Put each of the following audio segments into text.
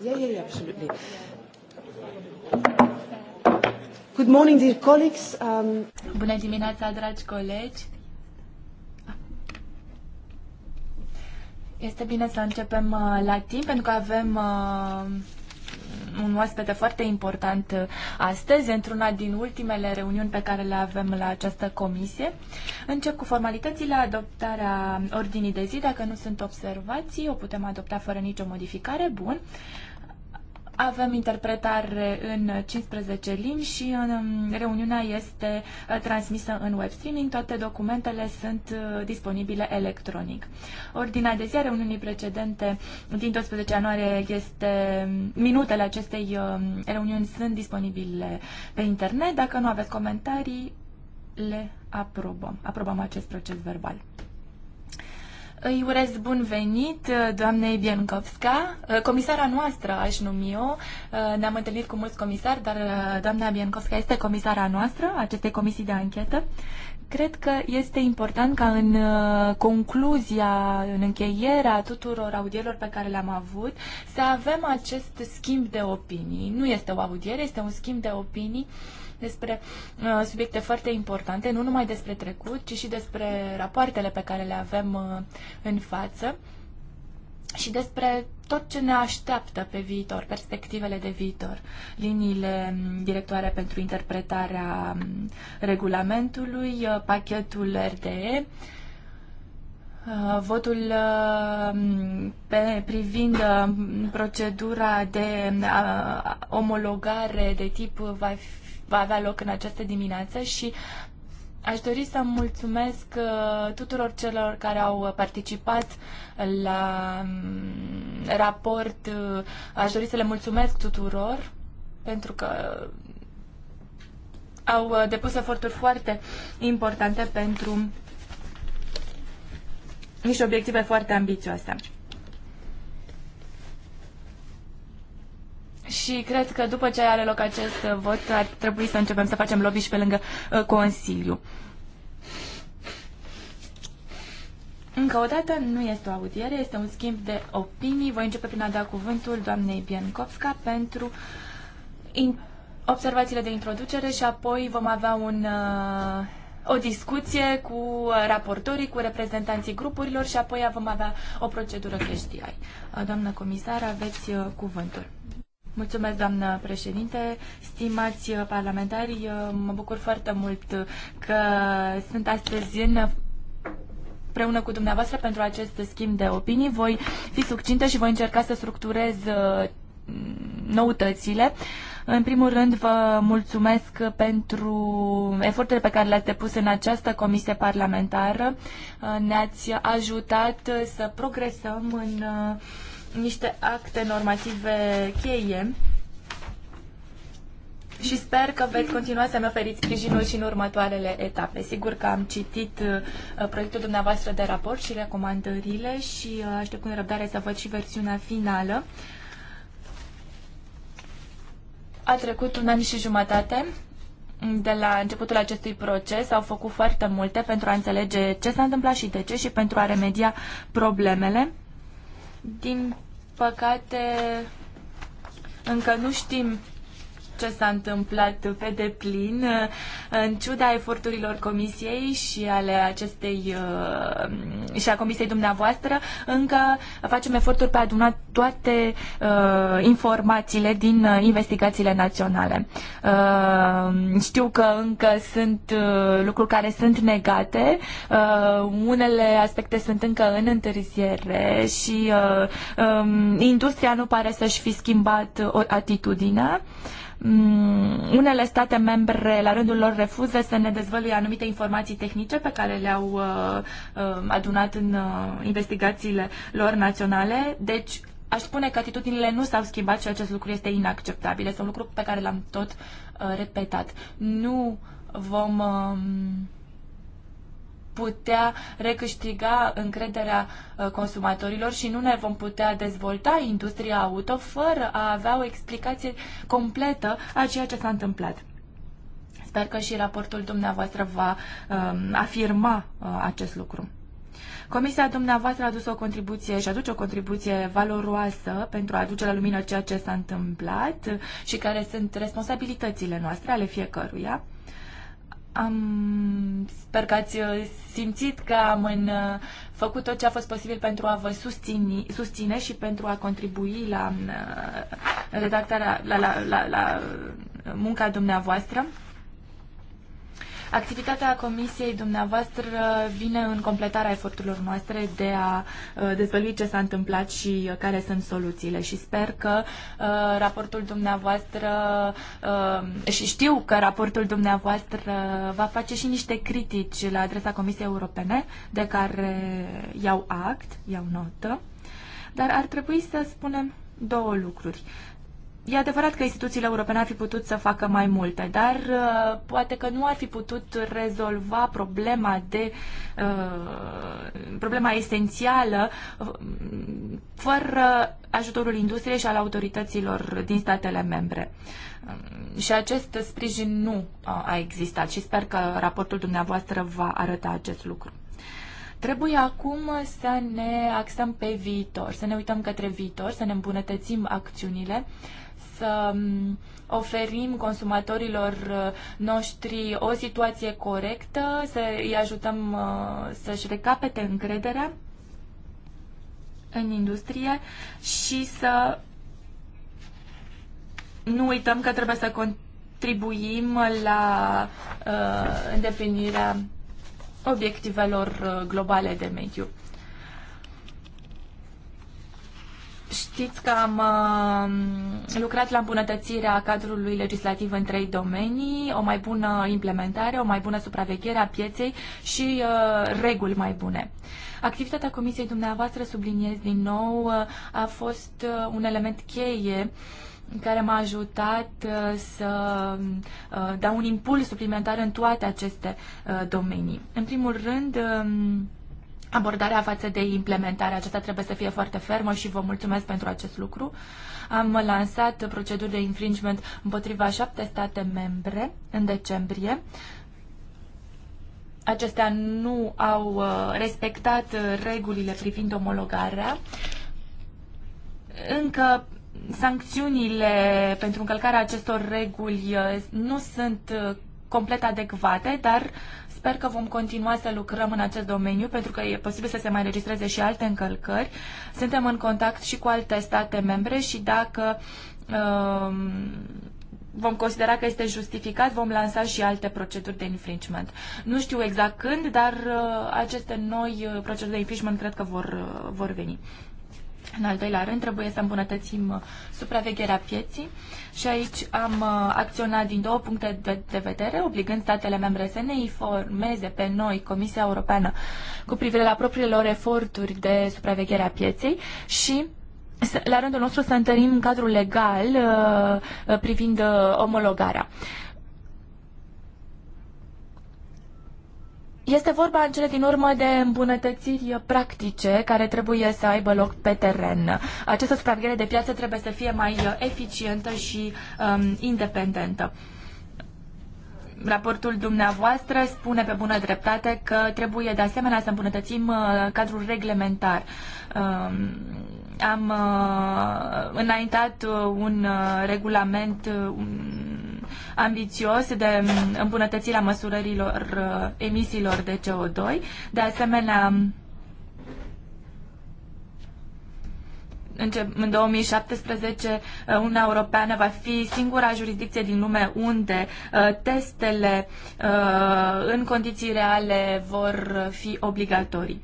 Yeah, yeah, yeah, absolutely. Good morning, dear colleagues. Um... Bună dimineața, dragi colegi. Este bine să începem uh, la timp pentru că avem uh, un oaspete foarte important uh, astăzi, într-una din ultimele reuniuni pe care le avem la această comisie. Încep cu formalitățile, adoptarea ordinii de zi. Dacă nu sunt observații, o putem adopta fără nicio modificare. Bun. Avem interpretare în 15 limbi și în um, reuniunea este uh, transmisă în web streaming. Toate documentele sunt uh, disponibile electronic. Ordinea de zi a reuniunii precedente din 12 ianuarie este... Um, minutele acestei um, reuniuni sunt disponibile pe internet. Dacă nu aveți comentarii, le aprobăm. Aprobăm acest proces verbal. Îi urez bun venit uh, doamnei Biancovska, uh, comisara noastră, aș numi eu. Uh, ne-am întâlnit cu mulți comisari, dar doamna Biancovska este comisara noastră acestei comisii de anchetă. Cred că este important ca în concluzia, în încheierea tuturor audierilor pe care le-am avut, să avem acest schimb de opinii. Nu este o audiere, este un schimb de opinii uh, despre uh, subiecte foarte importante, nu numai despre trecut, ci și despre rapoartele pe care le avem uh, în față și despre tot ce ne așteaptă pe viitor, perspectivele de viitor, liniile um, directoare pentru interpretarea um, regulamentului, uh, pachetul RDE, uh, votul uh, pe, privind um, procedura de omologare de tip va va avea loc în această dimineață și aș dori să mulțumesc uh, tuturor celor care au participat la mm, raport. Uh, aș dori să le mulțumesc tuturor pentru că au uh, depus eforturi foarte importante pentru niște obiective foarte ambițioase. Și cred că după ce are loc acest uh, vot ar trebui să începem să facem lobby și pe lângă uh, Consiliu. Încă o dată, nu este o audiere, este un schimb de opinii. Voi începe prin a da cuvântul doamnei Biencovska pentru observațiile de introducere și apoi vom avea un, uh, o discuție cu raportorii, cu reprezentanții grupurilor și apoi vom avea o procedură creștiai. Uh, doamnă comisar, aveți uh, cuvântul. Mulțumesc, doamnă președinte. Stimați uh, parlamentari, uh, mă bucur foarte mult că sunt astăzi în uh, preună cu dumneavoastră pentru acest schimb de opinii. Voi fi succintă și voi încerca să structurez noutățile. În primul rând, vă mulțumesc pentru eforturile pe care le-ați depus în această comisie parlamentară. Ne-ați ajutat să progresăm în niște acte normative cheie și sper că veți continua să-mi oferiți sprijinul și în următoarele etape. Sigur că am citit uh, proiectul dumneavoastră de raport și recomandările și uh, aștept cu nerăbdare să văd și versiunea finală. A trecut un an și jumătate de la începutul acestui proces. Au făcut foarte multe pentru a înțelege ce s-a întâmplat și de ce și pentru a remedia problemele. Din păcate, încă nu știm ce s-a întâmplat pe deplin, uh, în ciuda eforturilor comisiei și ale acestei uh, și a comisiei dumneavoastră, încă facem eforturi pe a aduna toate uh, informațiile din uh, investigațiile naționale. Uh, știu că încă sunt uh, lucruri care sunt negate, uh, unele aspecte sunt încă în întârziere și uh, um, industria nu pare să-și fi schimbat atitudinea. Uh, Mm, unele state membre la rândul lor refuză să ne dezvăluie anumite informații tehnice pe care le-au uh, uh, adunat în uh, investigațiile lor naționale. Deci aș spune că atitudinile nu s-au schimbat și acest lucru este inacceptabil. Este un lucru pe care l-am tot repetat. Nu vom um, putea recâștiga încrederea uh, consumatorilor și nu ne vom putea dezvolta industria auto fără a avea o explicație completă a ceea ce s-a întâmplat. Sper că și raportul dumneavoastră va um, afirma uh, acest lucru. Comisia dumneavoastră a adus o contribuție și aduce o contribuție valoroasă pentru a aduce la lumină ceea ce s-a întâmplat și care sunt responsabilitățile noastre ale fiecăruia. Am, sper că ați uh, simțit că am în, uh, făcut tot ce a fost posibil pentru a vă susține, susține și pentru a contribui la uh, redactarea, la, la, la, la munca dumneavoastră. Activitatea comisiei dumneavoastră vine în completarea eforturilor noastre de a uh, dezvălui ce s-a întâmplat și uh, care sunt soluțiile și sper că uh, raportul dumneavoastră și știu că raportul dumneavoastră va face și niște critici la adresa Comisiei Europene de care iau act, iau notă, dar ar trebui să spunem două lucruri. E adevărat că instituțiile europene ar fi putut să facă mai multe, dar uh, poate că nu ar fi putut rezolva problema de uh, problema esențială uh, fără ajutorul industriei și al autorităților din statele membre. Uh, și acest sprijin nu a existat și sper că raportul dumneavoastră va arăta acest lucru. Trebuie acum să ne axăm pe viitor, să ne uităm către viitor, să ne îmbunătățim acțiunile să um, oferim consumatorilor uh, noștri o situație corectă, să îi ajutăm uh, să-și recapete încrederea în industrie și să nu uităm că trebuie să contribuim la uh, îndeplinirea obiectivelor globale de mediu. Știți că am um, lucrat la îmbunătățirea cadrului legislativ în trei domenii, o mai bună implementare, o mai bună supraveghere a pieței și uh, reguli mai bune. Activitatea Comisiei dumneavoastră, subliniez din nou, uh, a fost uh, un element cheie care m-a ajutat să dau un impuls suplimentar în toate aceste domenii. În primul rând, um, abordarea față de implementarea Aceasta trebuie să fie foarte fermă și vă mulțumesc pentru acest lucru. Am lansat proceduri de infringement împotriva șapte state membre în decembrie. Acestea nu au uh, respectat uh, regulile privind omologarea. Încă sancțiunile pentru încălcarea acestor reguli uh, nu sunt complet adecvate, dar uh, Sper că vom continua să lucrăm în acest domeniu, pentru că e posibil să se mai registreze și alte încălcări. Suntem în contact și cu alte state membre și dacă um, vom considera că este justificat, vom lansa și alte proceduri de infringement. Nu știu exact când, dar uh, aceste noi uh, proceduri de infringement cred că vor, uh, vor veni. În al doilea rând, trebuie să îmbunătățim uh, supravegherea pieții și aici am uh, acționat din două puncte de, vedere, obligând statele membre să ne informeze pe noi, Comisia Europeană, cu privire la propriile lor eforturi de supraveghere a pieței și la rândul nostru să întărim cadrul legal uh, privind omologarea. Este vorba în cele din urmă de îmbunătățiri practice care trebuie să aibă loc pe teren. Această supraveghere de piață trebuie să fie mai eficientă și um, independentă. Raportul dumneavoastră spune pe bună dreptate că trebuie de asemenea să îmbunătățim uh, cadrul reglementar. Um, am uh, înaintat uh, un uh, regulament, uh, ambițios de mm, îmbunătățirea măsurărilor uh, emisiilor de CO2. De asemenea, mm, în 2017 uh, Uniunea Europeană va fi singura jurisdicție din lume unde uh, testele în condiții reale vor fi obligatorii.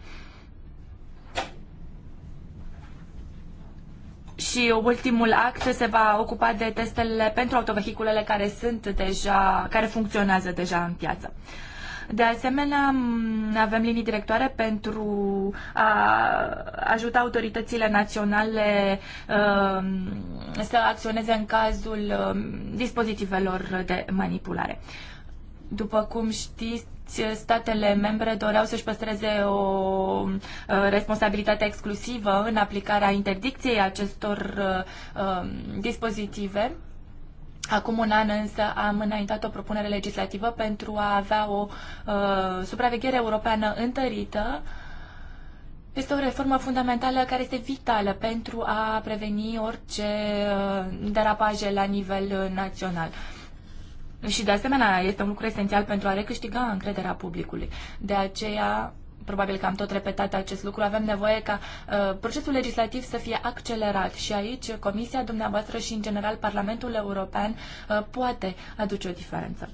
Și ultimul act se va ocupa de testele pentru autovehiculele care sunt deja, care funcționează deja în piață. De asemenea, avem linii directoare pentru a ajuta autoritățile naționale um, să acționeze în cazul um, dispozitivelor de manipulare. După cum știți, statele membre doreau să-și păstreze o uh, responsabilitate exclusivă în aplicarea interdicției acestor uh, um, dispozitive. Acum un an însă am înaintat o propunere legislativă pentru a avea o uh, supraveghere europeană întărită. Este o reformă fundamentală care este vitală pentru a preveni orice derapaje la nivel național. Și de asemenea este un lucru esențial pentru a recâștiga încrederea publicului. De aceea, probabil că am tot repetat acest lucru, avem nevoie ca uh, procesul legislativ să fie accelerat și aici Comisia dumneavoastră și în general Parlamentul European uh, poate aduce o diferență.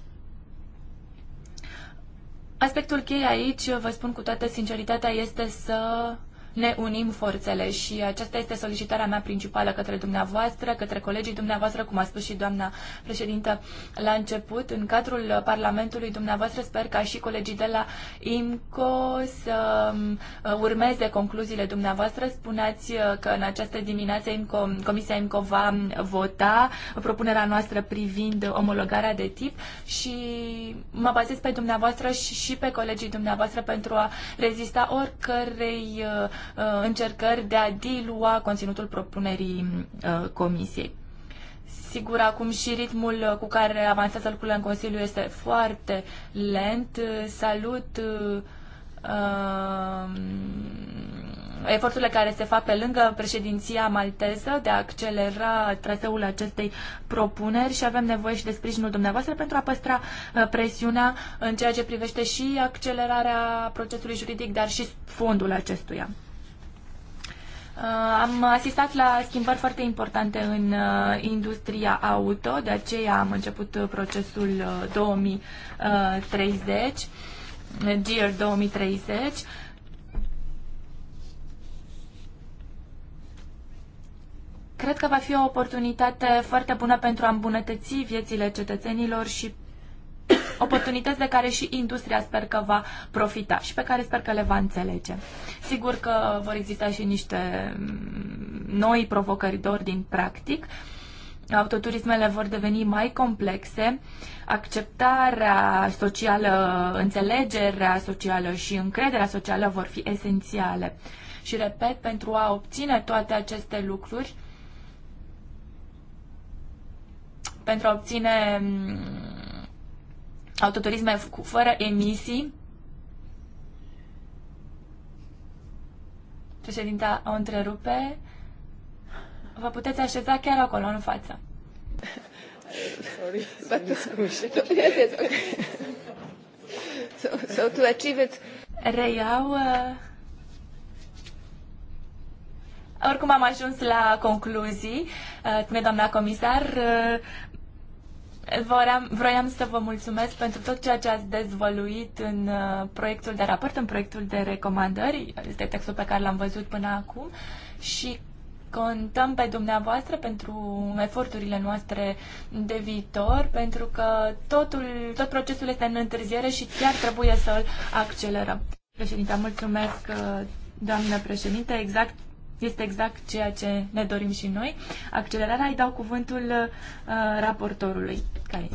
Aspectul cheie aici, vă spun cu toată sinceritatea, este să ne unim forțele și aceasta este solicitarea mea principală către dumneavoastră, către colegii dumneavoastră, cum a spus și doamna președintă la început. În cadrul Parlamentului dumneavoastră sper ca și colegii de la IMCO să um, urmeze concluziile dumneavoastră. Spuneați uh, că în această dimineață IMCO, Comisia IMCO va um, vota propunerea noastră privind omologarea de tip și mă bazez pe dumneavoastră și, și pe colegii dumneavoastră pentru a rezista oricărei uh, Uh, încercări de a dilua conținutul propunerii uh, Comisiei. Sigur, acum și ritmul uh, cu care avansează lucrurile în Consiliu este foarte lent. Salut uh, eforturile care se fac pe lângă președinția malteză de a accelera traseul acestei propuneri și avem nevoie și de sprijinul dumneavoastră pentru a păstra presiunea în ceea ce privește și accelerarea procesului juridic, dar și fondul acestuia. Uh, am asistat la schimbări foarte importante în uh, industria auto, de aceea am început procesul 2030, uh, GEAR 2030. Cred că va fi o oportunitate foarte bună pentru a îmbunătăți viețile cetățenilor și oportunități de care și industria sper că va profita și pe care sper că le va înțelege. Sigur că vor exista și niște mm, noi provocări de ordin practic, autoturismele vor deveni mai complexe, acceptarea socială, înțelegerea socială și încrederea socială vor fi esențiale. Și repet, pentru a obține toate aceste lucruri, pentru a obține mm, autoturisme fără emisii. Președinta o întrerupe. Vă puteți așeza chiar acolo, în față. Sorry, so, so achieve it. Reiau. Uh, oricum am ajuns la concluzii, uh, spune doamna comisar, uh, Voiam, vroiam să vă mulțumesc pentru tot ceea ce ați dezvăluit în uh, proiectul de raport, în proiectul de recomandări. Este textul pe care l-am văzut până acum și contăm pe dumneavoastră pentru eforturile noastre de viitor, pentru că totul, tot procesul este în întârziere și chiar trebuie să l accelerăm. Președinte, mulțumesc, uh, doamnă președinte, exact este exact ceea ce ne dorim și noi. Accelerarea îi dau cuvântul uh, raportorului. Care?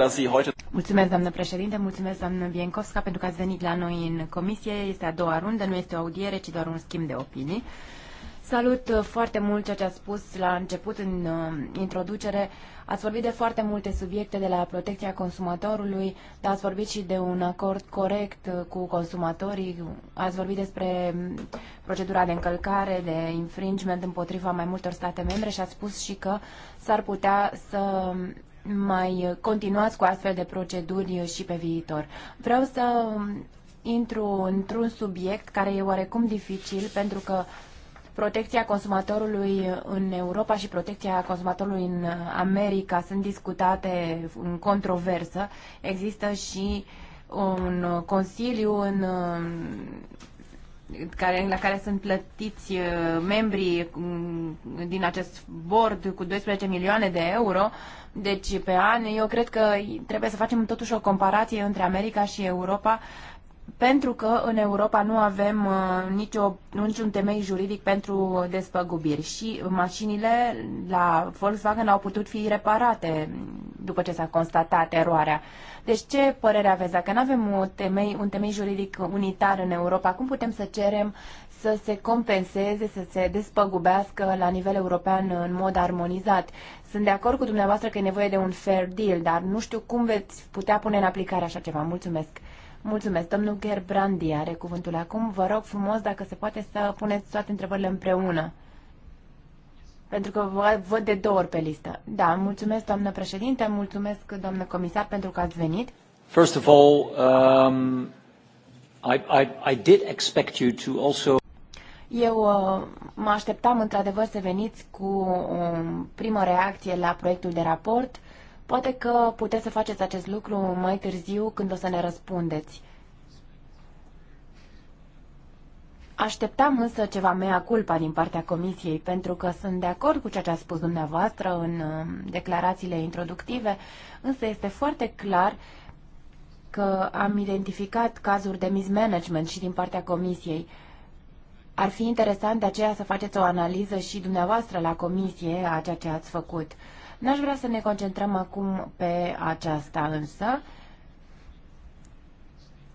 Mulțumesc, doamnă președinte, mulțumesc, doamnă Biencovska, pentru că ați venit la noi în comisie. Este a doua rundă, nu este o audiere, ci doar un schimb de opinii. Uh, Salut uh, foarte mult ceea ce ați spus la început, în uh, introducere. Ați vorbit de foarte multe subiecte, de la protecția consumatorului, dar ați vorbit și de un acord corect uh, cu consumatorii, ați vorbit despre mm, procedura de încălcare, de infringement împotriva mai multor state membre și ați spus și că s-ar putea să mm, mai continuați cu astfel de proceduri și pe viitor. Vreau să mm, intru într-un subiect care e oarecum dificil pentru că protecția consumatorului în Europa și protecția consumatorului în America sunt discutate în controversă. Există și un consiliu în um, care, la care sunt plătiți uh, membrii um, din acest board cu 12 milioane de euro, deci pe an, eu cred că trebuie să facem totuși o comparație între America și Europa pentru că în Europa nu avem uh, nicio, niciun temei juridic pentru despăgubiri și mașinile la Volkswagen au putut fi reparate după ce s-a constatat eroarea. Deci ce părere aveți? Dacă nu avem un temei, un temei juridic unitar în Europa, cum putem să cerem să se compenseze, să se despăgubească la nivel european în mod armonizat? Sunt de acord cu dumneavoastră că e nevoie de un fair deal, dar nu știu cum veți putea pune în aplicare așa ceva. Mulțumesc! Mulțumesc. Domnul Gerbrandi are cuvântul acum. Vă rog frumos dacă se poate să puneți toate întrebările împreună. Pentru că vă văd de două ori pe listă. Da, mulțumesc, doamnă președinte, mulțumesc, doamnă comisar, pentru că ați venit. First of all, um, I, I, I did expect you to also... Eu uh, mă așteptam într-adevăr să veniți cu o um, primă reacție la proiectul de raport Poate că puteți să faceți acest lucru mai târziu când o să ne răspundeți. Așteptam însă ceva mea culpa din partea comisiei, pentru că sunt de acord cu ceea ce a spus dumneavoastră în um, declarațiile introductive, însă este foarte clar că am identificat cazuri de mismanagement și din partea comisiei. Ar fi interesant de aceea să faceți o analiză și dumneavoastră la comisie a ceea ce ați făcut. N-aș vrea să ne concentrăm acum pe aceasta însă.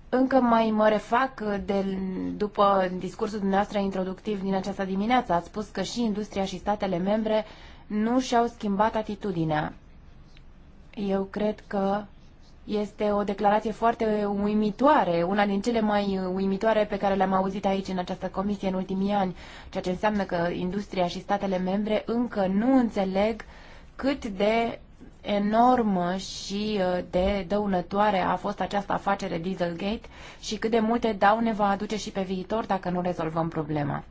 Încă mai mă refac de, după discursul dumneavoastră introductiv din această dimineață. Ați spus că și industria și statele membre nu și-au schimbat atitudinea. Eu cred că este o declarație foarte uimitoare, una din cele mai uimitoare pe care le-am auzit aici în această comisie în ultimii ani, ceea ce înseamnă că industria și statele membre încă nu înțeleg uh, cât de enormă și uh, de dăunătoare a fost această afacere Dieselgate și cât de multe daune va aduce și pe viitor dacă nu rezolvăm problema.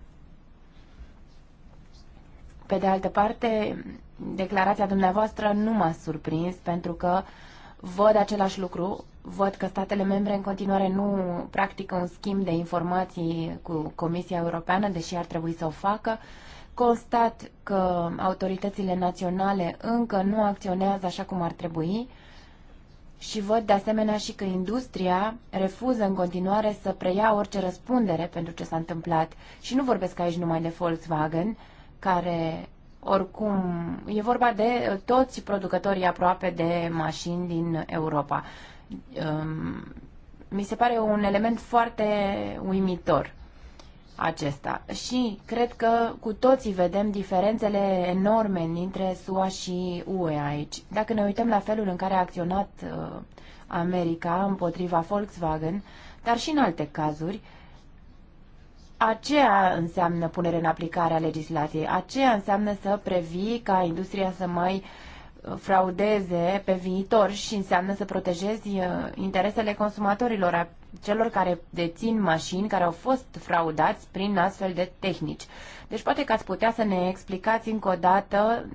Pe de altă parte, declarația dumneavoastră nu m-a surprins pentru că văd același lucru, văd că statele membre în continuare nu practică un schimb de informații cu Comisia Europeană, deși ar trebui să o facă. Uh, constat că autoritățile naționale încă nu acționează așa cum ar trebui și văd de asemenea și că industria refuză în continuare să preia orice răspundere pentru ce s-a întâmplat. Și nu vorbesc aici numai de Volkswagen, care oricum e vorba de uh, toți producătorii aproape de mașini din Europa. Um, mi se pare un element foarte uimitor acesta. Și cred că cu toții vedem diferențele enorme dintre SUA și UE aici. Dacă ne uităm la felul în care a acționat uh, America împotriva Volkswagen, dar și în alte cazuri, aceea înseamnă punere în aplicare a legislației, aceea înseamnă să previi ca industria să mai uh, fraudeze pe viitor și înseamnă să protejezi uh, interesele consumatorilor, a celor care dețin mașini care au fost fraudați prin astfel de tehnici. Deci poate că ați putea să ne explicați încă o dată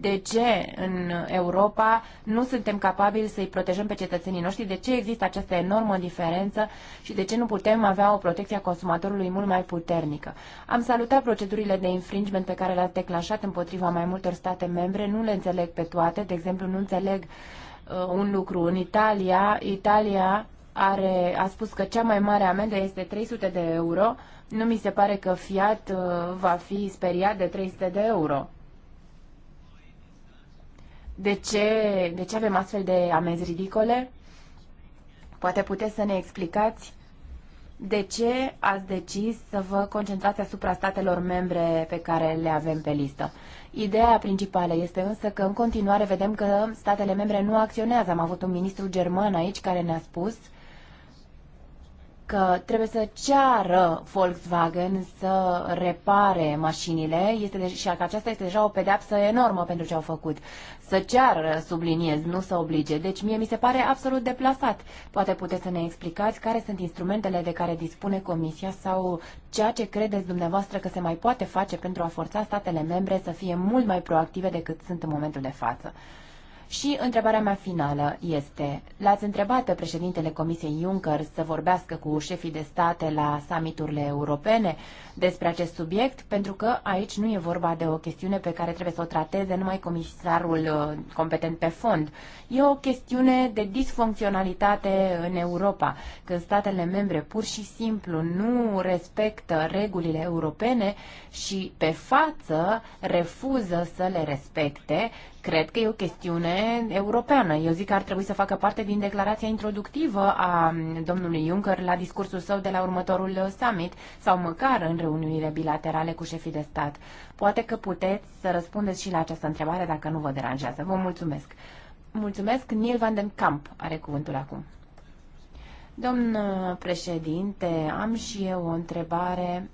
de ce în Europa nu suntem capabili să-i protejăm pe cetățenii noștri, de ce există această enormă diferență și de ce nu putem avea o protecție a consumatorului mult mai puternică. Am salutat procedurile de infringement pe care le-ați declanșat împotriva mai multor state membre, nu le înțeleg pe toate, de exemplu nu înțeleg uh, un lucru în Italia, Italia are, a spus că cea mai mare amendă este 300 de euro, nu mi se pare că Fiat uh, va fi speriat de 300 de euro. De ce, de ce avem astfel de amenzi ridicole? Poate puteți să ne explicați de ce ați decis să vă concentrați asupra statelor membre pe care le avem pe listă? Ideea principală este însă că în continuare vedem că statele membre nu acționează. Am avut un ministru german aici care ne-a spus uh, că trebuie să ceară Volkswagen să repare mașinile este de- și că aceasta este deja o pedeapsă enormă pentru ce au făcut. Să ceară, subliniez, nu să oblige. Deci mie mi se pare absolut deplasat. Poate puteți să ne explicați care sunt instrumentele de care dispune Comisia sau ceea ce credeți dumneavoastră că se mai poate face pentru a forța statele membre să fie mult mai proactive decât sunt în momentul de față. Și întrebarea mea finală este, l-ați întrebat pe președintele Comisiei Juncker să vorbească cu șefii de state la summiturile europene despre acest subiect, pentru că aici nu e vorba de o chestiune pe care trebuie să o trateze numai comisarul uh, competent pe fond. E o chestiune de disfuncționalitate în Europa, când statele membre pur și simplu nu respectă regulile europene și pe față refuză să le respecte. Cred că e o chestiune Europeană. Eu zic că ar trebui să facă parte din declarația introductivă a domnului Juncker la discursul său de la următorul summit sau măcar în reuniunile bilaterale cu șefii de stat. Poate că puteți să răspundeți și la această întrebare dacă nu vă deranjează. Vă mulțumesc. Mulțumesc. Neil van den Kamp are cuvântul acum. Domn președinte, am și eu o întrebare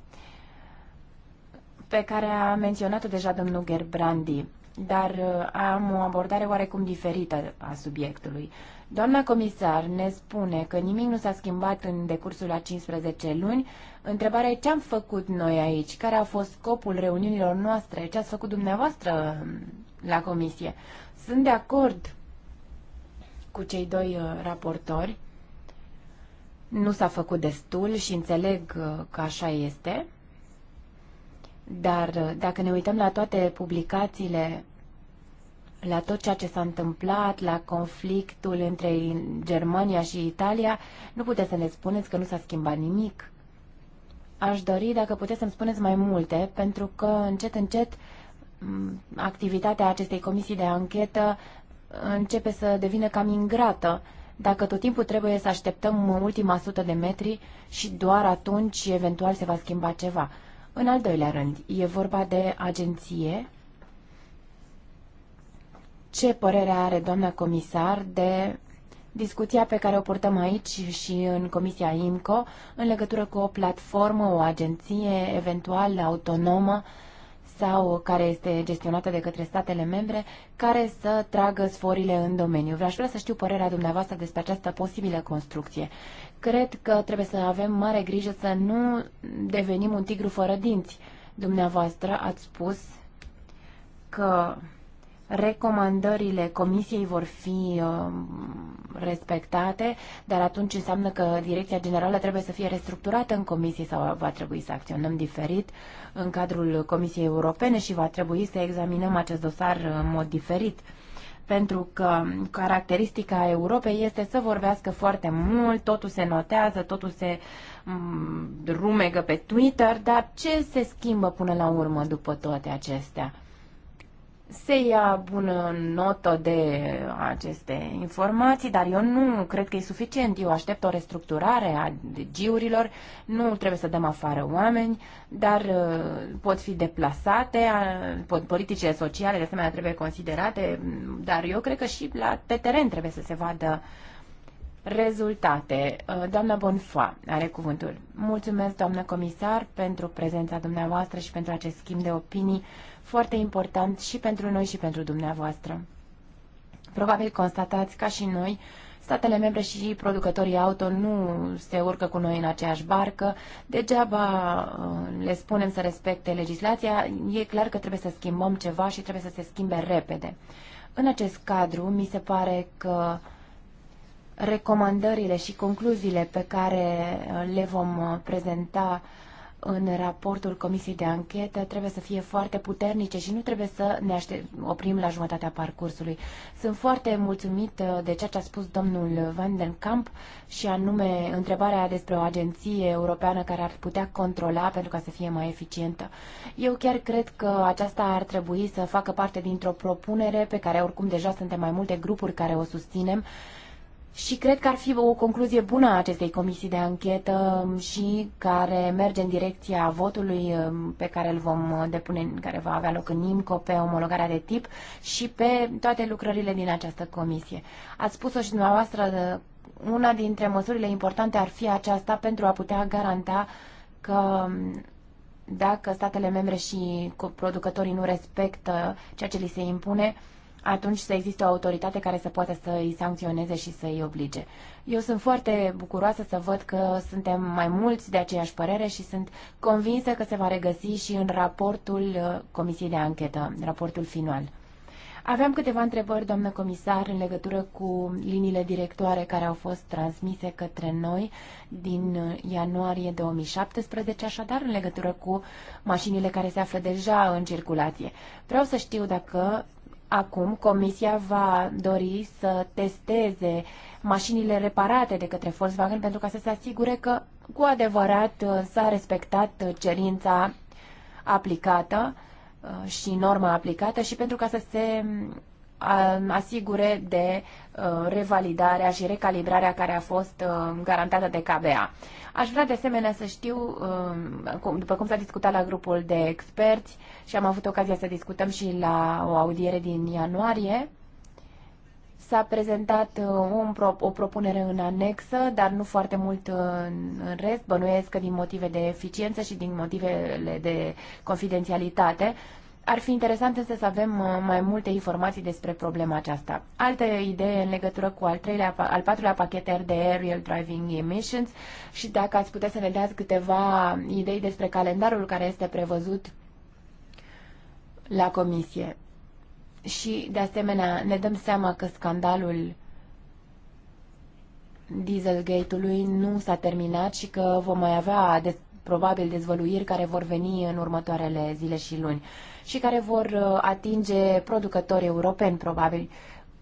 pe care a menționat-o deja domnul Gerbrandi dar uh, am o abordare oarecum diferită a subiectului. Doamna comisar ne spune că nimic nu s-a schimbat în decursul a 15 luni. Întrebarea e ce am făcut noi aici? Care a fost scopul reuniunilor noastre? Ce ați făcut dumneavoastră um, la comisie? Sunt de acord cu cei doi uh, raportori. Nu s-a făcut destul și înțeleg uh, că așa este. Dar uh, dacă ne uităm la toate publicațiile, la tot ceea ce s-a întâmplat, la conflictul între Germania și Italia, nu puteți să ne spuneți că nu s-a schimbat nimic. Aș dori dacă puteți să-mi spuneți mai multe, pentru că încet, încet, activitatea acestei comisii de anchetă începe să devină cam ingrată dacă tot timpul trebuie să așteptăm ultima sută de metri și doar atunci eventual se va schimba ceva. În al doilea rând, e vorba de agenție. Ce părere are doamna comisar de discuția pe care o purtăm aici și în Comisia IMCO în legătură cu o platformă, o agenție eventual autonomă sau care este gestionată de către statele membre, care să tragă sforile în domeniu. Vreau să știu părerea dumneavoastră despre această posibilă construcție. Cred că trebuie să avem mare grijă să nu devenim un tigru fără dinți. Dumneavoastră ați spus că recomandările comisiei vor fi uh, respectate, dar atunci înseamnă că direcția generală trebuie să fie restructurată în comisie sau va trebui să acționăm diferit în cadrul Comisiei Europene și va trebui să examinăm acest dosar uh, în mod diferit pentru că caracteristica Europei este să vorbească foarte mult, totul se notează, totul se mm, rumegă pe Twitter, dar ce se schimbă până la urmă după toate acestea? se ia bună notă de aceste informații, dar eu nu cred că e suficient. Eu aștept o restructurare a giurilor, nu trebuie să dăm afară oameni, dar uh, pot fi deplasate, pot, politicile sociale de asemenea trebuie considerate, dar eu cred că și la, pe teren trebuie să se vadă uh, rezultate. Uh, doamna Bonfoa are cuvântul. Mulțumesc, doamnă comisar, pentru prezența dumneavoastră și pentru acest schimb de opinii foarte important și pentru noi și pentru dumneavoastră. Probabil constatați, ca și noi, statele membre și producătorii auto nu se urcă cu noi în aceeași barcă, degeaba uh, le spunem să respecte legislația, e clar că trebuie să schimbăm ceva și trebuie să se schimbe repede. În acest cadru, mi se pare că recomandările și concluziile pe care uh, le vom uh, prezenta în raportul Comisiei de Anchetă trebuie să fie foarte puternice și nu trebuie să ne oprim la jumătatea parcursului. Sunt foarte mulțumit uh, de ceea ce a spus domnul Van den Kamp și anume întrebarea despre o agenție europeană care ar putea controla pentru ca să fie mai eficientă. Eu chiar cred că aceasta ar trebui să facă parte dintr-o propunere pe care oricum deja suntem mai multe grupuri care o susținem și cred că ar fi o concluzie bună a acestei comisii de anchetă um, și care merge în direcția votului um, pe care îl vom uh, depune, care va avea loc în IMCO, pe omologarea de tip și pe toate lucrările din această comisie. Ați spus-o și dumneavoastră, uh, una dintre măsurile importante ar fi aceasta pentru a putea garanta că um, dacă statele membre și producătorii nu respectă ceea ce li se impune, uh, atunci să existe o autoritate care să poată să îi sancționeze și să îi oblige. Eu sunt foarte bucuroasă să văd că suntem mai mulți de aceeași părere și sunt convinsă că se va regăsi și în raportul uh, Comisiei de Anchetă, raportul final. Aveam câteva întrebări, doamnă comisar, în legătură cu liniile directoare care au fost transmise către noi din uh, ianuarie 2017, așadar în legătură cu mașinile care se află deja în circulație. Vreau să știu dacă Acum Comisia va dori să testeze mașinile reparate de către Volkswagen pentru ca să se asigure că cu adevărat s-a respectat cerința aplicată uh, și norma aplicată și pentru ca să se uh, asigure de Uh, revalidarea și recalibrarea care a fost uh, garantată de KBA. Aș vrea de asemenea să știu, uh, după cum s-a discutat la grupul de experți și am avut ocazia să discutăm și la o audiere din ianuarie, S-a prezentat un o propunere în anexă, dar nu foarte mult în, rest. Bănuiesc că din motive de eficiență și din motivele de confidențialitate. Ar fi interesant însă să avem uh, mai multe informații despre problema aceasta. Alte idee în legătură cu al, treilea, al patrulea pachet RDE, Real Driving Emissions, și dacă ați putea să ne dați câteva idei despre calendarul care este prevăzut la comisie. Și, de asemenea, ne dăm seama că scandalul Dieselgate-ului nu s-a terminat și că vom mai avea probabil dezvăluiri care vor veni în următoarele zile și luni și care vor uh, atinge producători europeni, probabil,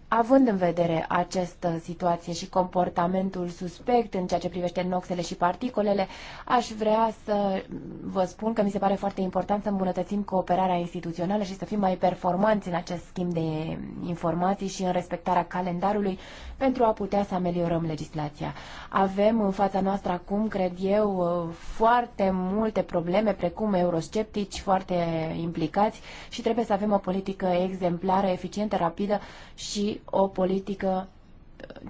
Având în vedere această situație și comportamentul suspect în ceea ce privește noxele și particolele, aș vrea să vă spun că mi se pare foarte important să îmbunătățim cooperarea instituțională și să fim mai performanți în acest schimb de informații și în respectarea calendarului pentru a putea să ameliorăm legislația. Avem în fața noastră acum, cred eu, foarte multe probleme, precum eurosceptici foarte implicați și trebuie să avem o politică exemplară, eficientă, rapidă și o politică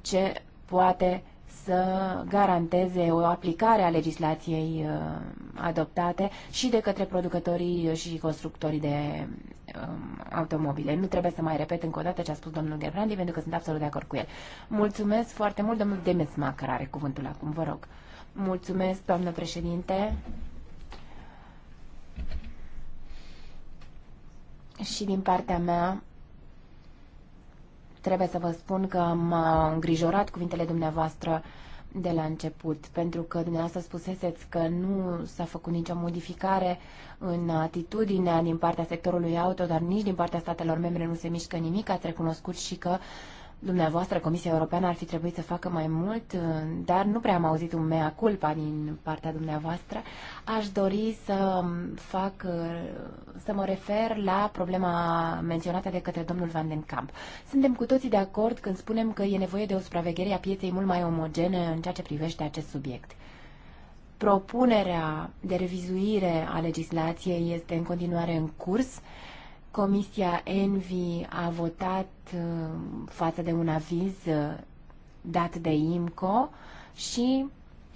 ce poate să garanteze o aplicare a legislației uh, adoptate și de către producătorii și constructorii de um, automobile. Nu trebuie să mai repet încă o dată ce a spus domnul Gerbrandi, pentru că sunt absolut de acord cu el. Mulțumesc foarte mult, domnul Demesma, care are cuvântul acum, vă rog. Mulțumesc, doamnă președinte. Și din partea mea trebuie să vă spun că m-au îngrijorat cuvintele dumneavoastră de la început, pentru că dumneavoastră spuseseți că nu s-a făcut nicio modificare în atitudinea din partea sectorului auto, dar nici din partea statelor membre nu se mișcă nimic. Ați recunoscut și că uh, dumneavoastră, Comisia Europeană, ar fi trebuit să facă mai mult, uh, dar nu prea am auzit un mea culpa din partea dumneavoastră. Aș dori să um, fac, uh, să mă refer la problema menționată de către domnul Van den Kamp. Suntem cu toții de acord când spunem că e nevoie de o supraveghere a pieței mult mai omogene în ceea ce privește acest subiect. Propunerea de revizuire a legislației este în continuare în curs Comisia Envi a votat uh, față de un aviz uh, dat de IMCO și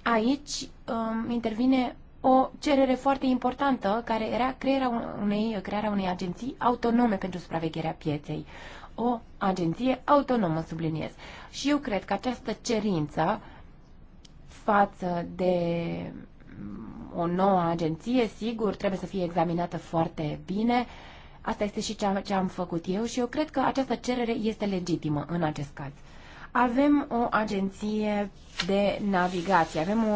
aici um, intervine o cerere foarte importantă care era crearea unei, crearea unei agenții autonome pentru supravegherea pieței. O agenție autonomă, subliniez. Și eu cred că această cerință față de mm, o nouă agenție, sigur, trebuie să fie examinată foarte bine uh, Asta este și ceea ce am făcut eu și eu cred că această cerere este legitimă în acest caz. Avem o agenție de navigație, avem o,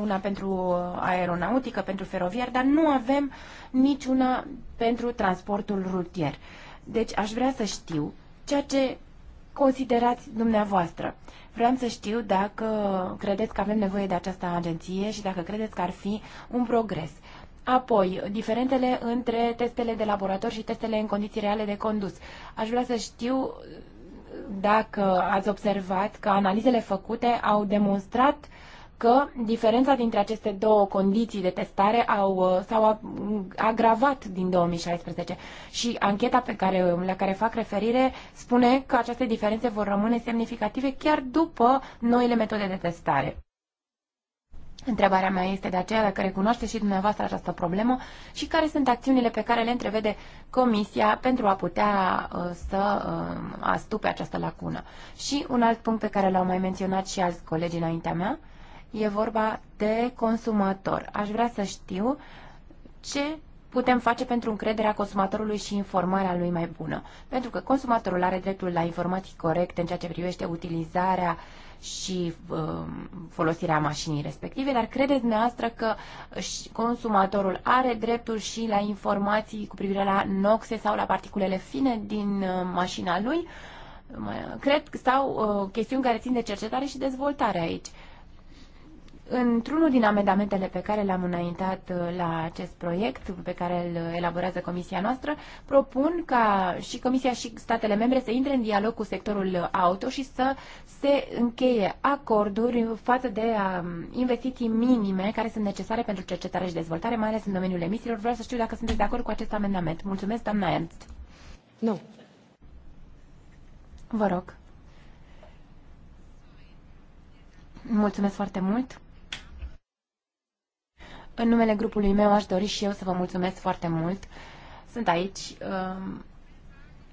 una pentru aeronautică, pentru feroviar, dar nu avem niciuna pentru transportul rutier. Deci aș vrea să știu ceea ce considerați dumneavoastră. Vreau să știu dacă credeți că avem nevoie de această agenție și dacă credeți că ar fi un progres. Apoi, diferențele între testele de laborator și testele în condiții reale de condus. Aș vrea să știu dacă ați observat că analizele făcute au demonstrat că diferența dintre aceste două condiții de testare au, s-au agravat din 2016 și ancheta pe care, la care fac referire spune că aceste diferențe vor rămâne semnificative chiar după noile metode de testare. Întrebarea mea este de aceea dacă recunoaște și dumneavoastră această problemă și care sunt acțiunile pe care le întrevede Comisia pentru a putea uh, să uh, astupe această lacună. Și un alt punct pe care l-au mai menționat și alți colegi înaintea mea, e vorba de consumator. Aș vrea să știu ce putem face pentru încrederea consumatorului și informarea lui mai bună. Pentru că consumatorul are dreptul la informații corecte în ceea ce privește utilizarea uh, și um, folosirea mașinii respective, dar credeți dumneavoastră că consumatorul are dreptul și la informații cu privire la noxe sau la particulele fine din uh, mașina lui? Cred, că sau uh, chestiuni care țin de cercetare și dezvoltare aici. Într-unul din amendamentele pe care le-am înaintat uh, la acest proiect, pe care îl uh, elaborează Comisia noastră, propun ca și Comisia și statele membre să intre în dialog cu sectorul auto și să se încheie acorduri față de um, investiții minime care sunt necesare pentru cercetare și dezvoltare, mai ales în domeniul emisiilor. Vreau să știu dacă sunteți de acord cu acest amendament. Mulțumesc, doamna Ernst. Nu. Vă rog. Mulțumesc foarte mult. În numele grupului meu aș dori și eu să vă mulțumesc foarte mult. Sunt aici Uh,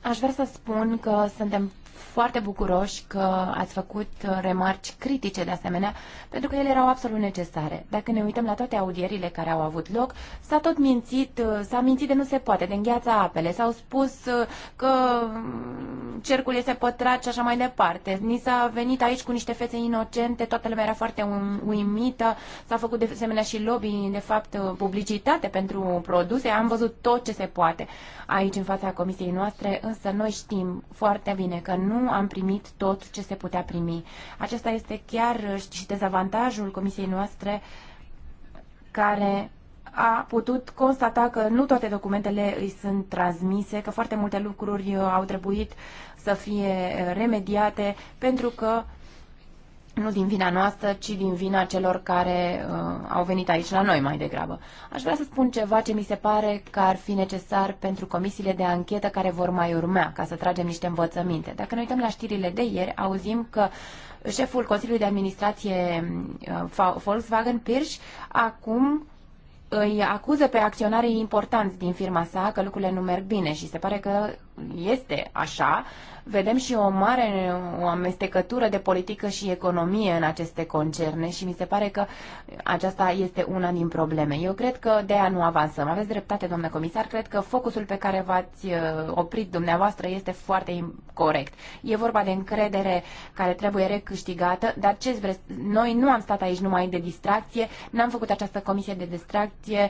Aș vrea să spun că suntem foarte bucuroși că ați făcut uh, remarci critice de asemenea, pentru că ele erau absolut necesare. Dacă ne uităm la toate audierile care au avut loc, s-a tot mințit, uh, s-a mințit de nu se poate, de îngheața apele, s-au spus uh, că mm, cercul este pătrat și așa mai departe. Ni s-a venit aici cu niște fețe inocente, toată lumea era foarte uimită, s-a făcut de asemenea și lobby, de fapt, publicitate pentru produse, am văzut tot ce se poate aici în fața comisiei noastre, însă noi știm foarte bine că nu am primit tot ce se putea primi. Acesta este chiar uh, și dezavantajul comisiei noastre care a putut constata că nu toate documentele îi sunt transmise, că foarte multe lucruri uh, au trebuit să fie uh, remediate pentru că nu din vina noastră, ci din vina celor care uh, au venit aici la noi mai degrabă. Aș vrea să spun ceva ce mi se pare că ar fi necesar pentru comisiile de anchetă care vor mai urmea, ca să tragem niște învățăminte. Dacă ne uităm la știrile de ieri, auzim că șeful Consiliului de Administrație uh, Volkswagen Pirsch acum îi acuză pe acționarii importanți din firma sa că lucrurile nu merg bine și se pare că este așa, vedem și o mare o amestecătură de politică și economie în aceste concerne și mi se pare că aceasta este una din probleme. Eu cred că de aia nu avansăm. Aveți dreptate, domnule comisar, cred că focusul pe care v-ați uh, oprit dumneavoastră este foarte corect. E vorba de încredere care trebuie recâștigată, dar ce vreți? Noi nu am stat aici numai de distracție, n-am făcut această comisie de distracție,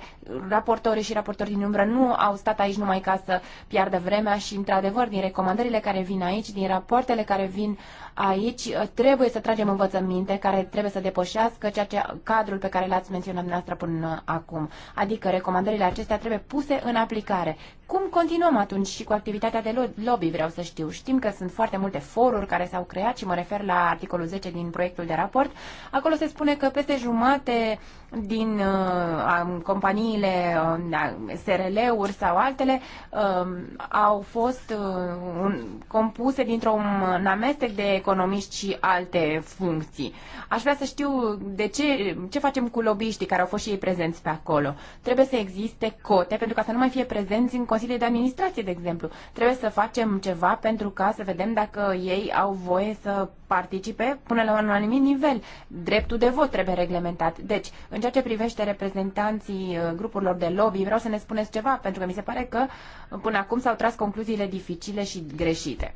raportorii și raportorii din umbră nu au stat aici numai ca să piardă vremea și și, într-adevăr, din recomandările care vin aici, din rapoartele care vin aici uh, trebuie să tragem învățăminte care trebuie să depășească ceea ce, cadrul pe care l-ați menționat dumneavoastră până acum. Adică recomandările acestea trebuie puse în aplicare. Cum continuăm atunci și cu activitatea de lobby, vreau să știu. Știm că sunt foarte multe foruri care s-au creat și mă refer la articolul 10 din proiectul de raport. Acolo se spune că peste jumate din uh, companiile uh, SRL-uri sau altele uh, au fost uh, un, compuse dintr-un amestec de economiști și alte funcții. Aș vrea să știu de ce, ce facem cu lobbyiștii care au fost și ei prezenți pe acolo. Trebuie să existe cote pentru ca să nu mai fie prezenți în Consiliul de Administrație, de exemplu. Trebuie să facem ceva pentru ca să vedem dacă ei au voie să participe până la un anumit nivel. Dreptul de vot trebuie reglementat. Deci, în ceea ce privește reprezentanții uh, grupurilor de lobby, vreau să ne spuneți ceva, pentru că mi se pare că uh, până acum s-au tras concluziile dificile și greșite.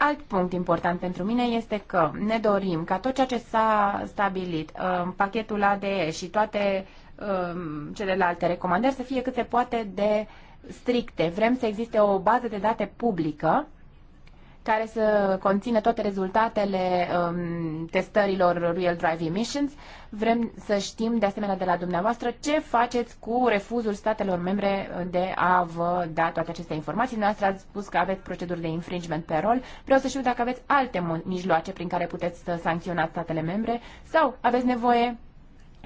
Alt punct important pentru mine este că ne dorim ca tot ceea ce s-a stabilit, uh, pachetul ADE și toate um, celelalte recomandări să fie cât se poate de stricte. Vrem să existe o bază de date publică care să conțină toate rezultatele um, testărilor Real Drive Emissions. Vrem să știm de asemenea de la dumneavoastră ce faceți cu refuzul statelor membre de a vă da toate aceste informații. Noastră ați spus că aveți proceduri de infringement pe rol. Vreau să știu dacă aveți alte mijloace prin care puteți să sancționați statele membre sau aveți nevoie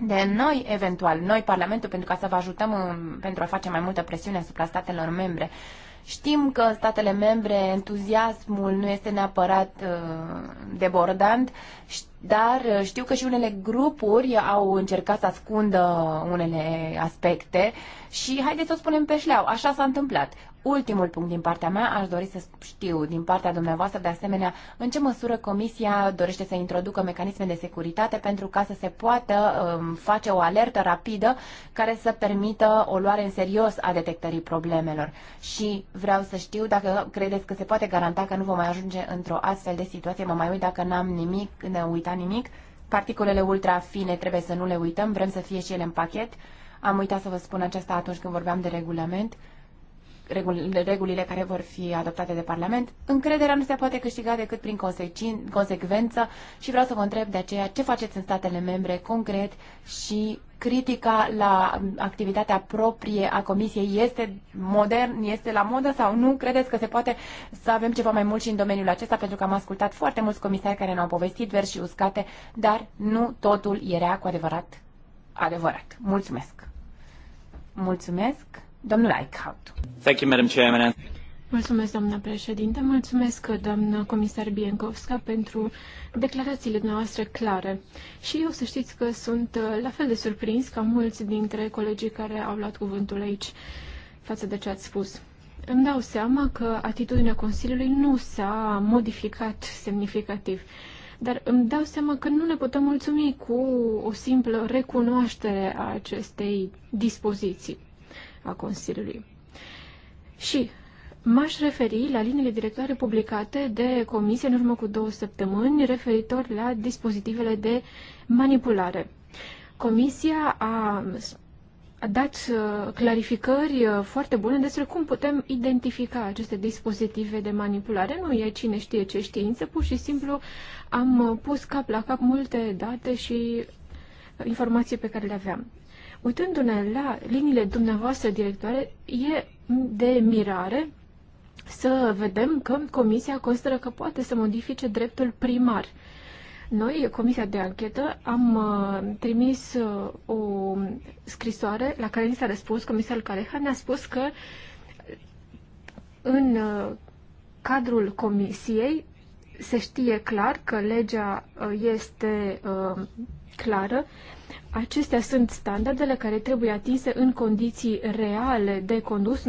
de noi, eventual, noi Parlamentul, pentru ca să vă ajutăm în, um, pentru a face mai multă presiune asupra statelor membre. Uh, Știm că în statele membre entuziasmul nu este neapărat uh, debordant, dar uh, știu că și unele grupuri au încercat să ascundă unele aspecte și haideți să o spunem pe șleau, așa s-a întâmplat ultimul punct din partea mea, aș dori să știu din partea dumneavoastră de asemenea în ce măsură Comisia dorește să introducă mecanisme de securitate pentru ca să se poată um, face o alertă rapidă care să permită o luare în serios a detectării problemelor. Și vreau să știu dacă credeți că se poate garanta că nu vom mai ajunge într-o astfel de situație. Mă mai uit dacă n-am nimic, ne uitat nimic. Particulele ultrafine trebuie să nu le uităm, vrem să fie și ele în pachet. Am uitat să vă spun aceasta atunci când vorbeam de regulament regulile care vor fi adoptate de Parlament, încrederea nu se poate câștiga decât prin consecvență și vreau să vă întreb de aceea ce faceți în statele membre concret și critica la activitatea proprie a Comisiei este modern, este la modă sau nu? Credeți că se poate să avem ceva mai mult și în domeniul acesta? Pentru că am ascultat foarte mulți comisari care ne-au povestit verzi și uscate, dar nu totul era cu adevărat adevărat. Mulțumesc! Mulțumesc! Domnul Eichhout. Thank you, Madam Chairman. Mulțumesc, doamna președinte. Mulțumesc, doamna comisar Biencovska, pentru declarațiile noastre clare. Și eu să știți că sunt uh, la fel de surprins ca mulți dintre colegii care au luat cuvântul aici față de ce ați spus. Îmi dau seama că atitudinea Consiliului nu s-a modificat semnificativ, dar îmi dau seama că nu ne putem mulțumi cu o simplă recunoaștere a acestei dispoziții a Consiliului. Și m-aș referi la liniile directoare publicate de Comisie în urmă cu două săptămâni referitor la dispozitivele de manipulare. Comisia a a dat uh, clarificări uh, foarte bune despre cum putem identifica aceste dispozitive de manipulare. Nu e cine știe ce știință, pur și simplu am pus cap la cap multe date și uh, informații pe care le aveam. Uitându-ne la liniile dumneavoastră directoare, e de mirare să vedem că Comisia consideră că poate să modifice dreptul primar. Noi, Comisia de Anchetă, am uh, trimis uh, o scrisoare la care ni s-a răspuns comisarul Careha, ne-a spus că în uh, cadrul Comisiei se știe clar că legea este clară, Acestea sunt standardele care trebuie atinse în condiții reale de condus,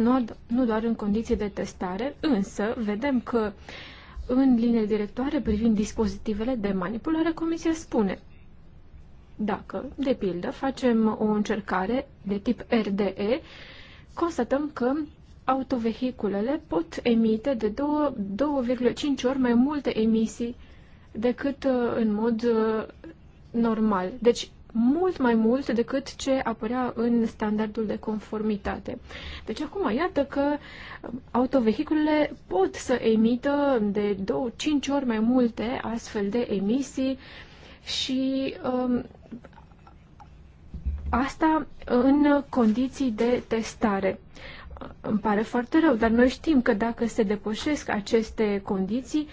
nu doar în condiții de testare, însă vedem că în linie directoare privind dispozitivele de manipulare, Comisia spune dacă, de pildă, facem o încercare de tip RDE, constatăm că autovehiculele pot emite de 2,5 ori mai multe emisii decât uh, în mod uh, normal. Deci mult mai mult decât ce apărea în standardul de conformitate. Deci acum iată că autovehiculele pot să emită de 5 ori mai multe astfel de emisii și um, asta în condiții de testare. Îmi pare foarte rău, dar noi știm că dacă se depășesc aceste condiții,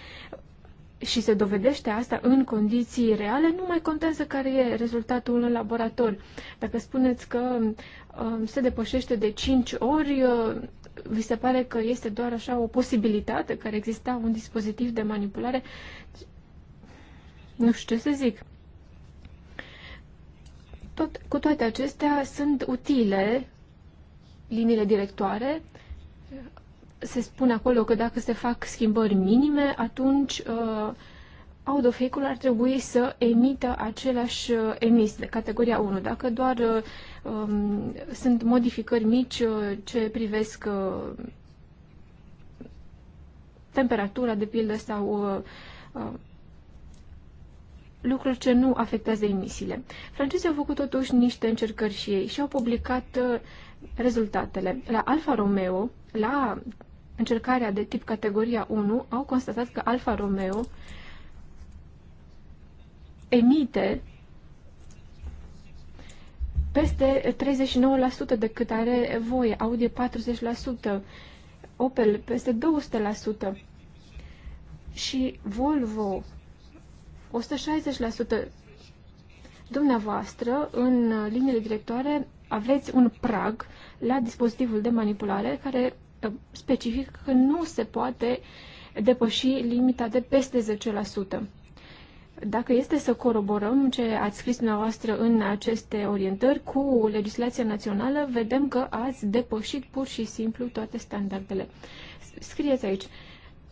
și se dovedește asta în condiții reale, nu mai contează care e rezultatul în laborator. Dacă spuneți că um, se depășește de 5 ori, uh, vi se pare că este doar așa o posibilitate, care exista un dispozitiv de manipulare, nu știu ce să zic. Tot, cu toate acestea, sunt utile liniile directoare se spune acolo că dacă se fac schimbări minime, atunci uh, autovehiculul ar trebui să emită aceleași uh, emisii de categoria 1. Dacă doar uh, um, sunt modificări mici uh, ce privesc uh, temperatura, de pildă, sau uh, lucruri ce nu afectează emisiile. Francezii au făcut totuși niște încercări și ei și au publicat rezultatele. La Alfa Romeo, la încercarea de tip categoria 1 au constatat că Alfa Romeo emite peste 39% decât are voie, Audi 40%, Opel peste 200% și Volvo 160%. Dumneavoastră, în liniile directoare, aveți un prag la dispozitivul de manipulare care specific că nu se poate depăși limita de peste 10%. Dacă este să coroborăm ce ați scris dumneavoastră în aceste orientări cu legislația națională, vedem că ați depășit pur și simplu toate standardele. Scrieți aici.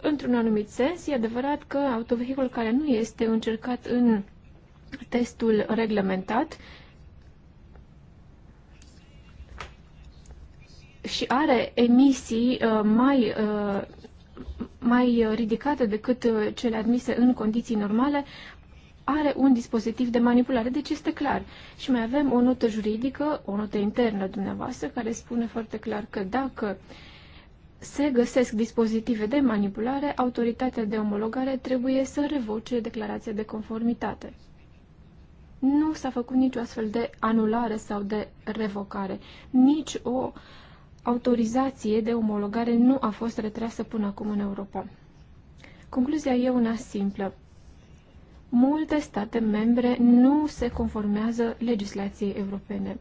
Într-un anumit sens, e adevărat că autovehicul care nu este încercat în testul reglementat și are emisii uh, mai, uh, mai ridicate decât uh, cele admise în condiții normale, are un dispozitiv de manipulare, deci este clar. Și mai avem o notă juridică, o notă internă dumneavoastră, care spune foarte clar că dacă se găsesc dispozitive de manipulare, autoritatea de omologare trebuie să revoce declarația de conformitate. Nu s-a făcut nicio astfel de anulare sau de revocare, nici o uh, autorizație de omologare nu a fost retrasă până acum în Europa. Concluzia e una simplă. Multe state membre nu se conformează legislației europene,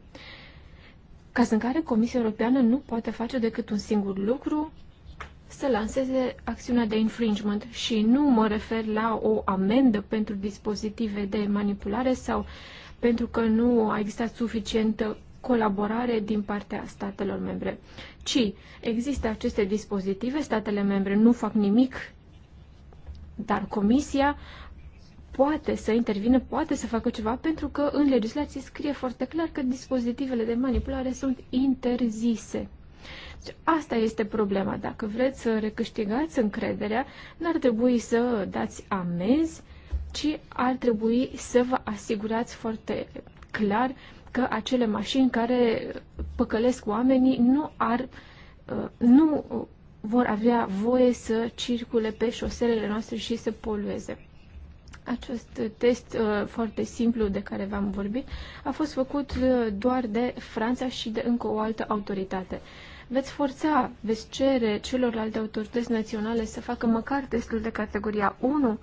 caz în care Comisia Europeană nu poate face decât un singur lucru, să lanseze acțiunea de infringement și nu mă refer la o amendă pentru dispozitive de manipulare sau pentru că nu a existat suficientă colaborare din partea statelor membre, ci există aceste dispozitive, statele membre nu fac nimic, dar Comisia poate să intervină, poate să facă ceva, pentru că în legislație scrie foarte clar că dispozitivele de manipulare sunt interzise. Deci asta este problema. Dacă vreți să recâștigați încrederea, n-ar trebui să dați amenzi, ci ar trebui să vă asigurați foarte clar uh, că acele mașini care păcălesc oamenii nu ar uh, nu vor avea voie să circule pe șoselele noastre și să polueze. Acest test uh, foarte simplu de care v-am vorbit a fost făcut uh, doar de Franța și de încă o altă autoritate. Veți forța, veți cere celorlalte autorități naționale să facă măcar testul de categoria 1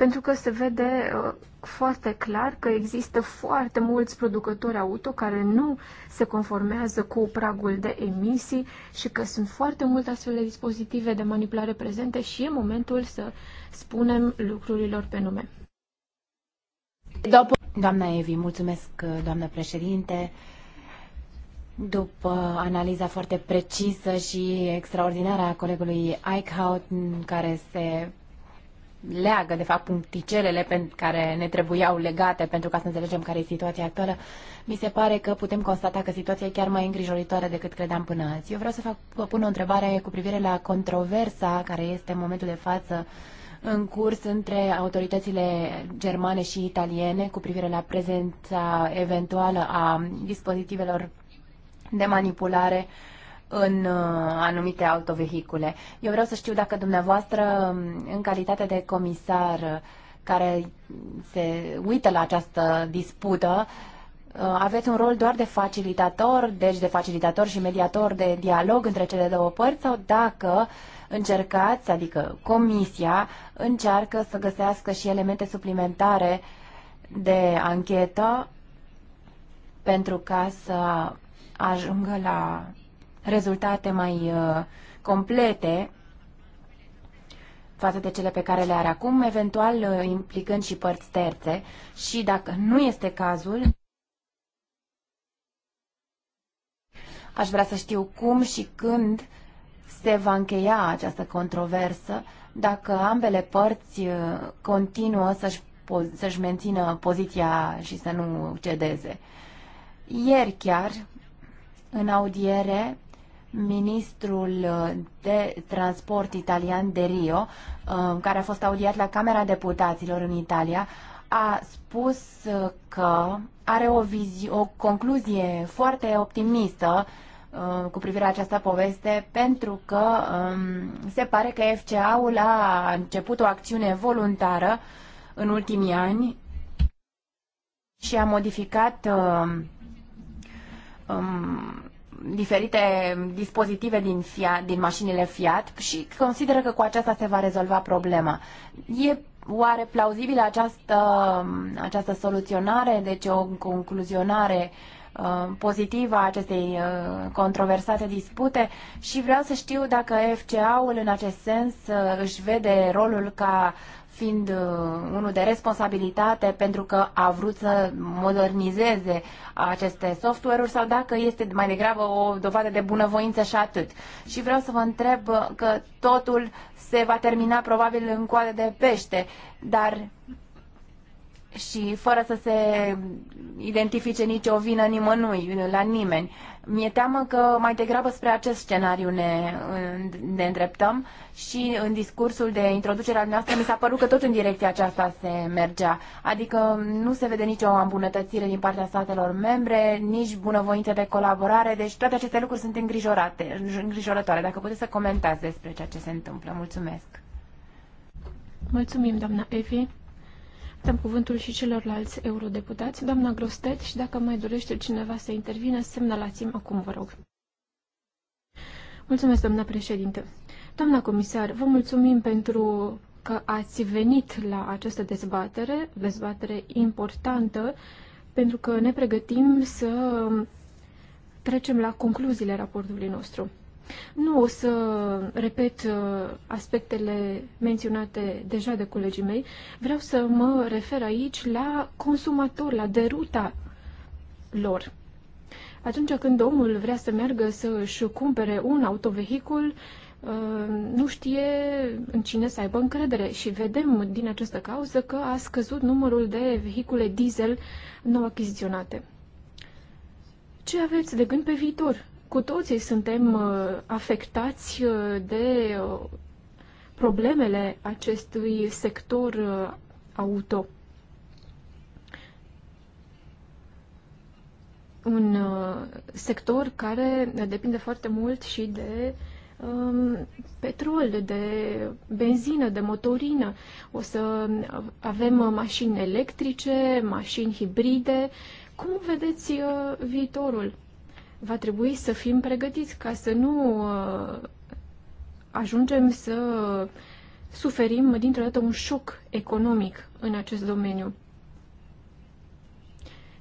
pentru că se vede uh, foarte clar că există foarte mulți producători auto care nu se conformează cu pragul de emisii și că sunt foarte multe astfel de dispozitive de manipulare prezente și e momentul să spunem lucrurilor pe nume. Doamna Evi, mulțumesc, uh, doamnă președinte. După analiza foarte precisă și extraordinară a colegului Eichhout, care se leagă, de fapt, puncticelele pe care ne trebuiau legate pentru ca să înțelegem care e situația actuală, mi se pare că putem constata că situația e chiar mai îngrijoritoare decât credeam până azi. Eu vreau să fac, vă pun o întrebare cu privire la controversa care este în momentul de față în curs între autoritățile germane și italiene cu privire la prezența eventuală a dispozitivelor de manipulare uh, în uh, anumite autovehicule. Eu vreau să știu dacă dumneavoastră, um, în calitate de comisar uh, care se uită la această dispută, uh, aveți un rol doar de facilitator, deci de facilitator și mediator de dialog între cele două părți sau dacă încercați, adică comisia, încearcă să găsească și elemente suplimentare de anchetă pentru ca să ajungă la rezultate mai uh, complete față de cele pe care le are acum, eventual uh, implicând și părți terțe. Și dacă nu este cazul, aș vrea să știu cum și când se va încheia această controversă, dacă ambele părți uh, continuă să-și, să-și mențină poziția și să nu cedeze. Ieri chiar, în audiere, ministrul uh, de transport italian de Rio, uh, care a fost audiat la Camera Deputaților în Italia, a spus uh, că are o, vizi- o concluzie foarte optimistă cu privire la această poveste pentru că um, se pare că FCA-ul a început o acțiune voluntară în ultimii ani și a modificat um, diferite dispozitive din, Fiat, din mașinile Fiat și consideră că cu aceasta se va rezolva problema. E oare plauzibilă această, această soluționare, deci o concluzionare uh, pozitivă a acestei uh, controversate dispute și vreau să știu dacă FCA-ul în acest sens uh, își vede rolul ca fiind uh, unul de responsabilitate pentru că a vrut să modernizeze aceste software-uri sau dacă este mai degrabă o dovadă de bunăvoință și atât. Și vreau să vă întreb că totul se va termina probabil în coadă de pește, dar și fără să se identifice nicio vină nimănui, la nimeni. Mi-e teamă că mai degrabă spre acest scenariu ne, ne îndreptăm și în discursul de introducere al noastră mi s-a părut că tot în direcția aceasta se mergea. Adică nu se vede nicio îmbunătățire din partea statelor membre, nici bunăvoință de colaborare, deci toate aceste lucruri sunt îngrijorate, îngrijorătoare. Dacă puteți să comentați despre ceea ce se întâmplă. Mulțumesc! Mulțumim, doamna Evi. Dăm cuvântul și celorlalți eurodeputați, doamna Grostet, și dacă mai dorește cineva să intervină, semnalați-mi acum, vă rog. Mulțumesc, doamna președinte. Doamna comisar, vă mulțumim pentru că ați venit la această dezbatere, dezbatere importantă, pentru că ne pregătim să trecem la concluziile raportului nostru. Nu o să uh, repet uh, aspectele menționate deja de colegii mei. Vreau să mă refer aici la consumator, la deruta lor. Atunci când omul vrea să meargă să își cumpere un autovehicul, uh, nu știe în cine să aibă încredere și vedem din această cauză că a scăzut numărul de vehicule diesel nou achiziționate. Ce aveți de gând pe viitor? Cu toții suntem uh, afectați uh, de uh, problemele acestui sector auto. Un sector care depinde foarte mult și de um, petrol, de benzină, de motorină. O să avem mașini electrice, mașini hibride. Cum vedeți viitorul? va trebui să fim pregătiți ca să nu uh, ajungem să suferim dintr-o dată un șoc economic în acest domeniu.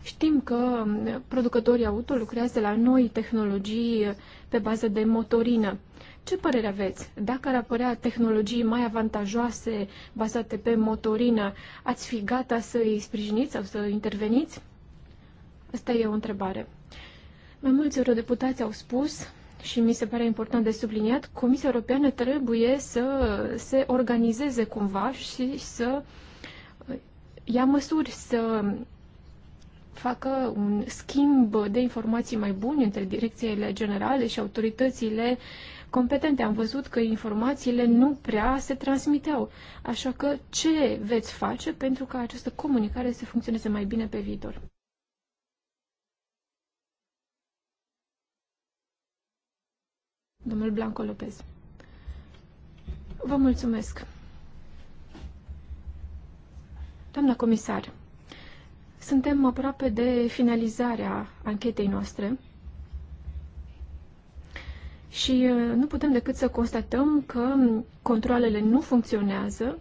Știm că um, producătorii auto lucrează la noi tehnologii uh, pe bază de motorină. Ce părere aveți? Dacă ar apărea tehnologii mai avantajoase bazate pe motorină, ați fi gata să îi sprijiniți sau să interveniți? Asta e o întrebare. Mai mulți eurodeputați au spus și mi se pare important de subliniat, Comisia Europeană trebuie să se organizeze cumva și să uh, ia măsuri, să facă un schimb de informații mai bun între direcțiile generale și autoritățile competente. Am văzut că informațiile nu prea se transmiteau. Așa că ce veți face pentru ca această comunicare să funcționeze mai bine pe viitor? domnul Blanco Lopez. Vă mulțumesc. Doamna comisar, suntem aproape de finalizarea anchetei noastre și uh, nu putem decât să constatăm că controlele nu funcționează,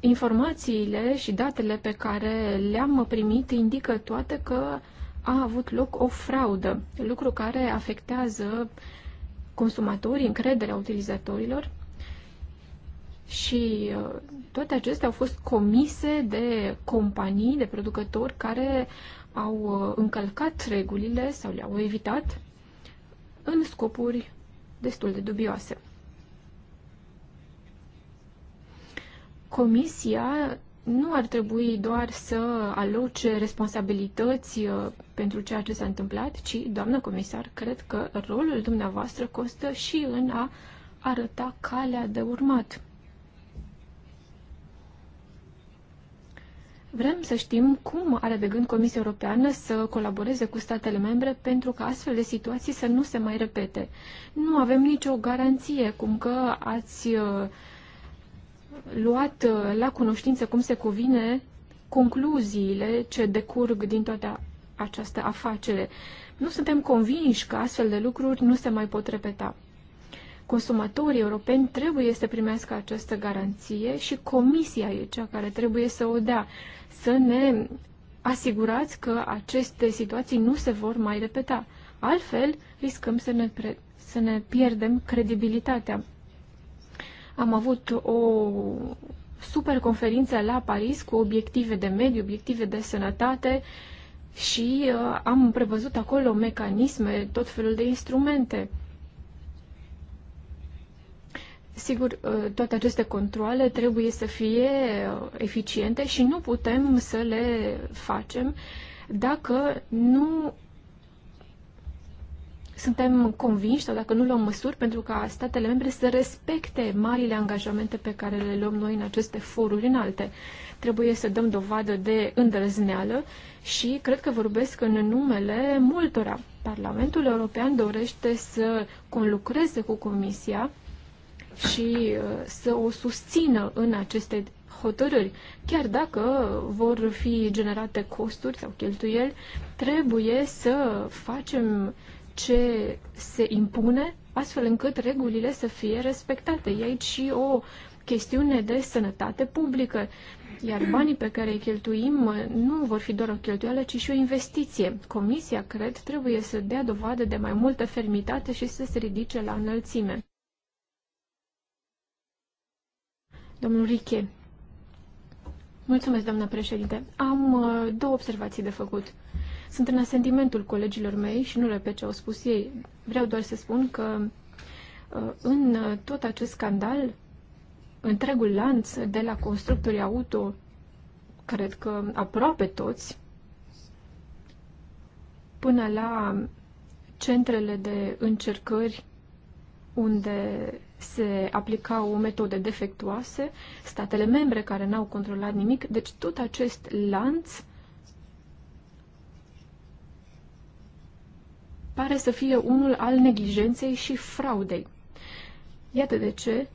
informațiile și datele pe care le-am primit indică toate că a avut loc o fraudă, lucru care afectează consumatorii, încrederea utilizatorilor și uh, toate acestea au fost comise de companii, de producători care au uh, încălcat regulile sau le-au evitat în scopuri destul de dubioase. Comisia nu ar trebui doar să aloce responsabilități uh, pentru ceea ce s-a întâmplat, ci, doamnă comisar, cred că rolul dumneavoastră costă și în a arăta calea de urmat. Vrem să știm cum are de gând Comisia Europeană să colaboreze cu statele membre pentru ca astfel de situații să nu se mai repete. Nu avem nicio garanție cum că ați uh, luat uh, la cunoștință cum se cuvine concluziile ce decurg din toată această afacere. Nu suntem convinși că astfel de lucruri nu se mai pot repeta. Consumatorii europeni trebuie să primească această garanție și comisia e cea care trebuie să o dea, să ne asigurați că aceste situații nu se vor mai repeta. Altfel, riscăm să ne, pre- să ne pierdem credibilitatea. Am avut o super conferință la Paris cu obiective de mediu, obiective de sănătate și uh, am prevăzut acolo mecanisme, tot felul de instrumente. Sigur, uh, toate aceste controle trebuie să fie uh, eficiente și nu putem să le facem dacă nu suntem convinși, sau dacă nu luăm măsuri, pentru ca statele membre să respecte marile angajamente pe care le luăm noi în aceste foruri înalte. Trebuie să dăm dovadă de îndrăzneală și cred că vorbesc în numele multora. Parlamentul European dorește să conlucreze cu Comisia și uh, să o susțină în aceste hotărâri. Chiar dacă vor fi generate costuri sau cheltuieli, trebuie să facem ce se impune, astfel încât regulile să fie respectate. E aici și o chestiune de sănătate publică, iar banii pe care îi cheltuim nu vor fi doar o cheltuială, ci și o investiție. Comisia, cred, trebuie să dea dovadă de mai multă fermitate și să se ridice la înălțime. Domnul Riche. Mulțumesc, doamnă președinte. Am uh, două observații de făcut. Sunt în asentimentul colegilor mei și nu repet ce au spus ei. Vreau doar să spun că uh, în uh, tot acest scandal, întregul lanț de la constructorii auto, cred că aproape toți, până la centrele de încercări unde se aplicau metode defectuoase, statele membre care n-au controlat nimic, deci tot acest lanț pare să fie unul al neglijenței și fraudei. Iată de ce,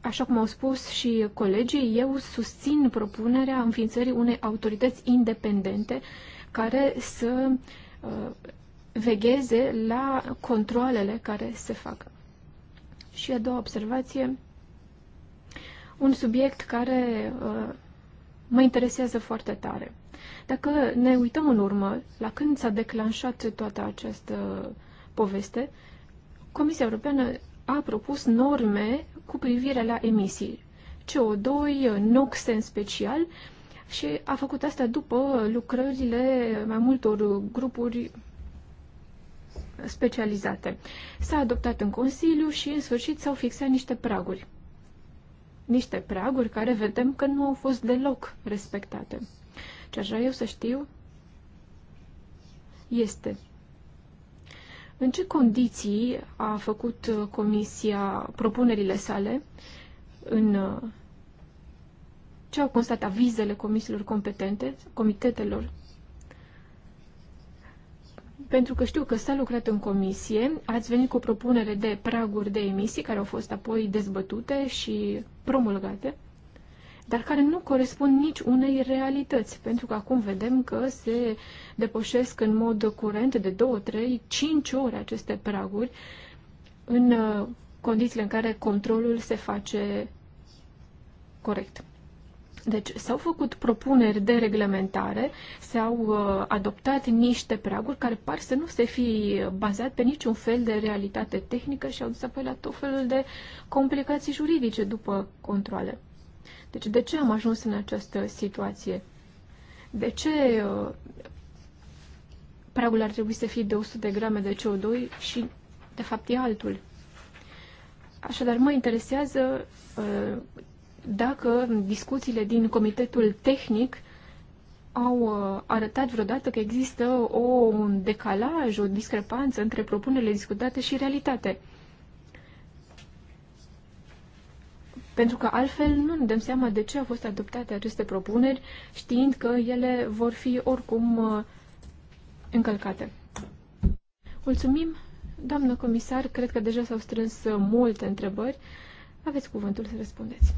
așa cum au spus și colegii, eu susțin propunerea înființării unei autorități independente care să uh, vegheze la controlele care se fac. Și a doua observație, un subiect care uh, mă interesează foarte tare. Dacă ne uităm în urmă la când s-a declanșat toată această poveste, Comisia Europeană a propus norme cu privire la emisii CO2, NOx în special, și a făcut asta după lucrările mai multor grupuri specializate. S-a adoptat în Consiliu și, în sfârșit, s-au fixat niște praguri. Niște praguri care vedem că nu au fost deloc respectate. Ce aș vrea eu să știu este în ce condiții a făcut uh, Comisia propunerile sale, în uh, ce au constat avizele comisiilor competente, comitetelor pentru că știu că s-a lucrat în comisie, ați venit cu o propunere de praguri de emisii care au fost apoi dezbătute și promulgate dar care nu corespund nici unei realități, pentru că acum vedem că se depășesc în mod curent de 2, 3, 5 ore aceste praguri în uh, condițiile în care controlul se face corect. Deci s-au făcut propuneri de reglementare, s-au uh, adoptat niște praguri care par să nu se fi bazat pe niciun fel de realitate tehnică și au dus apoi la tot felul de complicații juridice după controle. Deci de ce am ajuns în această situație? De ce uh, pragul ar trebui să fie de 100 de grame de CO2 și de fapt e altul? Așadar, mă interesează uh, dacă discuțiile din comitetul tehnic au uh, arătat vreodată că există o, un decalaj, o discrepanță între propunerile discutate și realitate. Pentru că altfel nu ne dăm seama de ce au fost adoptate aceste propuneri, știind că ele vor fi oricum uh, încălcate. Mulțumim, doamnă comisar, cred că deja s-au strâns uh, multe întrebări. Aveți cuvântul să răspundeți.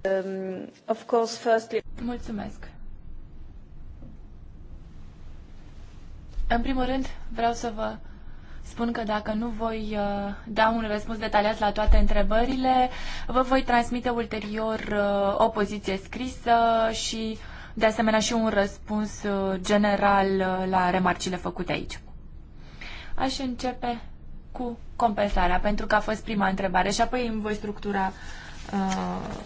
Um, of course, firstly... Mulțumesc. În primul rând, vreau să vă spun că dacă nu voi uh, da un răspuns detaliat la toate întrebările, vă voi transmite ulterior uh, o poziție scrisă și de asemenea și un răspuns uh, general la remarcile făcute aici. Aș începe cu compensarea, pentru că a fost prima întrebare și apoi îmi voi structura uh,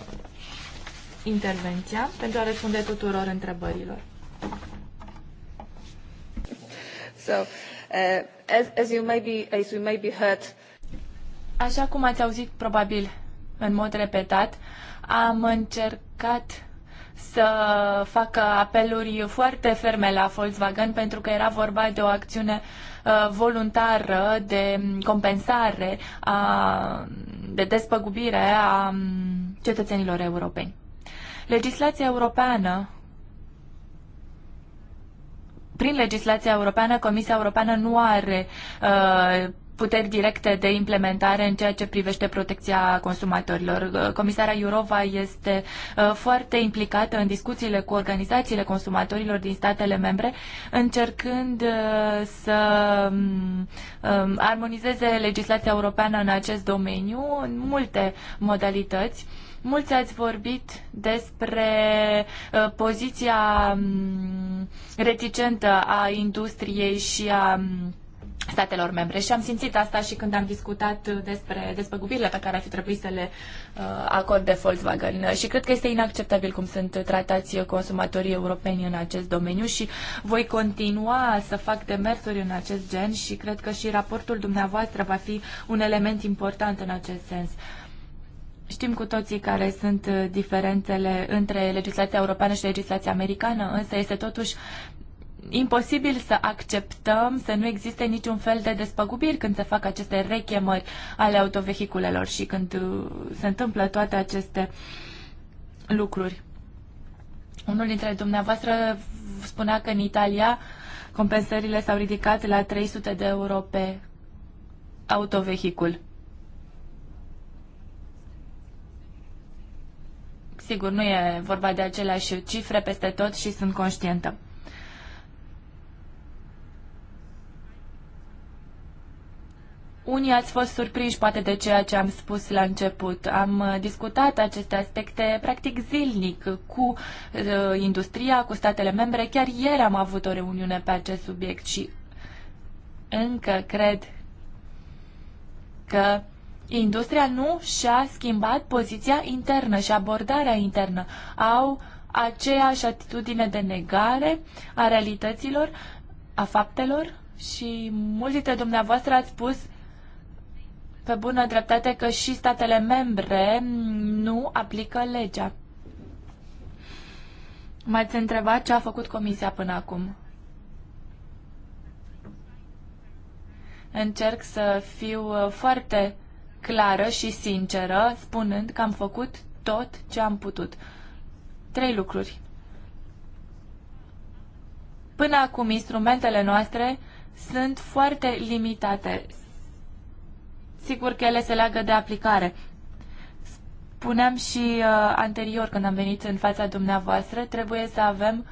intervenția pentru a răspunde tuturor întrebărilor. So, Așa cum ați auzit probabil în mod repetat, am încercat să facă apeluri foarte ferme la Volkswagen pentru că era vorba de o acțiune uh, voluntară de compensare, a, de despăgubire a um, cetățenilor europeni. Legislația europeană prin legislația europeană, Comisia Europeană nu are uh, puteri directe de implementare în ceea ce privește protecția consumatorilor. Uh, comisara Iurova este uh, foarte implicată în discuțiile cu organizațiile consumatorilor din statele membre, încercând uh, să um, um, armonizeze legislația europeană în acest domeniu în multe modalități Mulți ați vorbit despre uh, poziția mm, reticentă a industriei și a mm, statelor membre și am simțit asta și când am discutat despre despăgubirile pe care ar fi trebuit să le uh, acorde Volkswagen și cred că este inacceptabil cum sunt tratați consumatorii europeni în acest domeniu și voi continua să fac demersuri în acest gen și cred că și raportul dumneavoastră va fi un element important în acest sens. Uh, Știm cu toții care sunt uh, diferențele între legislația europeană și legislația americană, însă este totuși imposibil să acceptăm să nu existe niciun fel de despăgubiri când se fac aceste rechemări ale autovehiculelor și când uh, se întâmplă toate aceste lucruri. Unul dintre dumneavoastră spunea că în Italia compensările s-au ridicat la 300 de euro pe autovehicul. Sigur, nu e vorba de aceleași cifre peste tot și sunt conștientă. Unii ați fost surprinși poate de ceea ce am spus la început. Am uh, discutat aceste aspecte practic zilnic cu uh, industria, cu statele membre. Chiar ieri am avut o reuniune pe acest subiect și încă cred că industria nu și-a schimbat poziția internă și abordarea internă. Au aceeași atitudine de negare a realităților, a faptelor și mulți dintre dumneavoastră ați spus pe bună dreptate că și statele membre nu aplică legea. M-ați întrebat ce a făcut Comisia până acum. Încerc să fiu uh, foarte clară și sinceră, spunând că am făcut tot ce am putut. Trei lucruri. Până acum, instrumentele noastre sunt foarte limitate. Sigur că ele se leagă de aplicare. Spuneam și uh, anterior, când am venit în fața dumneavoastră, trebuie să avem uh,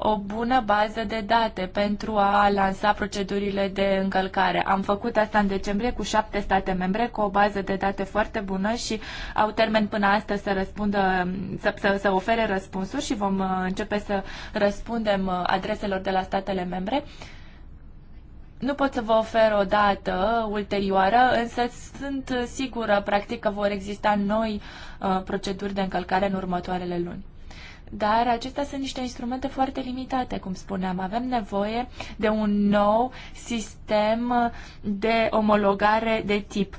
o bună bază de date pentru a lansa procedurile de încălcare. Am făcut asta în decembrie cu șapte state membre, cu o bază de date foarte bună și au termen până astăzi să răspundă, să, să, să ofere răspunsuri și vom uh, începe să răspundem uh, adreselor de la statele membre. Nu pot să vă ofer o dată ulterioară, însă sunt uh, sigură, practic, că vor exista noi uh, proceduri de încălcare în următoarele luni dar acestea sunt niște instrumente foarte limitate, cum spuneam. Avem nevoie de un nou sistem de omologare de tip.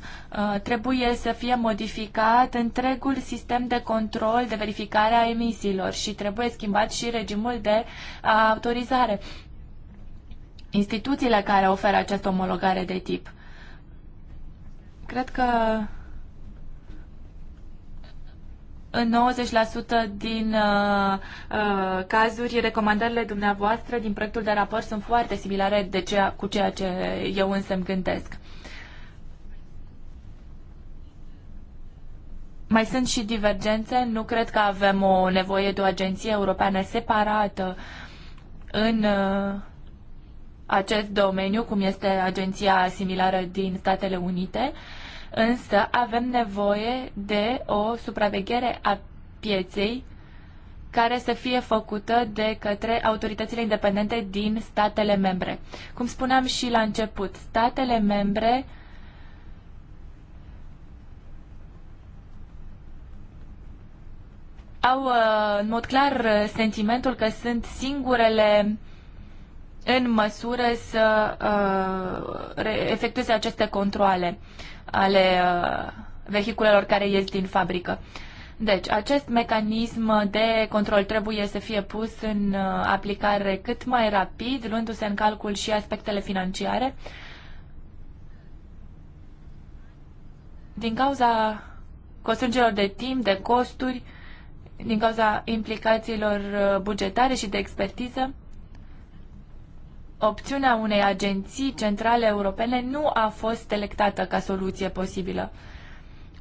Uh, trebuie să fie modificat întregul sistem de control, de verificare a emisiilor și trebuie schimbat și regimul de autorizare. Instituțiile care oferă această omologare de tip. Cred că în 90% din uh, uh, cazuri, recomandările dumneavoastră din proiectul de raport sunt foarte similare de ceea, cu ceea ce eu însă îmi gândesc. Mai sunt și divergențe. Nu cred că avem o nevoie de o agenție europeană separată în uh, acest domeniu, cum este agenția similară din Statele Unite. Uh, însă avem nevoie de o supraveghere a pieței care să fie făcută de către autoritățile independente din statele membre. Cum spuneam și la început, statele membre au uh, în mod clar uh, sentimentul că sunt singurele în măsură să uh, efectueze aceste controle ale uh, vehiculelor care ies din fabrică. Deci, acest mecanism de control trebuie să fie pus în uh, aplicare cât mai rapid, luându-se în calcul și aspectele financiare. Din cauza costurilor de timp, de costuri, din cauza implicațiilor bugetare și de expertiză, opțiunea unei agenții centrale europene nu a fost selectată ca soluție posibilă.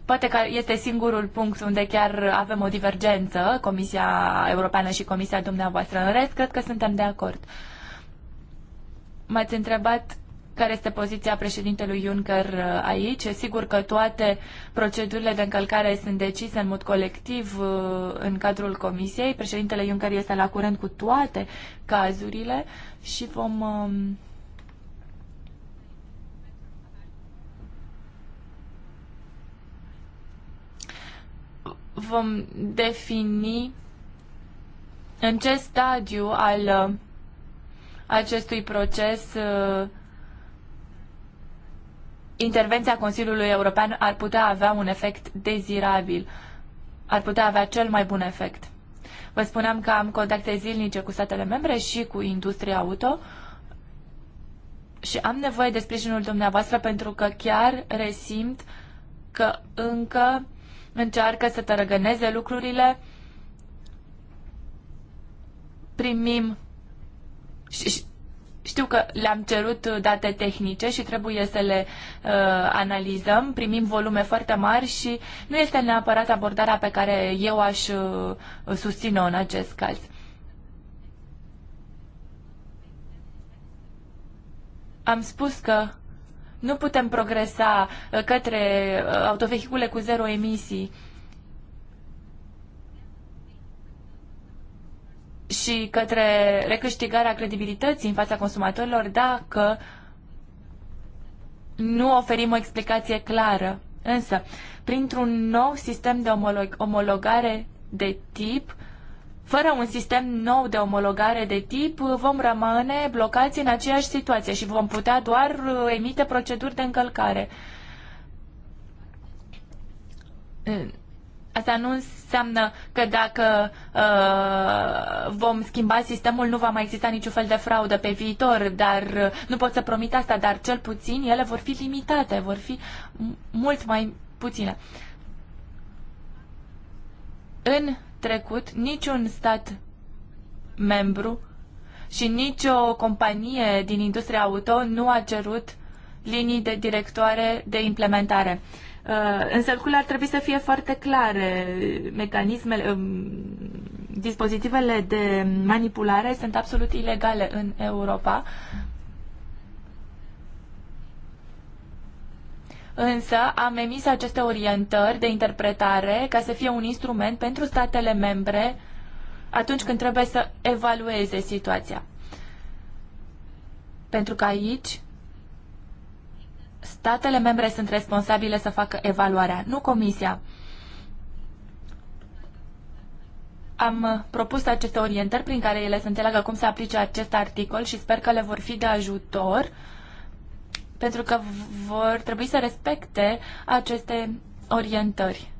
Poate că este singurul punct unde chiar avem o divergență, Comisia Europeană și Comisia dumneavoastră. În rest, cred că suntem de acord. M-ați întrebat care este poziția președintelui Juncker uh, aici. Sigur că toate procedurile de încălcare sunt decise în mod colectiv uh, în cadrul comisiei. Președintele Juncker este la curent cu toate cazurile și vom um, vom defini în ce stadiu al uh, acestui proces uh, intervenția Consiliului European ar putea avea un efect dezirabil, ar putea avea cel mai bun efect. Vă spuneam că am contacte zilnice cu statele membre și cu industria auto și am nevoie de sprijinul dumneavoastră pentru că chiar resimt că încă încearcă să tărăgăneze lucrurile. Primim și, și știu că le-am cerut uh, date tehnice și trebuie să le uh, analizăm. Primim volume foarte mari și nu este neapărat abordarea pe care eu aș uh, susține-o în acest caz. Am spus că nu putem progresa uh, către uh, autovehicule cu zero emisii uh, și către recâștigarea credibilității în fața consumatorilor dacă nu oferim o explicație clară. Însă, printr-un nou sistem de omolog- omologare de tip, fără un sistem nou de omologare de tip, vom rămâne blocați în aceeași situație și vom putea doar uh, emite proceduri de încălcare. Asta nu înseamnă că dacă uh, vom schimba sistemul nu va mai exista niciun fel de fraudă pe viitor, dar uh, nu pot să promit asta, dar cel puțin ele vor fi limitate, vor fi mult mai puține. În trecut, niciun stat membru și nicio companie din industria auto nu a cerut linii de directoare de implementare. Uh, Uh, însă lucrurile ar trebui să fie foarte clare. Mecanismele, um, dispozitivele de manipulare sunt absolut ilegale în Europa. Însă am emis aceste orientări de interpretare ca să fie un instrument pentru statele membre atunci când trebuie să evalueze situația. Pentru că aici statele membre sunt responsabile să facă evaluarea, nu Comisia. Am propus aceste orientări prin care ele să înțeleagă cum se aplice acest articol și sper că le vor fi de ajutor pentru că vor trebui să respecte aceste orientări.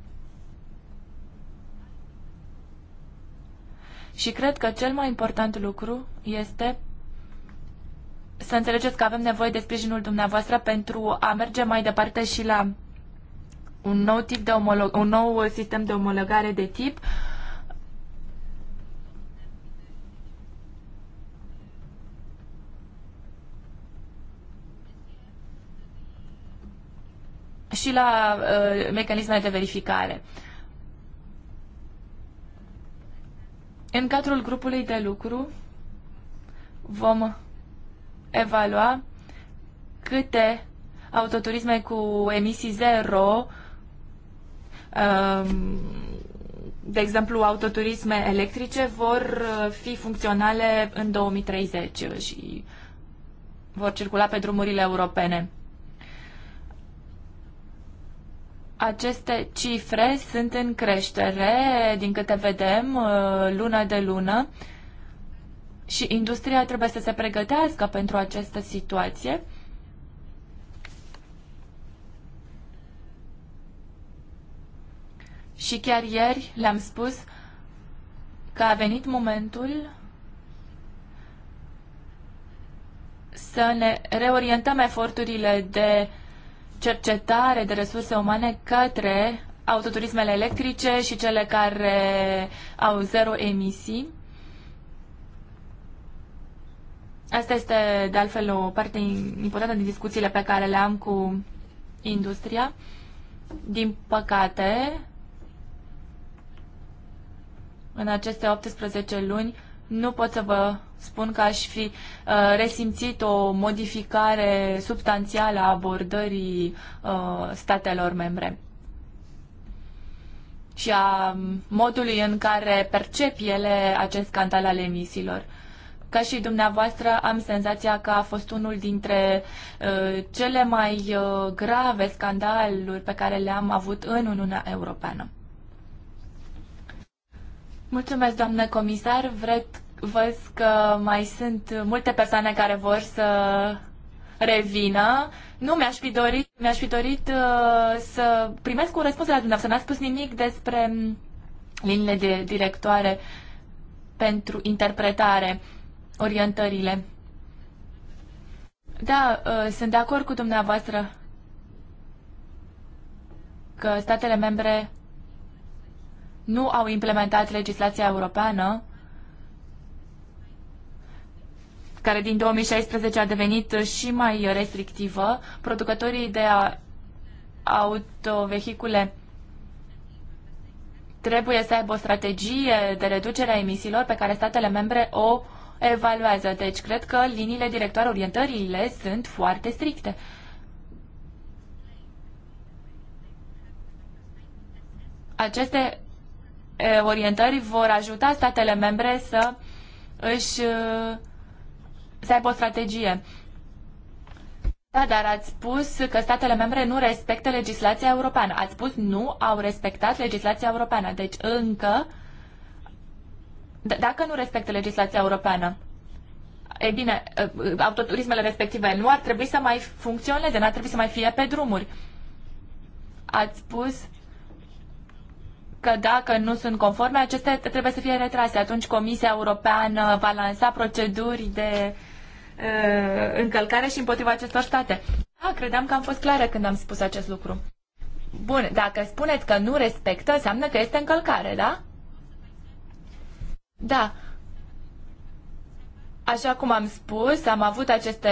Și cred că cel mai important lucru este să înțelegeți că avem nevoie de sprijinul dumneavoastră pentru a merge mai departe și la un nou, tip de omolog- un nou sistem de omologare de tip. și la uh, mecanismele de verificare. În cadrul grupului de lucru vom evalua câte autoturisme cu emisii zero, um, de exemplu autoturisme electrice, vor uh, fi funcționale în 2030 și vor circula pe drumurile europene. Aceste cifre sunt în creștere, din câte vedem, uh, lună de lună și industria trebuie să se pregătească pentru această situație. Și chiar ieri le-am spus că a venit momentul să ne reorientăm eforturile de cercetare de resurse umane către autoturismele electrice și cele care au zero emisii Asta este, de altfel, o parte importantă din discuțiile pe care le am cu industria. Din păcate, în aceste 18 luni, nu pot să vă spun că aș fi uh, resimțit o modificare substanțială a abordării uh, statelor membre și a modului în care percep ele acest cantal al emisiilor. Ca și dumneavoastră, am senzația că a fost unul dintre uh, cele mai uh, grave scandaluri pe care le-am avut în Uniunea Europeană. Mulțumesc, doamnă comisar. Vred, văd că mai sunt multe persoane care vor să revină. Nu, mi-aș fi dorit, mi-aș fi dorit uh, să primesc un răspuns de la dumneavoastră. N-ați spus nimic despre mm, liniile de directoare pentru interpretare orientările. Da, ă, sunt de acord cu dumneavoastră că statele membre nu au implementat legislația europeană care din 2016 a devenit și mai restrictivă. Producătorii de autovehicule trebuie să aibă o strategie de reducere a emisiilor pe care statele membre o evaluează. Deci cred că liniile directoare, orientările sunt foarte stricte. Aceste orientări vor ajuta statele membre să își să aibă o strategie. Da, dar ați spus că statele membre nu respectă legislația europeană. Ați spus nu au respectat legislația europeană. Deci încă uh, dacă nu respectă legislația europeană, e bine, uh, autoturismele respective nu ar trebui să mai funcționeze, nu ar trebui să mai fie pe drumuri. Ați spus că dacă nu sunt conforme, acestea trebuie să fie retrase. Atunci Comisia Europeană va lansa proceduri de uh, încălcare și împotriva acestor state. Da, credeam că am fost clară când am spus acest lucru. Bun, dacă spuneți că nu respectă, înseamnă că este încălcare, da? Da. Așa cum am spus, am avut aceste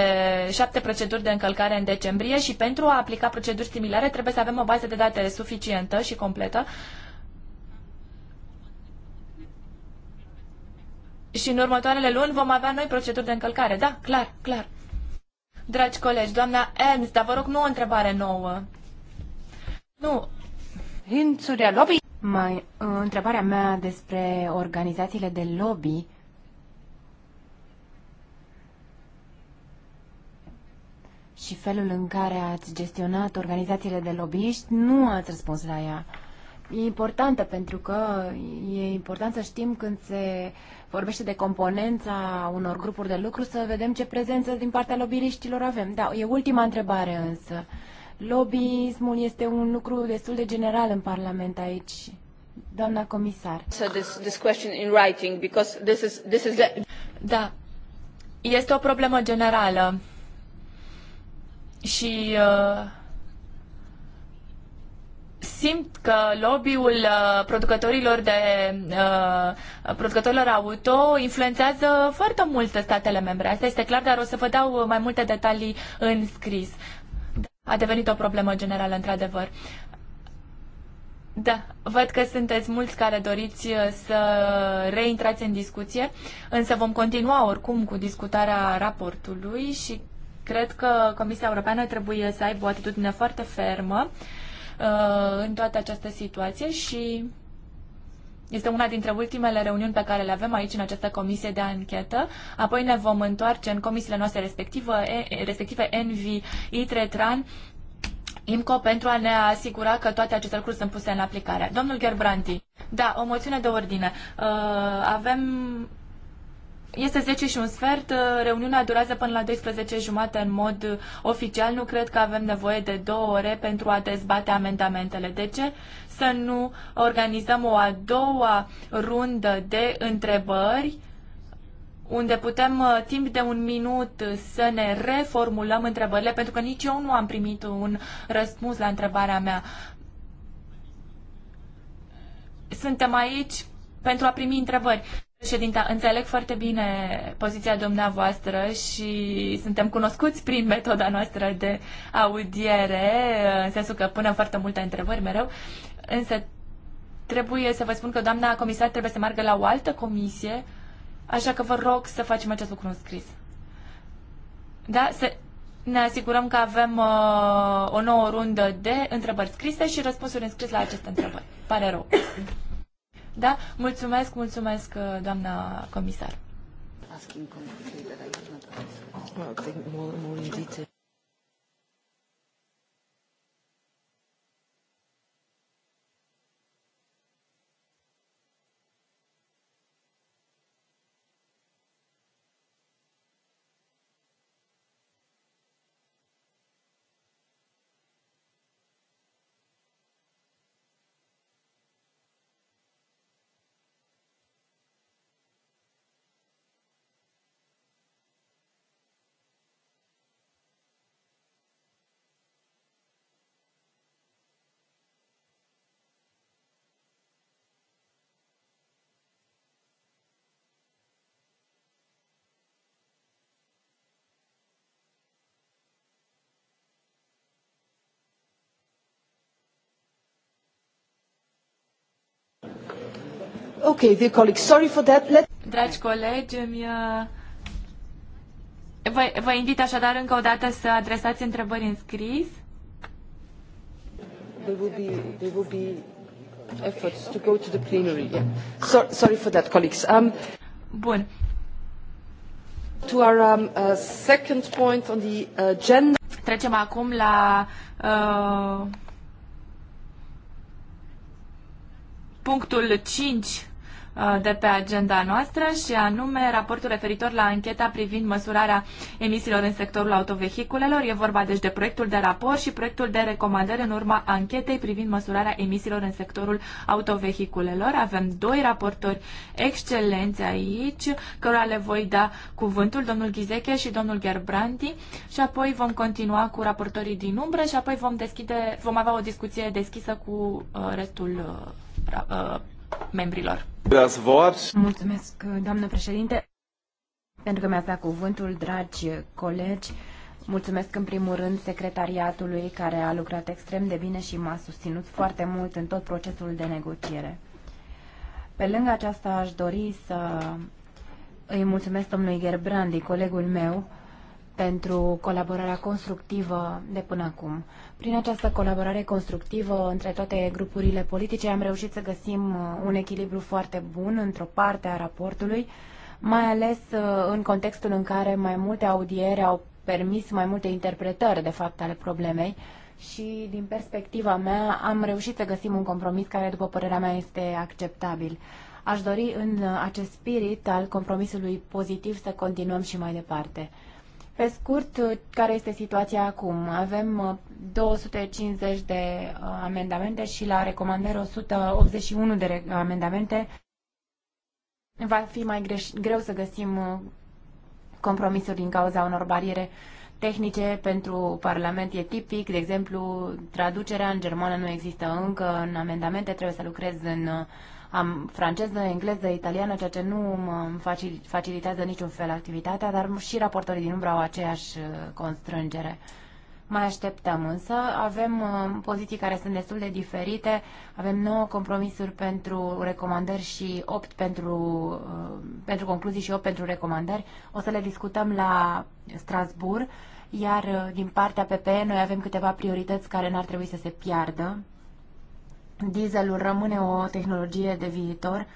șapte proceduri de încălcare în decembrie și pentru a aplica proceduri similare trebuie să avem o bază de date suficientă și completă. Și în următoarele luni vom avea noi proceduri de încălcare. Da, clar, clar. Dragi colegi, doamna Ernst, dar vă rog, nu o întrebare nouă. Nu. Hin zu der Lobby. Mai, uh, întrebarea mea despre organizațiile de lobby și felul în care ați gestionat organizațiile de lobbyiști, nu ați răspuns la ea. E importantă pentru că e important să știm când se vorbește de componența unor grupuri de lucru, să vedem ce prezență din partea lobbyiștilor avem. Da, e ultima întrebare însă. Uh, Lobbyismul este un lucru destul de general în Parlament aici. Doamna comisar. So this, this question in writing because this is, this is the... Da. Este o problemă generală. Și uh, simt că lobby-ul uh, producătorilor de uh, producătorilor auto influențează foarte mult statele membre. Asta este clar, dar o să vă dau mai multe detalii în scris a devenit o problemă generală, într-adevăr. Da, văd că sunteți mulți care doriți uh, să reintrați în discuție, însă vom continua oricum cu discutarea raportului și cred că Comisia Europeană trebuie să aibă o atitudine foarte fermă uh, în toată această situație și este una dintre ultimele reuniuni pe care le avem aici în această comisie de anchetă. Apoi ne vom întoarce în comisiile noastre respective, respective Envi, ITRE, TRAN, IMCO pentru a ne asigura că toate aceste lucruri sunt puse în aplicare. Domnul Gerbranti, da, o moțiune de ordine. Uh, avem este 10 și un sfert, uh, reuniunea durează până la 12 jumate în mod uh, oficial. Nu cred că avem nevoie de două ore pentru a dezbate amendamentele. De ce? Să nu organizăm o a doua rundă de întrebări unde putem uh, timp de un minut să ne reformulăm întrebările, pentru că nici eu nu am primit un răspuns la întrebarea mea. Suntem aici pentru a primi întrebări. Președinte, înțeleg foarte bine poziția dumneavoastră și suntem cunoscuți prin metoda noastră de audiere, în sensul că punem foarte multe întrebări mereu, însă trebuie să vă spun că doamna comisar trebuie să meargă la o altă comisie, așa că vă rog să facem acest lucru în scris. Da? Să ne asigurăm că avem uh, o nouă rundă de întrebări scrise și răspunsuri în scris la aceste întrebări. Pare rău. Da? Mulțumesc, mulțumesc, uh, doamna comisar. Okay, dear colleagues, sorry for that. Let... Dragi colegi, îmi... Uh, vă, vă invit așadar încă o dată să adresați întrebări în scris. There will be, there will be efforts to go to the plenary. Yeah. So, sorry for that, colleagues. Um, Bun. To our um, uh, second point on the agenda. Trecem acum la uh, punctul 5 Uh, de pe agenda noastră și anume raportul referitor la ancheta privind măsurarea emisiilor în sectorul autovehiculelor. E vorba deci de proiectul de raport și proiectul de recomandări în urma anchetei privind măsurarea emisiilor în sectorul autovehiculelor. Avem doi raportori excelenți aici, cărora le voi da cuvântul, domnul Ghizeche și domnul Gerbrandi și apoi vom continua cu raportorii din umbră și apoi vom deschide, vom avea o discuție deschisă cu uh, restul uh, membrilor. Mulțumesc, doamnă președinte, pentru că mi-ați dat cuvântul, dragi colegi. Mulțumesc în primul rând secretariatului care a lucrat extrem de bine și m-a susținut foarte mult în tot procesul de negociere. Pe lângă aceasta aș dori să îi mulțumesc domnului Gerbrandi, colegul meu, pentru colaborarea constructivă de până acum. Prin această colaborare constructivă între toate grupurile politice am reușit să găsim uh, un echilibru foarte bun într-o parte a raportului, mai ales uh, în contextul în care mai multe audiere au permis mai multe interpretări, de fapt, ale problemei și, din perspectiva mea, am reușit să găsim un compromis care, după părerea mea, este acceptabil. Aș dori, în uh, acest spirit al compromisului pozitiv, să continuăm și mai departe. Pe scurt, care este situația acum? Avem 250 uh, de uh, amendamente și la recomandare 181 de amendamente. Va fi mai greu să găsim uh, compromisuri din cauza unor bariere tehnice pentru Parlament e tipic, de exemplu, traducerea în germană nu există încă în amendamente, trebuie să lucrez în uh, am franceză, engleză, italiană, ceea ce nu mă facilitează niciun fel activitatea, dar și raportorii din umbră au aceeași uh, constrângere. Mai așteptăm însă. Avem uh, poziții care sunt destul de diferite. Avem 9 compromisuri pentru recomandări și 8 pentru, uh, pentru concluzii și 8 pentru recomandări. O să le discutăm la Strasbourg. Iar din partea PPE noi avem câteva priorități care n-ar trebui să se piardă Dieselul rămâne o tehnologie de viitor.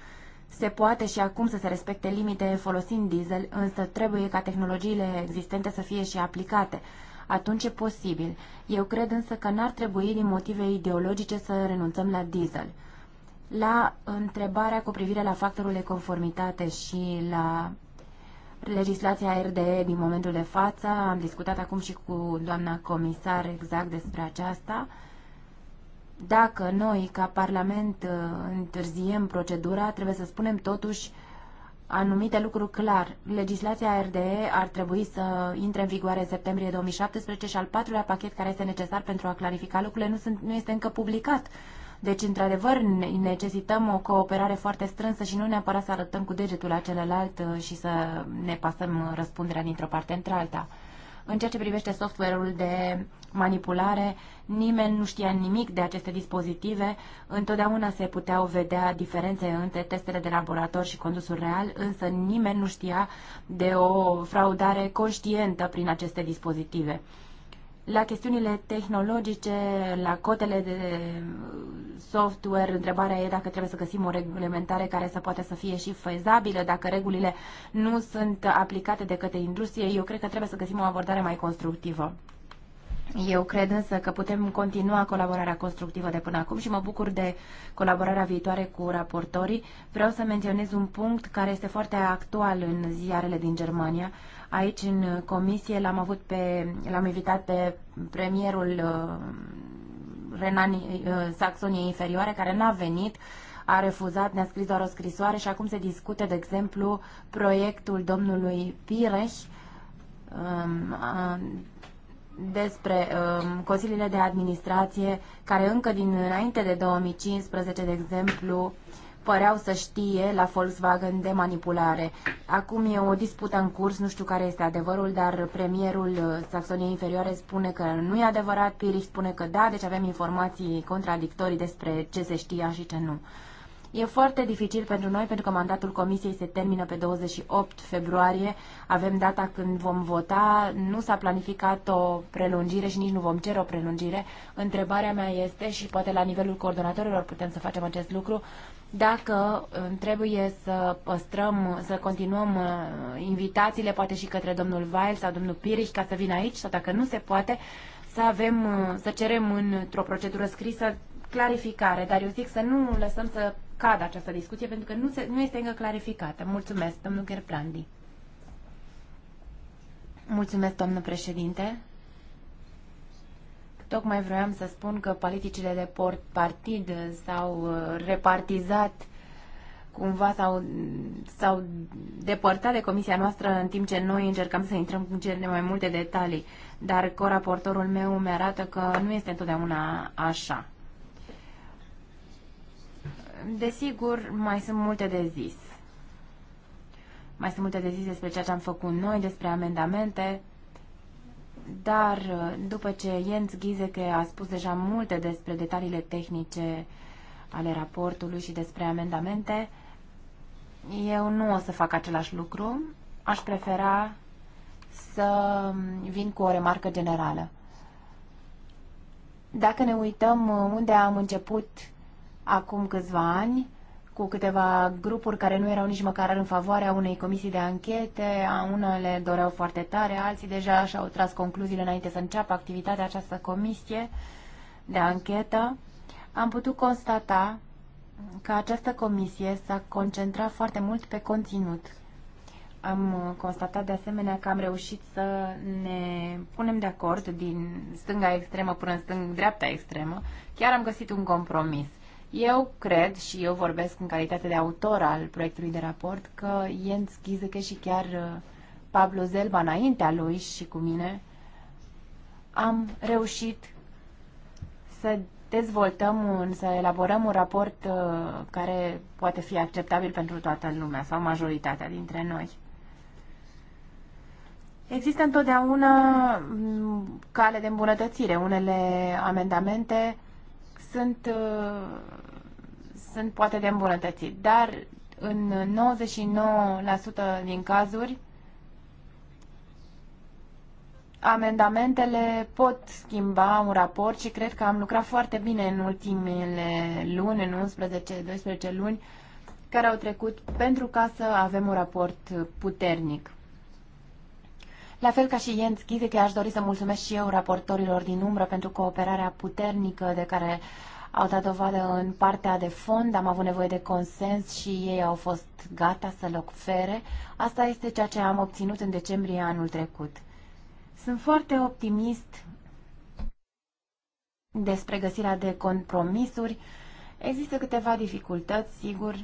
Se poate și acum să se respecte limite folosind diesel, însă trebuie ca tehnologiile existente să fie și aplicate. Atunci e posibil. Eu cred însă că n-ar trebui din motive ideologice să renunțăm la diesel. La întrebarea cu privire la factorul de conformitate și la legislația RDE din momentul de față, am discutat acum și cu doamna comisar exact despre aceasta, dacă noi, ca Parlament, uh, întârziem procedura, trebuie să spunem totuși anumite lucruri clar. Legislația RDE ar trebui să intre în vigoare în septembrie 2017 și al patrulea pachet care este necesar pentru a clarifica lucrurile nu, sunt, nu este încă publicat. Deci, într-adevăr, necesităm o cooperare foarte strânsă și nu neapărat să arătăm cu degetul la celălalt uh, și să ne pasăm uh, răspunderea dintr-o parte într-alta. În ceea ce privește software-ul de manipulare, Nimeni nu știa nimic de aceste dispozitive, întotdeauna se puteau vedea diferențe între testele de laborator și condusul real, însă nimeni nu știa de o fraudare conștientă prin aceste dispozitive. La chestiunile tehnologice, la cotele de software, întrebarea e dacă trebuie să găsim o reglementare care să poată să fie și fezabilă, dacă regulile nu sunt aplicate de către industrie, eu cred că trebuie să găsim o abordare mai constructivă. Eu cred însă că putem continua colaborarea constructivă de până acum și mă bucur de colaborarea viitoare cu raportorii. Vreau să menționez un punct care este foarte actual în ziarele din Germania. Aici, în comisie, l-am avut pe, l-am invitat pe premierul uh, Renan uh, Saxoniei Inferioare, care n-a venit, a refuzat, ne-a scris doar o scrisoare și acum se discute, de exemplu, proiectul domnului Pireș, um, despre um, consiliile de administrație care încă din înainte de 2015, de exemplu, păreau să știe la Volkswagen de manipulare. Acum e o dispută în curs, nu știu care este adevărul, dar premierul uh, Saxoniei Inferioare spune că nu e adevărat, Pirich spune că da, deci avem informații contradictorii despre ce se știa și ce nu. E foarte dificil pentru noi, pentru că mandatul comisiei se termină pe 28 februarie. Avem data când vom vota. Nu s-a planificat o prelungire și nici nu vom cere o prelungire. Întrebarea mea este, și poate la nivelul coordonatorilor putem să facem acest lucru, dacă uh, trebuie să păstrăm, să continuăm uh, invitațiile, poate și către domnul Vail sau domnul Pirich ca să vină aici, sau dacă nu se poate, să avem, uh, să cerem într-o procedură scrisă clarificare, dar eu zic să nu lăsăm să cadă această discuție pentru că nu, se, nu este încă clarificată. Mulțumesc, domnul Gerplandi. Mulțumesc, domnul președinte. Tocmai vroiam să spun că politicile de port partid s-au uh, repartizat cumva s-au, s-au depărtat de comisia noastră în timp ce noi încercam să intrăm în cele mai multe detalii. Dar coraportorul meu mi arată că nu este întotdeauna așa. Desigur, mai sunt multe de zis. Mai sunt multe de zis despre ceea ce am făcut noi, despre amendamente, dar uh, după ce Jens Ghizeke a spus deja multe despre detaliile tehnice ale raportului și despre amendamente, eu nu o să fac același lucru. Aș prefera să vin cu o remarcă generală. Dacă ne uităm uh, unde am început acum câțiva ani cu câteva grupuri care nu erau nici măcar în favoarea unei comisii de anchete, a unele doreau foarte tare, alții deja și-au tras concluziile înainte să înceapă activitatea această comisie de anchetă, am putut constata că această comisie s-a concentrat foarte mult pe conținut. Am constatat de asemenea că am reușit să ne punem de acord din stânga extremă până în stânga dreapta extremă. Chiar am găsit un compromis eu cred, și eu vorbesc în calitate de autor al proiectului de raport, că Jens Gizeke și chiar uh, Pablo Zelba înaintea lui și cu mine am reușit să dezvoltăm, un, să elaborăm un raport uh, care poate fi acceptabil pentru toată lumea sau majoritatea dintre noi. Există întotdeauna mm, cale de îmbunătățire. Unele amendamente sunt uh, sunt poate de îmbunătățit, dar în 99% din cazuri amendamentele pot schimba un raport și cred că am lucrat foarte bine în ultimele luni, în 11-12 luni care au trecut pentru ca să avem un raport puternic. La fel ca și Jens Ghizec, aș dori să mulțumesc și eu raportorilor din umbră pentru cooperarea puternică de care au dat dovadă în partea de fond, am avut nevoie de consens și ei au fost gata să-l ofere. Asta este ceea ce am obținut în decembrie anul trecut. Sunt foarte optimist despre găsirea de compromisuri. Există câteva dificultăți, sigur,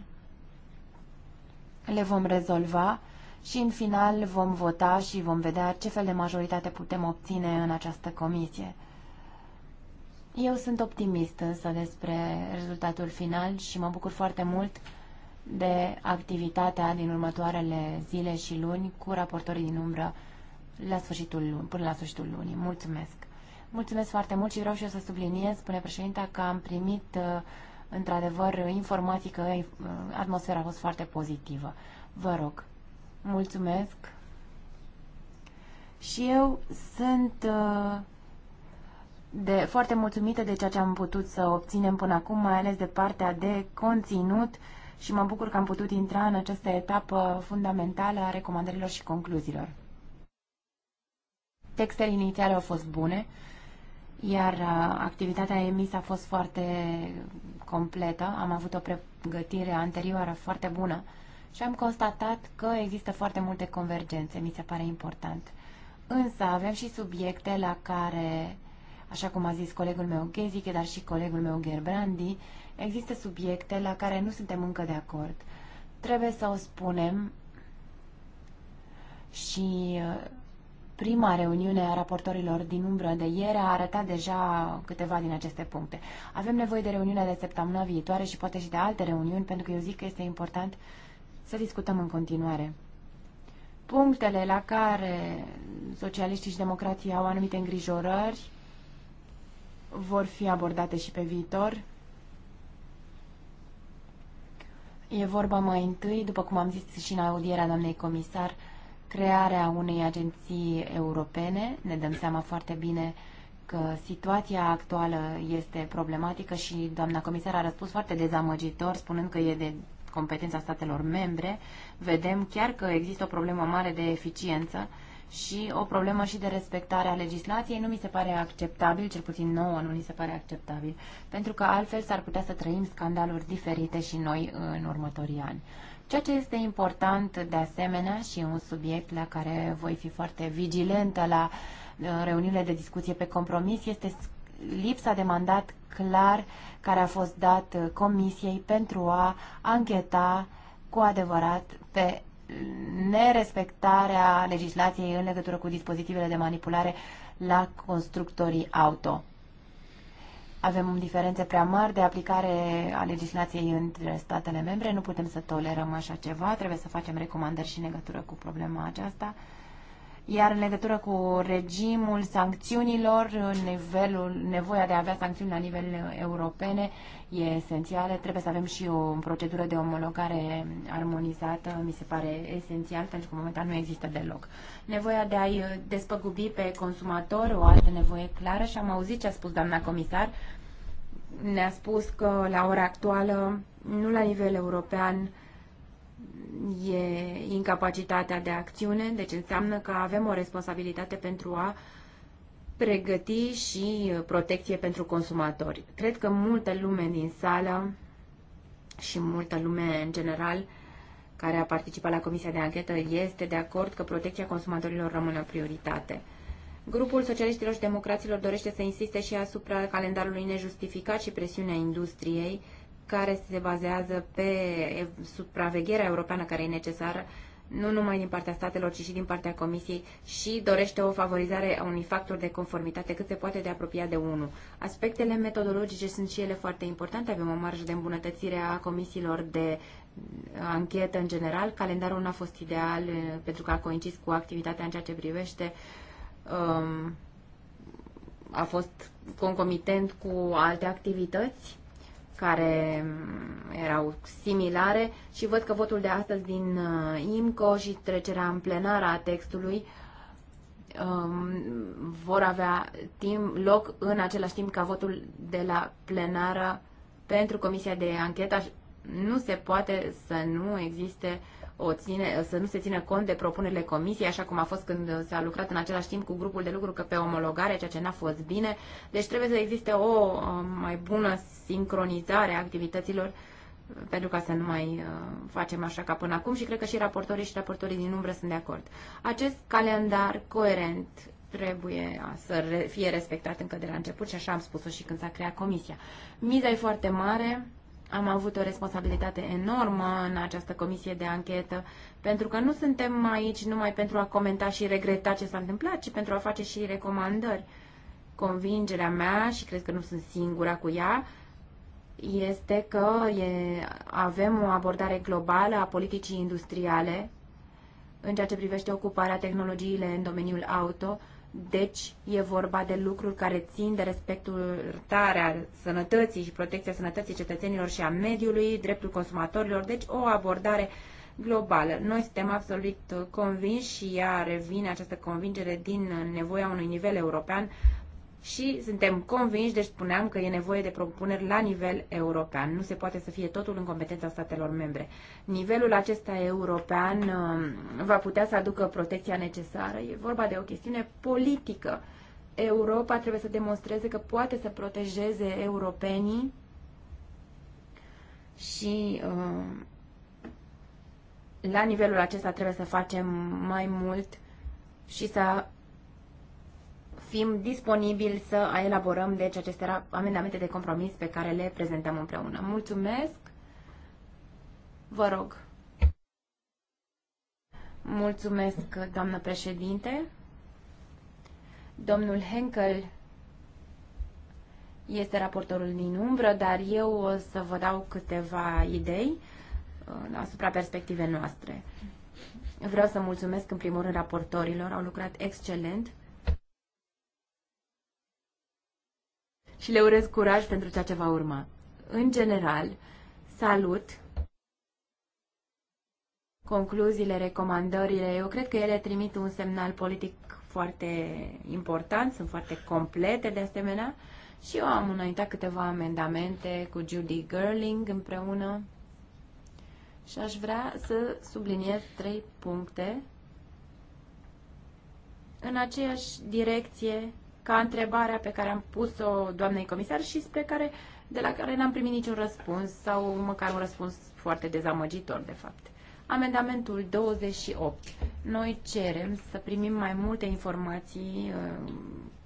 le vom rezolva și în final vom vota și vom vedea ce fel de majoritate putem obține în această comisie. Eu sunt optimist însă despre rezultatul final și mă bucur foarte mult de activitatea din următoarele zile și luni cu raportorii din umbră la sfârșitul, până la sfârșitul lunii. Mulțumesc! Mulțumesc foarte mult și vreau și eu să subliniez, spune președinta, că am primit uh, într-adevăr informații că uh, atmosfera a fost foarte pozitivă. Vă rog, mulțumesc! Și eu sunt... Uh, de, foarte mulțumită de ceea ce am putut să obținem până acum, mai ales de partea de conținut și mă bucur că am putut intra în această etapă fundamentală a recomandărilor și concluziilor. Textele inițiale au fost bune, iar uh, activitatea emisă a fost foarte completă. Am avut o pregătire anterioară foarte bună și am constatat că există foarte multe convergențe, mi se pare important. Însă avem și subiecte la care Așa cum a zis colegul meu Ghezic, dar și colegul meu Gerbrandi, există subiecte la care nu suntem încă de acord. Trebuie să o spunem și uh, prima reuniune a raportorilor din umbră de ieri a arătat deja câteva din aceste puncte. Avem nevoie de reuniunea de săptămâna viitoare și poate și de alte reuniuni, pentru că eu zic că este important să discutăm în continuare. Punctele la care socialiștii și democrații au anumite îngrijorări vor fi abordate și pe viitor. E vorba mai întâi, după cum am zis și în audierea doamnei comisar, crearea unei agenții europene. Ne dăm seama foarte bine că situația actuală este problematică și doamna comisar a răspuns foarte dezamăgitor, spunând că e de competența statelor membre. Vedem chiar că există o problemă mare de eficiență și o problemă și de respectare a legislației nu mi se pare acceptabil, cel puțin nouă nu mi se pare acceptabil, pentru că altfel s-ar putea să trăim scandaluri diferite și noi în următorii ani. Ceea ce este important de asemenea și un subiect la care voi fi foarte vigilentă la uh, reuniunile de discuție pe compromis este lipsa de mandat clar care a fost dat uh, Comisiei pentru a ancheta cu adevărat pe nerespectarea legislației în legătură cu dispozitivele de manipulare la constructorii auto. Avem diferențe prea mari de aplicare a legislației între statele membre, nu putem să tolerăm așa ceva, trebuie să facem recomandări și în legătură cu problema aceasta. Iar în legătură cu regimul sancțiunilor, nivelul, nevoia de a avea sancțiuni la nivel europene e esențială. Trebuie să avem și o procedură de omologare armonizată, mi se pare esențial, pentru că momentan nu există deloc. Nevoia de a-i despăgubi pe consumator, o altă nevoie clară și am auzit ce a spus doamna comisar. Ne-a spus că la ora actuală, nu la nivel european, e incapacitatea de acțiune, deci înseamnă că avem o responsabilitate pentru a pregăti și protecție pentru consumatori. Cred că multă lume din sală și multă lume în general care a participat la Comisia de Anchetă este de acord că protecția consumatorilor rămâne o prioritate. Grupul Socialiștilor și Democraților dorește să insiste și asupra calendarului nejustificat și presiunea industriei, care se bazează pe supravegherea europeană care e necesară, nu numai din partea statelor, ci și din partea Comisiei și dorește o favorizare a unui factor de conformitate cât se poate de apropiat de unul. Aspectele metodologice sunt și ele foarte importante. Avem o marjă de îmbunătățire a comisiilor de uh, anchetă în general. Calendarul nu a fost ideal uh, pentru că a coincis cu activitatea în ceea ce privește um, a fost concomitent cu alte activități care mm, erau similare și văd că votul de astăzi din uh, IMCO și trecerea în plenară a textului um, vor avea timp, loc în același timp ca votul de la plenară pentru Comisia de Anchetă. Nu se poate să nu existe uh, o ține, să nu se țină cont de propunerile comisiei, așa cum a fost când s-a lucrat în același timp cu grupul de lucru că pe omologare, ceea ce n-a fost bine. Deci trebuie să existe o mai bună sincronizare a activităților uh, pentru ca să nu mai uh, facem așa ca până acum și cred că și raportorii și raportorii din umbră sunt de acord. Acest calendar coerent trebuie uh, să fie respectat încă de la început și așa am spus-o și când s-a creat comisia. Miza e foarte mare, am avut o responsabilitate enormă în această comisie de anchetă, pentru că nu suntem aici numai pentru a comenta și regreta ce s-a întâmplat, ci pentru a face și recomandări. Convingerea mea, și cred că nu sunt singura cu ea, este că e, avem o abordare globală a politicii industriale în ceea ce privește ocuparea tehnologiile în domeniul auto, deci e vorba de lucruri care țin de respectarea sănătății și protecția sănătății cetățenilor și a mediului, dreptul consumatorilor, deci o abordare globală. Noi suntem absolut convinși și ea revine această convingere din nevoia unui nivel european și suntem convinși, deci spuneam că e nevoie de propuneri la nivel european. Nu se poate să fie totul în competența statelor membre. Nivelul acesta european um, va putea să aducă protecția necesară. E vorba de o chestiune politică. Europa trebuie să demonstreze că poate să protejeze europenii și um, la nivelul acesta trebuie să facem mai mult și să fim disponibili să elaborăm deci aceste amendamente de compromis pe care le prezentăm împreună. Mulțumesc! Vă rog! Mulțumesc, doamnă președinte! Domnul Henkel este raportorul din umbră, dar eu o să vă dau câteva idei uh, asupra perspectivei noastre. Vreau să mulțumesc în primul rând raportorilor, au lucrat excelent și le urez curaj pentru ceea ce va urma. În general, salut concluziile, recomandările. Eu cred că ele trimit un semnal politic foarte important, sunt foarte complete de asemenea. Și eu am înaintat câteva amendamente cu Judy Gerling împreună și aș vrea să subliniez trei puncte în aceeași direcție ca întrebarea pe care am pus-o doamnei comisar și spre care, de la care n-am primit niciun răspuns sau măcar un răspuns foarte dezamăgitor, de fapt. Amendamentul 28. Noi cerem să primim mai multe informații, uh,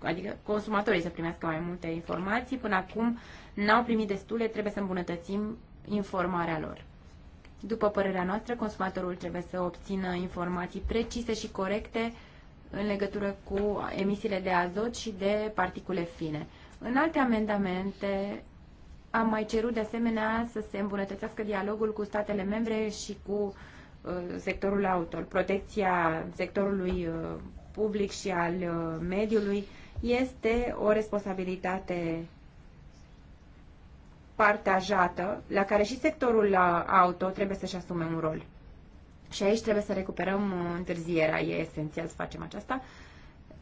adică consumatorii să primească mai multe informații. Până acum n-au primit destule, trebuie să îmbunătățim informarea lor. După părerea noastră, consumatorul trebuie să obțină informații precise și corecte în legătură cu emisiile de azot și de particule fine. În alte amendamente am mai cerut de asemenea să se îmbunătățească dialogul cu statele membre și cu uh, sectorul auto. Protecția sectorului uh, public și al uh, mediului este o responsabilitate partajată la care și sectorul auto trebuie să-și asume un rol. Și aici trebuie să recuperăm uh, întârzierea, e esențial să facem aceasta.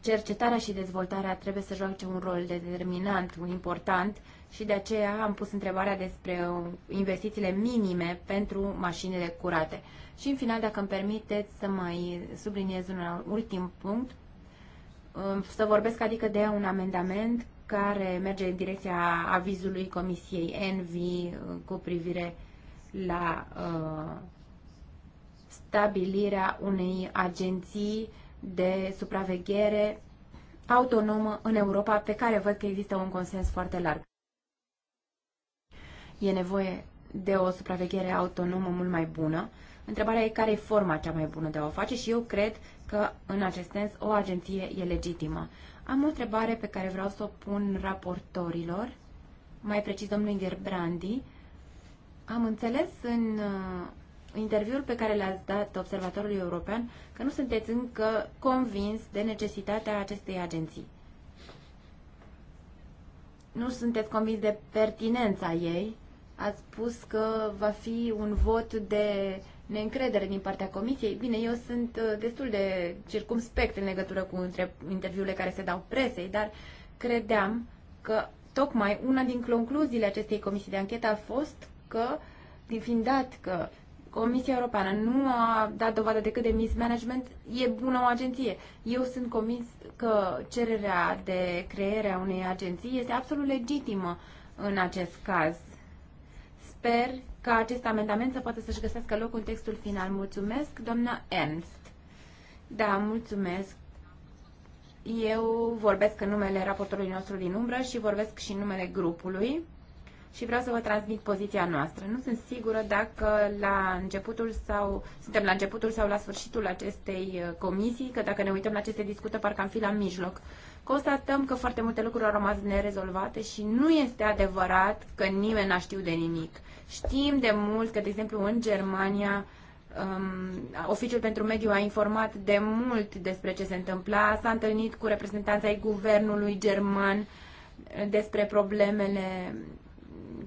Cercetarea și dezvoltarea trebuie să joace un rol determinant, un important și de aceea am pus întrebarea despre uh, investițiile minime pentru mașinile curate. Și în final, dacă îmi permiteți să mai subliniez un ultim punct, um, să vorbesc adică de un amendament care merge în direcția avizului Comisiei ENVI uh, cu privire la uh, stabilirea unei agenții de supraveghere autonomă în Europa, pe care văd că există un consens foarte larg. E nevoie de o supraveghere autonomă mult mai bună. Întrebarea e care e forma cea mai bună de a o face și eu cred că, în acest sens, o agenție e legitimă. Am o întrebare pe care vreau să o pun raportorilor, mai precis domnului Gerbrandi. Am înțeles în interviul pe care l-ați dat Observatorului European că nu sunteți încă convins de necesitatea acestei agenții. Nu sunteți convins de pertinența ei. Ați spus că va fi un vot de neîncredere din partea comisiei. Bine, eu sunt uh, destul de circumspect în legătură cu interviurile care se dau presei, dar credeam că tocmai una din concluziile acestei comisii de anchetă a fost că, din fiind dat că Comisia Europeană nu a dat dovadă decât de mismanagement, e bună o agenție. Eu sunt convins că cererea de creare a unei agenții este absolut legitimă în acest caz. Sper ca acest amendament să poată să-și găsească locul în textul final. Mulțumesc, doamna Ernst. Da, mulțumesc. Eu vorbesc în numele raportorului nostru din umbră și vorbesc și în numele grupului și vreau să vă transmit poziția noastră. Nu sunt sigură dacă la începutul sau suntem la începutul sau la sfârșitul acestei uh, comisii, că dacă ne uităm la ce se discută, parcă am fi la mijloc. Constatăm că foarte multe lucruri au rămas nerezolvate și nu este adevărat că nimeni n-a știut de nimic. Știm de mult că, de exemplu, în Germania, Um, Oficiul pentru Mediu a informat de mult despre ce se întâmpla, s-a întâlnit cu reprezentanța ai guvernului german despre problemele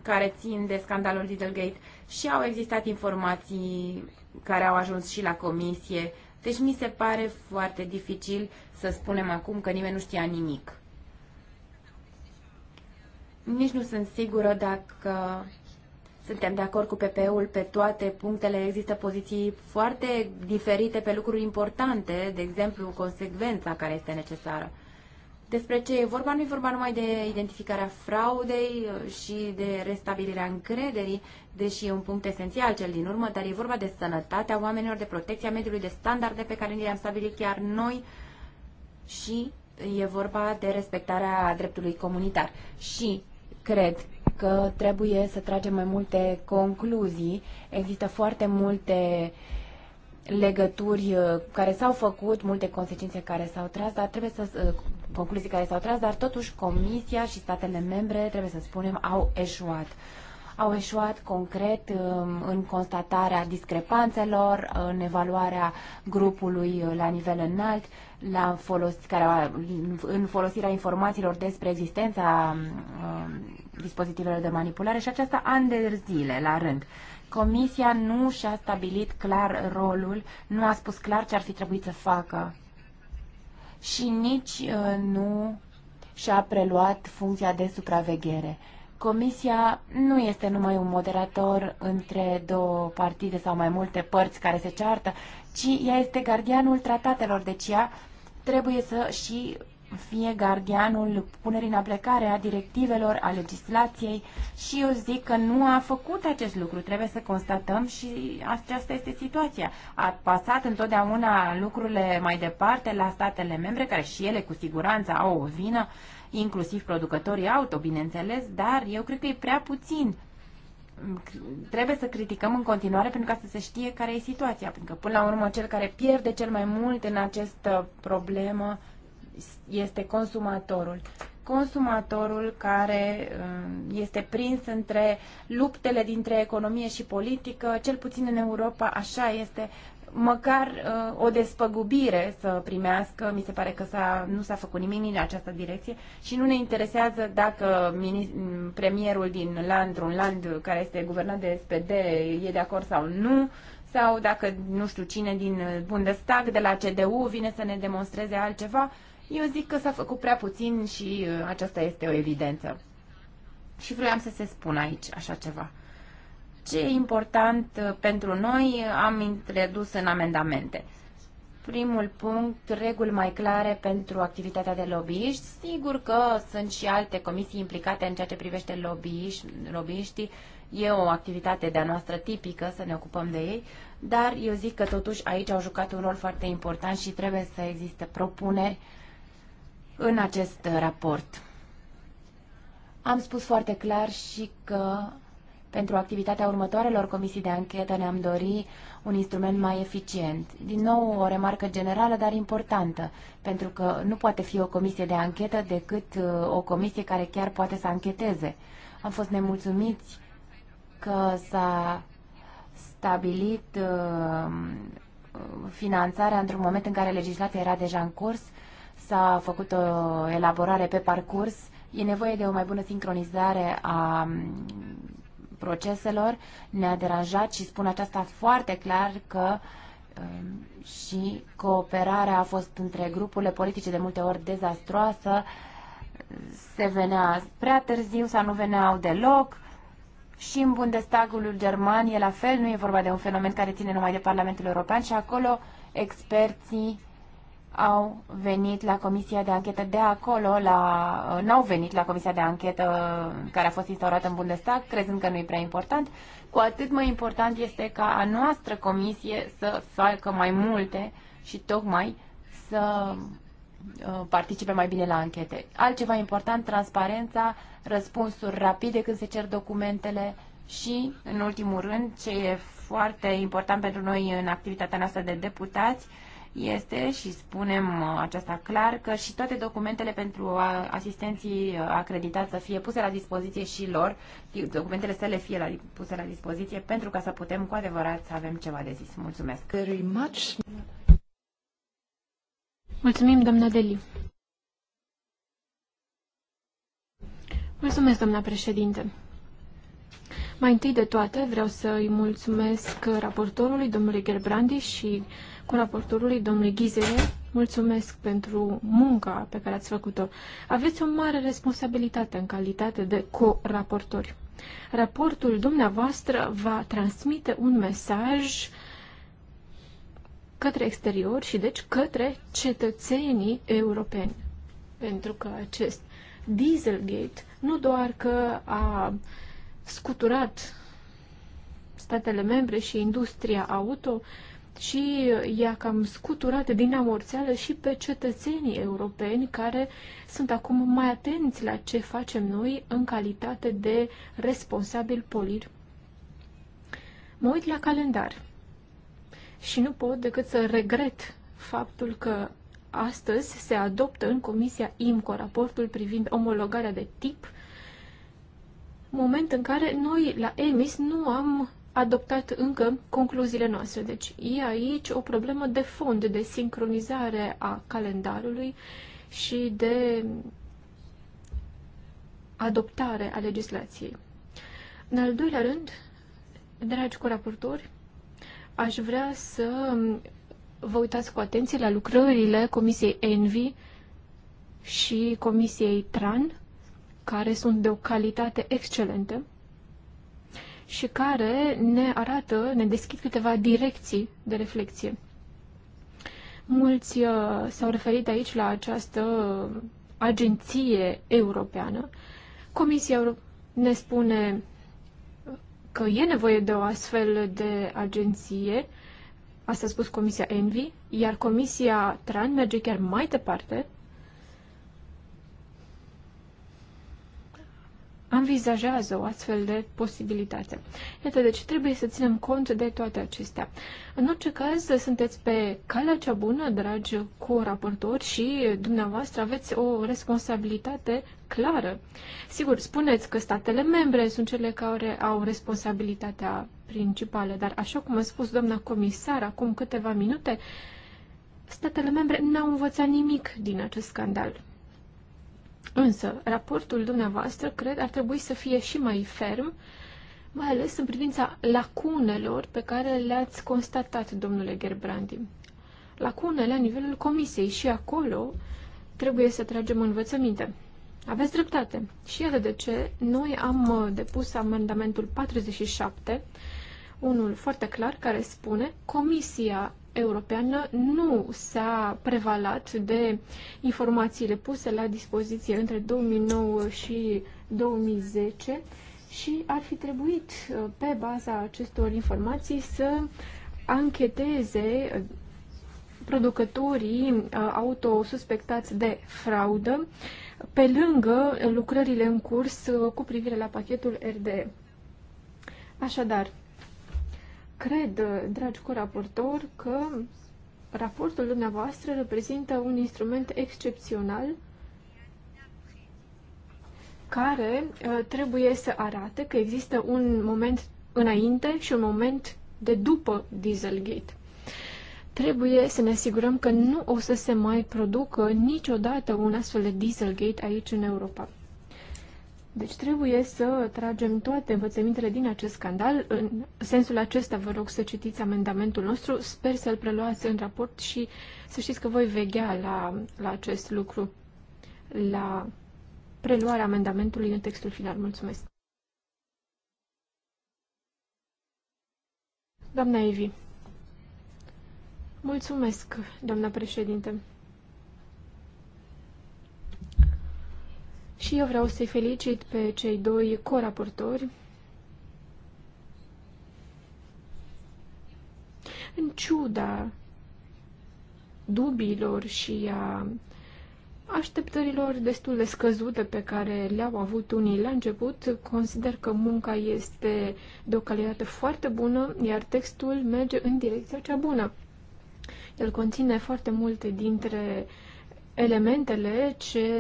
care țin de scandalul Dieselgate și au existat informații care au ajuns și la comisie. Deci mi se pare foarte dificil să spunem acum că nimeni nu știa nimic. Nici nu sunt sigură dacă suntem de acord cu PP-ul pe toate punctele. Există poziții foarte diferite pe lucruri importante, de exemplu, consecvența care este necesară. Despre ce e vorba? Nu e vorba numai de identificarea fraudei uh, și de restabilirea încrederii, deși e un punct esențial cel din urmă, dar e vorba de sănătatea oamenilor, de protecția mediului, de standarde pe care ni le-am stabilit chiar noi și e vorba de respectarea dreptului comunitar. Și cred că trebuie să tragem mai multe concluzii. Există foarte multe uh, legături uh, care s-au făcut, multe consecințe care s-au tras, dar trebuie să uh, concluzii care s-au tras, dar totuși Comisia și statele membre, trebuie să spunem, au eșuat. Au eșuat concret um, în constatarea discrepanțelor, în evaluarea grupului uh, la nivel înalt, la folos, care, în folosirea informațiilor despre existența um, dispozitivelor de manipulare și aceasta ani de zile la rând. Comisia nu și-a stabilit clar rolul, nu a spus clar ce ar fi trebuit să facă și nici uh, nu și-a preluat funcția de supraveghere. Comisia nu este numai un moderator între două partide sau mai multe părți care se ceartă, ci ea este gardianul tratatelor, deci ea trebuie să și fie gardianul punerii în aplicare a directivelor, a legislației și eu zic că nu a făcut acest lucru. Trebuie să constatăm și aceasta este situația. A pasat întotdeauna lucrurile mai departe la statele membre, care și ele cu siguranță au o vină, inclusiv producătorii auto, bineînțeles, dar eu cred că e prea puțin trebuie să criticăm în continuare pentru ca să se știe care e situația, pentru că până la urmă cel care pierde cel mai mult în această problemă este consumatorul. Consumatorul care um, este prins între luptele dintre economie și politică, cel puțin în Europa așa este, măcar uh, o despăgubire să primească, mi se pare că s-a, nu s-a făcut nimic în această direcție și nu ne interesează dacă premierul din land, un land care este guvernat de SPD e de acord sau nu, sau dacă nu știu cine din Bundestag, de la CDU, vine să ne demonstreze altceva, eu zic că s-a făcut prea puțin și uh, aceasta este o evidență. Și vroiam să se spună aici așa ceva. Ce e important uh, pentru noi am introdus în amendamente. Primul punct, reguli mai clare pentru activitatea de lobbyiști. Sigur că sunt și alte comisii implicate în ceea ce privește lobbyiștii. E o activitate de-a noastră tipică să ne ocupăm de ei, dar eu zic că totuși aici au jucat un rol foarte important și trebuie să existe propuneri uh, în acest raport. Am spus foarte clar și că pentru activitatea următoarelor comisii de anchetă ne-am dori un instrument mai eficient. Din nou, o remarcă generală, dar importantă, pentru că nu poate fi o comisie de anchetă decât uh, o comisie care chiar poate să ancheteze. Am fost nemulțumiți că s-a stabilit uh, finanțarea într-un moment în care legislația era deja în curs s-a făcut o elaborare pe parcurs. E nevoie de o mai bună sincronizare a mm, proceselor. Ne-a deranjat și spun aceasta foarte clar că mm, și cooperarea a fost între grupurile politice de multe ori dezastroasă, se venea prea târziu sau nu veneau deloc și în Bundestagul Germaniei la fel, nu e vorba de un fenomen care ține numai de Parlamentul European și acolo experții uh, au venit la comisia de anchetă de acolo, la, uh, n-au venit la comisia de anchetă care a fost instaurată în Bundestag, crezând că nu e prea important. Cu atât mai important este ca a noastră comisie să facă mai multe și tocmai să uh, participe mai bine la anchete. Altceva important, transparența, răspunsuri rapide când se cer documentele și, în ultimul rând, ce e foarte important pentru noi în activitatea noastră de deputați, uh, este, și spunem uh, aceasta clar, că și toate documentele pentru asistenții uh, acreditați să fie puse la dispoziție și lor, documentele să le fie la, puse la dispoziție pentru ca să putem cu adevărat să avem ceva de zis. Mulțumesc! Very much. Mulțumim, doamna Deli. Mulțumesc, doamna președinte. Mai întâi de toate, vreau să îi mulțumesc raportorului, domnului Gerbrandi și uh, cu raportorului, domnului Ghizele. Mulțumesc pentru munca pe care ați făcut-o. Aveți o mare responsabilitate în calitate de co-raportori. Raportul dumneavoastră va transmite un mesaj către exterior și deci către cetățenii europeni. Pentru că acest Dieselgate nu doar că a scuturat statele membre și industria auto, și i-a cam scuturat din amorțeală și pe cetățenii europeni care sunt acum mai atenți la ce facem noi în calitate de responsabil polir. Mă uit la calendar și nu pot decât să regret faptul că astăzi se adoptă în Comisia IMCO raportul privind omologarea de tip, moment în care noi la EMIS nu am adoptat încă concluziile noastre. Deci e aici o problemă de fond, de sincronizare a calendarului și de adoptare a legislației. În al doilea rând, dragi coraportori, aș vrea să vă uitați cu atenție la lucrările Comisiei Envi și Comisiei TRAN, care sunt de o calitate excelentă și care ne arată, ne deschid câteva direcții de reflexie. Mulți uh, s-au referit aici la această agenție europeană. Comisia ne spune că e nevoie de o astfel de agenție, asta a spus Comisia Envi, iar Comisia Tran merge chiar mai departe Anvizajează o astfel de posibilitate. Iată, deci trebuie să ținem cont de toate acestea. În orice caz, sunteți pe calea cea bună, dragi co-raportori, și dumneavoastră aveți o responsabilitate clară. Sigur, spuneți că statele membre sunt cele care au responsabilitatea principală, dar așa cum a spus doamna comisar acum câteva minute, statele membre n-au învățat nimic din acest scandal. Însă, raportul dumneavoastră, cred, ar trebui să fie și mai ferm, mai ales în privința lacunelor pe care le-ați constatat, domnule Gerbrandi. Lacunele la nivelul comisiei și acolo trebuie să tragem învățăminte. Aveți dreptate. Și iată de ce noi am uh, depus amendamentul 47, unul foarte clar care spune Comisia europeană nu s-a prevalat de informațiile puse la dispoziție între 2009 și 2010 și ar fi trebuit, uh, pe baza acestor informații, să ancheteze uh, producătorii uh, autosuspectați de fraudă pe lângă lucrările în curs cu privire la pachetul RDE. Așadar, cred, dragi co-raportor, că raportul dumneavoastră reprezintă un instrument excepțional care uh, trebuie să arate că există un moment înainte și un moment de după Dieselgate. Trebuie să ne asigurăm că nu o să se mai producă niciodată un astfel de Dieselgate aici în Europa. Deci trebuie să tragem toate învățămintele din acest scandal. În sensul acesta vă rog să citiți amendamentul nostru. Sper să-l preluați în raport și să știți că voi veghea la, la acest lucru, la preluarea amendamentului în textul final. Mulțumesc! Doamna Evi. Mulțumesc, doamna președinte. Și eu vreau să-i felicit pe cei doi coraportori. În ciuda dubilor și a așteptărilor destul de scăzute pe care le-au avut unii la început, consider că munca este de o calitate foarte bună, iar textul merge în direcția cea bună. El conține foarte multe dintre uh, elementele ce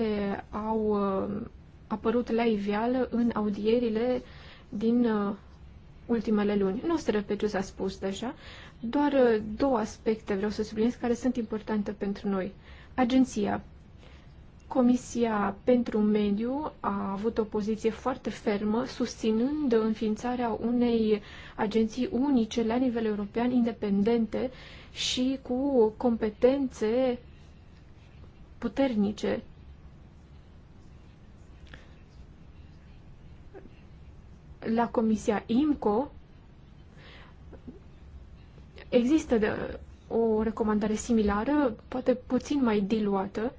au uh, apărut la iveală în audierile din uh, ultimele luni. Nu o să repet ce s-a spus deja, doar uh, două aspecte vreau să subliniez care sunt importante pentru noi. Agenția. Comisia pentru Mediu a avut o poziție foarte fermă, susținând înființarea unei agenții unice la nivel european, independente și cu competențe puternice. La Comisia IMCO există de, o recomandare similară, poate puțin mai diluată.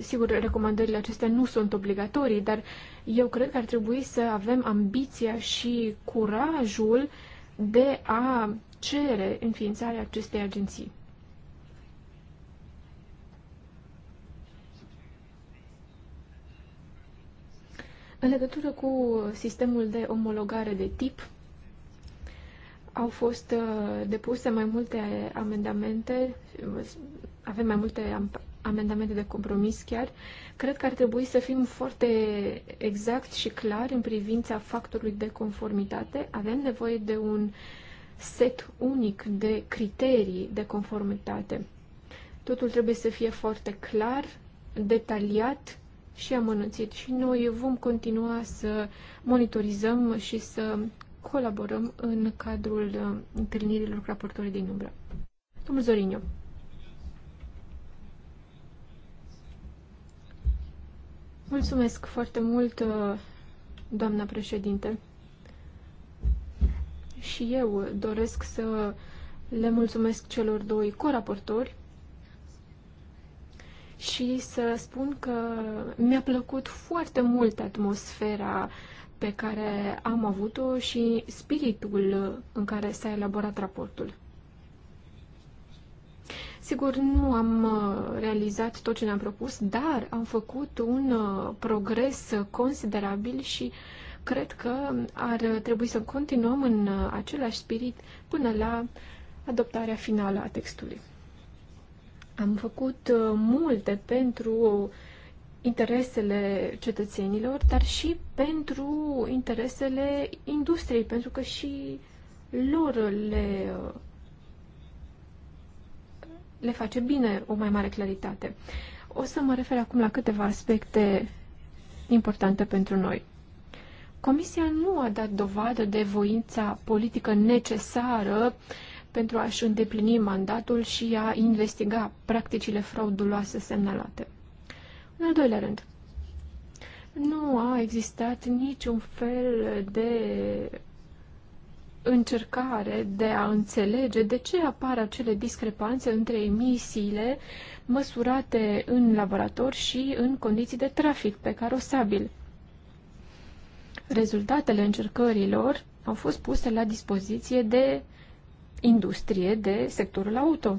Sigur, recomandările acestea nu sunt obligatorii, dar eu cred că ar trebui să avem ambiția și curajul de a cere înființarea acestei agenții. În legătură cu sistemul de omologare de tip, au fost uh, depuse mai multe amendamente, avem mai multe amendamente de compromis chiar. Cred că ar trebui să fim foarte exact și clar în privința factorului de conformitate. Avem nevoie de un set unic de criterii de conformitate. Totul trebuie să fie foarte clar, detaliat și amănunțit. și noi vom continua să monitorizăm și să colaborăm în cadrul uh, întâlnirilor cu raportorii din umbră. Domnul Zoriniu. Mulțumesc foarte mult, uh, doamna președinte. Și eu doresc să le mulțumesc celor doi coraportori și să spun că mi-a plăcut foarte mult atmosfera pe care am avut-o și spiritul în care s-a elaborat raportul. Sigur, nu am uh, realizat tot ce ne-am propus, dar am făcut un uh, progres considerabil și cred că ar trebui să continuăm în uh, același spirit până la adoptarea finală a textului. Am făcut uh, multe pentru interesele cetățenilor, dar și pentru interesele industriei, pentru că și lor le, uh, le face bine o mai mare claritate. O să mă refer acum la câteva aspecte importante pentru noi. Comisia nu a dat dovadă de voința politică necesară uh, pentru a-și îndeplini mandatul și a investiga practicile frauduloase semnalate. În al doilea rând, nu a existat niciun fel de încercare de a înțelege de ce apar acele discrepanțe între emisiile măsurate în laborator și în condiții de trafic pe carosabil. Rezultatele încercărilor au fost puse la dispoziție de industrie de sectorul auto.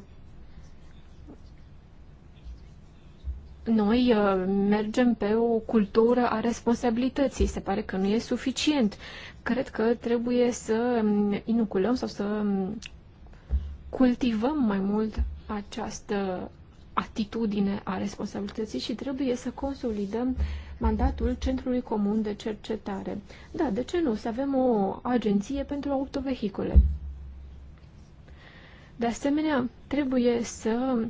Noi uh, mergem pe o cultură a responsabilității. Se pare că nu e suficient. Cred că trebuie să um, inoculăm sau să um, cultivăm mai mult această atitudine a responsabilității și trebuie să consolidăm mandatul Centrului Comun de Cercetare. Da, de ce nu? Să avem o agenție pentru autovehicule. De asemenea, trebuie să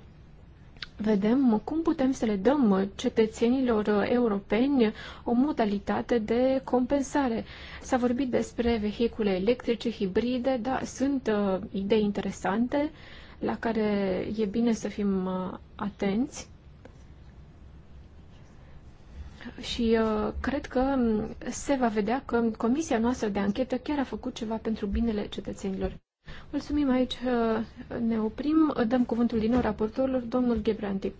vedem cum putem să le dăm cetățenilor europeni o modalitate de compensare. S-a vorbit despre vehicule electrice, hibride, da, sunt uh, idei interesante la care e bine să fim uh, atenți. Și uh, cred că se va vedea că comisia noastră de anchetă chiar a făcut ceva pentru binele cetățenilor. Mulțumim, aici uh, ne oprim. Dăm cuvântul din nou raportorilor, domnul Ghebranti.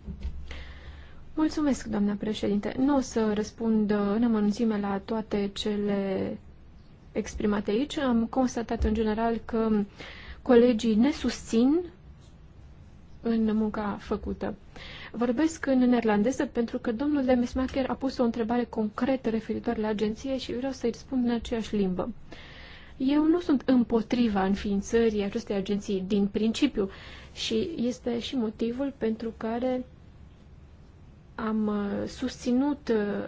Mulțumesc, doamna președinte. Nu o să răspund uh, în amănunțime la toate cele exprimate aici. Am constatat în general că colegii ne susțin în munca făcută. Vorbesc în neerlandeză pentru că domnul Demesmacher a pus o întrebare concretă referitor la agenție și vreau să-i răspund în aceeași limbă. Eu nu sunt împotriva înființării acestei agenții din principiu și este și motivul pentru care am uh, susținut uh,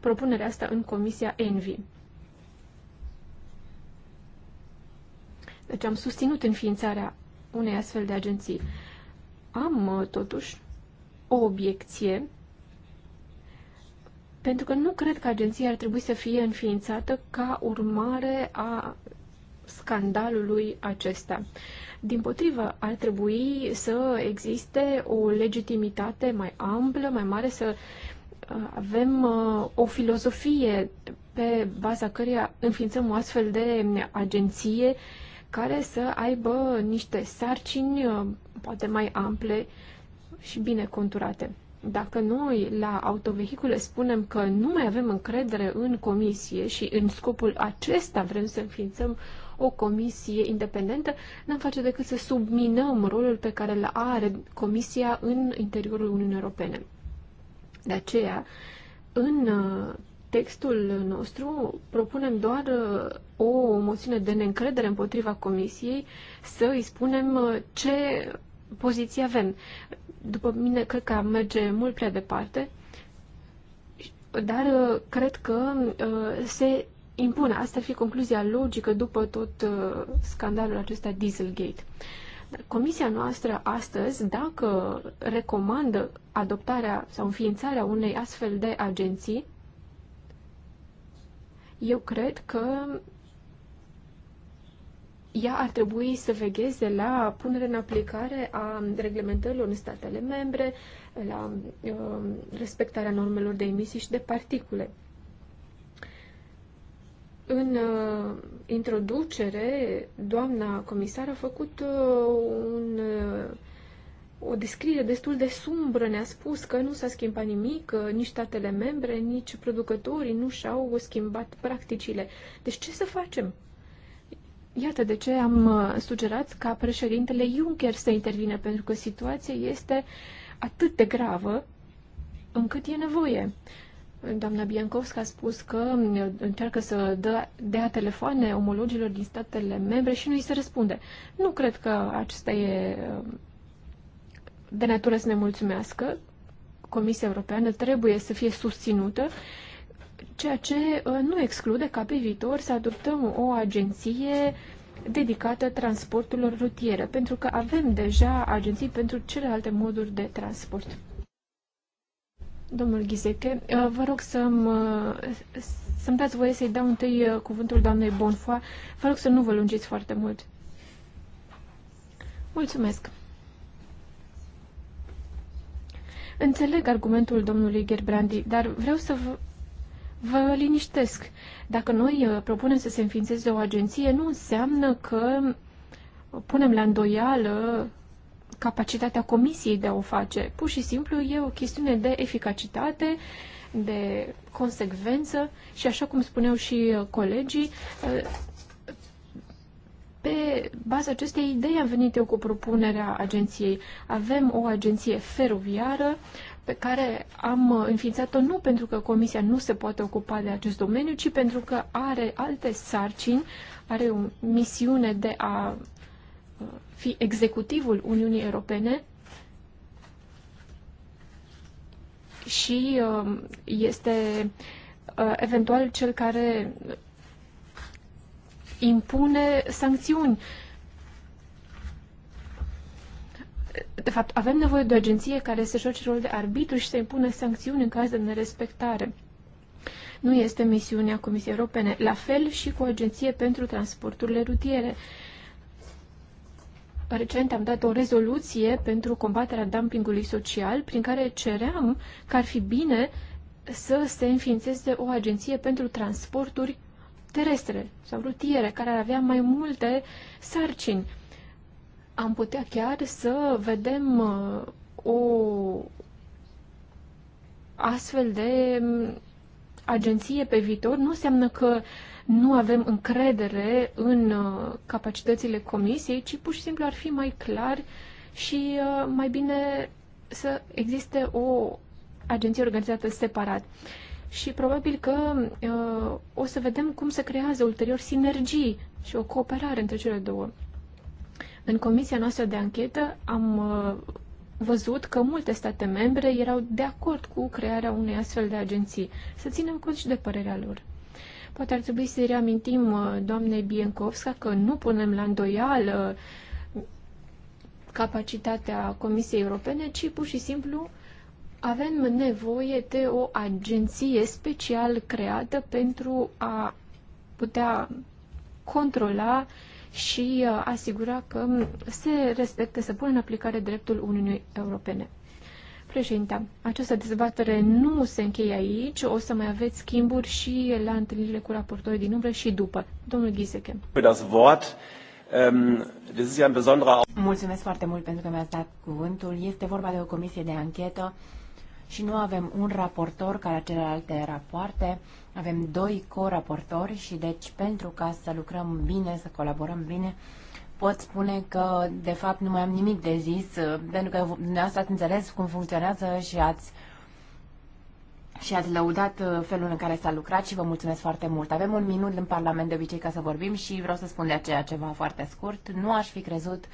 propunerea asta în Comisia Envi. Deci am susținut înființarea unei astfel de agenții. Am uh, totuși o obiecție pentru că nu cred că agenția ar trebui să fie înființată ca urmare a scandalului acesta. Din potrivă, ar trebui să existe o legitimitate mai amplă, mai mare, să uh, avem uh, o filozofie pe baza căreia înființăm o astfel de um, agenție care să aibă niște sarcini uh, poate mai ample și bine conturate dacă noi la autovehicule spunem că nu mai avem încredere în comisie și în scopul acesta vrem să înființăm o comisie independentă, n-am face decât să subminăm rolul pe care îl are comisia în interiorul Uniunii Europene. De aceea, în uh, textul nostru propunem doar uh, o moțiune de neîncredere împotriva comisiei să îi spunem uh, ce poziție avem după mine, cred că merge mult prea departe, dar uh, cred că uh, se impune. Asta ar fi concluzia logică după tot uh, scandalul acesta Dieselgate. Comisia noastră astăzi, dacă recomandă adoptarea sau înființarea unei astfel de agenții, eu cred că ea ar trebui să vegheze la punerea în aplicare a reglementărilor în statele membre, la um, respectarea normelor de emisii și de particule. În uh, introducere, doamna comisar a făcut uh, un, uh, o descriere destul de sumbră. Ne-a spus că nu s-a schimbat nimic, uh, nici statele membre, nici producătorii nu și-au schimbat practicile. Deci ce să facem? Iată de ce am uh, sugerat ca președintele Juncker să intervine, pentru că situația este atât de gravă încât e nevoie. Doamna Biancovska a spus că uh, încearcă să dă, dea telefoane omologilor din statele membre și nu îi se răspunde. Nu cred că acesta e uh, de natură să ne mulțumească. Comisia Europeană trebuie să fie susținută ceea ce uh, nu exclude ca pe viitor să adoptăm o agenție dedicată transporturilor rutiere, pentru că avem deja agenții pentru celelalte moduri de transport. Domnul Ghizeche, uh, vă rog să-mi uh, să dați voie să-i dau întâi cuvântul doamnei Bonfoa. Vă rog să nu vă lungiți foarte mult. Mulțumesc! Înțeleg argumentul domnului Gerbrandi, dar vreau să Vă liniștesc. Dacă noi uh, propunem să se înființeze o agenție, nu înseamnă că uh, punem la îndoială capacitatea comisiei de a o face. Pur și simplu e o chestiune de eficacitate, de consecvență și, așa cum spuneau și uh, colegii, pe baza acestei idei am venit eu cu propunerea agenției. Avem o agenție feroviară, pe care am uh, înființat-o nu pentru că Comisia nu se poate ocupa de acest domeniu, ci pentru că are alte sarcini, are o misiune de a uh, fi executivul Uniunii Europene și um, este uh, eventual cel care impune sancțiuni de fapt, avem nevoie de o agenție care să joace rolul de arbitru și să impună sancțiuni în caz de nerespectare. Nu este misiunea Comisiei Europene. La fel și cu o agenție pentru transporturile rutiere. Recent am dat o rezoluție pentru combaterea dumpingului social, prin care ceream că ar fi bine să se înființeze o agenție pentru transporturi terestre sau rutiere, care ar avea mai multe sarcini am putea chiar să vedem uh, o astfel de mm, agenție pe viitor. Nu înseamnă că nu avem încredere în uh, capacitățile comisiei, ci pur și simplu ar fi mai clar și uh, mai bine să existe o agenție organizată separat. Și probabil că uh, o să vedem cum se creează ulterior sinergii și o cooperare între cele două. În comisia noastră de anchetă am uh, văzut că multe state membre erau de acord cu crearea unei astfel de agenții. Să ținem cont și de părerea lor. Poate ar trebui să reamintim uh, doamnei Biencovska că nu punem la îndoială capacitatea Comisiei Europene, ci pur și simplu avem nevoie de o agenție special creată pentru a putea controla uh, și uh, asigura că se respectă, se pune în aplicare dreptul Uniunii Europene. Președinte, această dezbatere nu se încheie aici. O să mai aveți schimburi și la întâlnirile cu raportorii din umbră și după. Domnul Ghiseke. Ähm, Mulțumesc foarte mult pentru că mi-ați dat cuvântul. Este vorba de o comisie de anchetă și nu avem un raportor ca la celelalte rapoarte, avem doi co-raportori și deci pentru ca să lucrăm bine, să colaborăm bine, pot spune că de fapt nu mai am nimic de zis, pentru că dumneavoastră ați înțeles cum funcționează și ați și ați lăudat uh, felul în care s-a lucrat și vă mulțumesc foarte mult. Avem un minut în Parlament de obicei ca să vorbim și vreau să spun de aceea ceva foarte scurt. Nu aș fi crezut uh,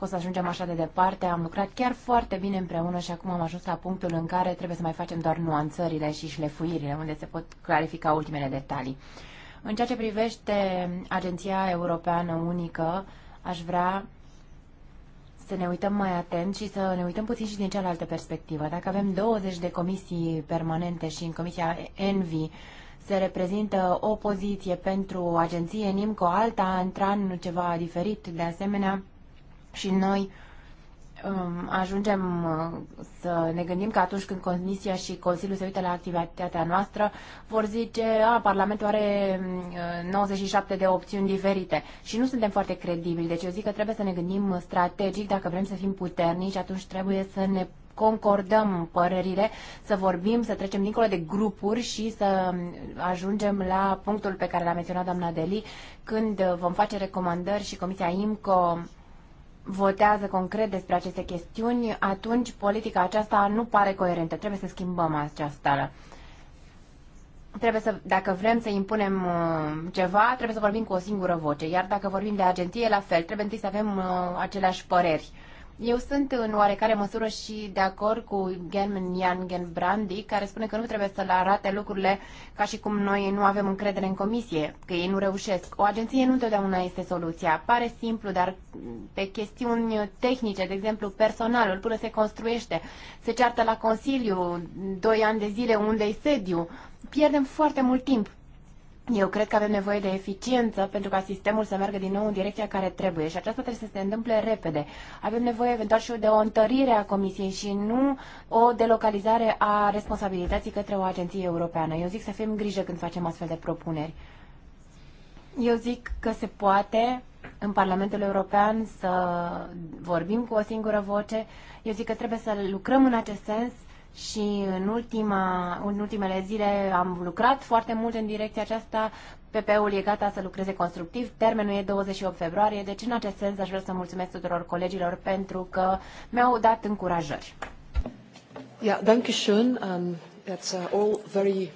că o să ajungem așa de departe. Am lucrat chiar foarte bine împreună și acum am ajuns la punctul în care trebuie să mai facem doar nuanțările și șlefuirile, unde se pot clarifica ultimele detalii. În ceea ce privește Agenția Europeană Unică, aș vrea să ne uităm mai atent și să ne uităm puțin și din cealaltă perspectivă. Dacă avem 20 de comisii permanente și în Comisia ENVI se reprezintă o poziție pentru agenție NIMCO, alta, într-un ceva diferit, de asemenea, și noi um, ajungem uh, să ne gândim că atunci când Comisia și Consiliul se uită la activitatea noastră, vor zice, a, Parlamentul are 97 uh, de opțiuni diferite și nu suntem foarte credibili. Deci eu zic că trebuie să ne gândim strategic, dacă vrem să fim puternici, atunci trebuie să ne concordăm părerile, să vorbim, să trecem dincolo de grupuri și să um, ajungem la punctul pe care l-a menționat doamna Deli, când uh, vom face recomandări și Comisia IMCO votează concret despre aceste chestiuni, atunci politica aceasta nu pare coerentă. Trebuie să schimbăm aceasta. Trebuie să, dacă vrem să impunem uh, ceva, trebuie să vorbim cu o singură voce. Iar dacă vorbim de agenție, la fel, trebuie întâi să avem uh, aceleași păreri. Eu sunt în oarecare măsură și de acord cu German Jan Genbrandi, care spune că nu trebuie să le arate lucrurile ca și cum noi nu avem încredere în comisie, că ei nu reușesc. O agenție nu întotdeauna este soluția. Pare simplu, dar pe chestiuni tehnice, de exemplu personalul, până se construiește, se ceartă la Consiliu doi ani de zile unde i sediu, pierdem foarte mult timp eu cred că avem nevoie de eficiență pentru ca sistemul să meargă din nou în direcția care trebuie și aceasta trebuie să se întâmple repede. Avem nevoie eventual și de o întărire a Comisiei și nu o delocalizare a responsabilității către o agenție europeană. Eu zic să fim grijă când facem astfel de propuneri. Eu zic că se poate în Parlamentul European să vorbim cu o singură voce. Eu zic că trebuie să lucrăm în acest sens și în, ultima, în ultimele zile am lucrat foarte mult în direcția aceasta. PP-ul e gata să lucreze constructiv, termenul e 28 februarie, deci în acest sens aș vrea să mulțumesc tuturor colegilor pentru că mi-au dat încurajări. Yeah, Um, that's uh, all very...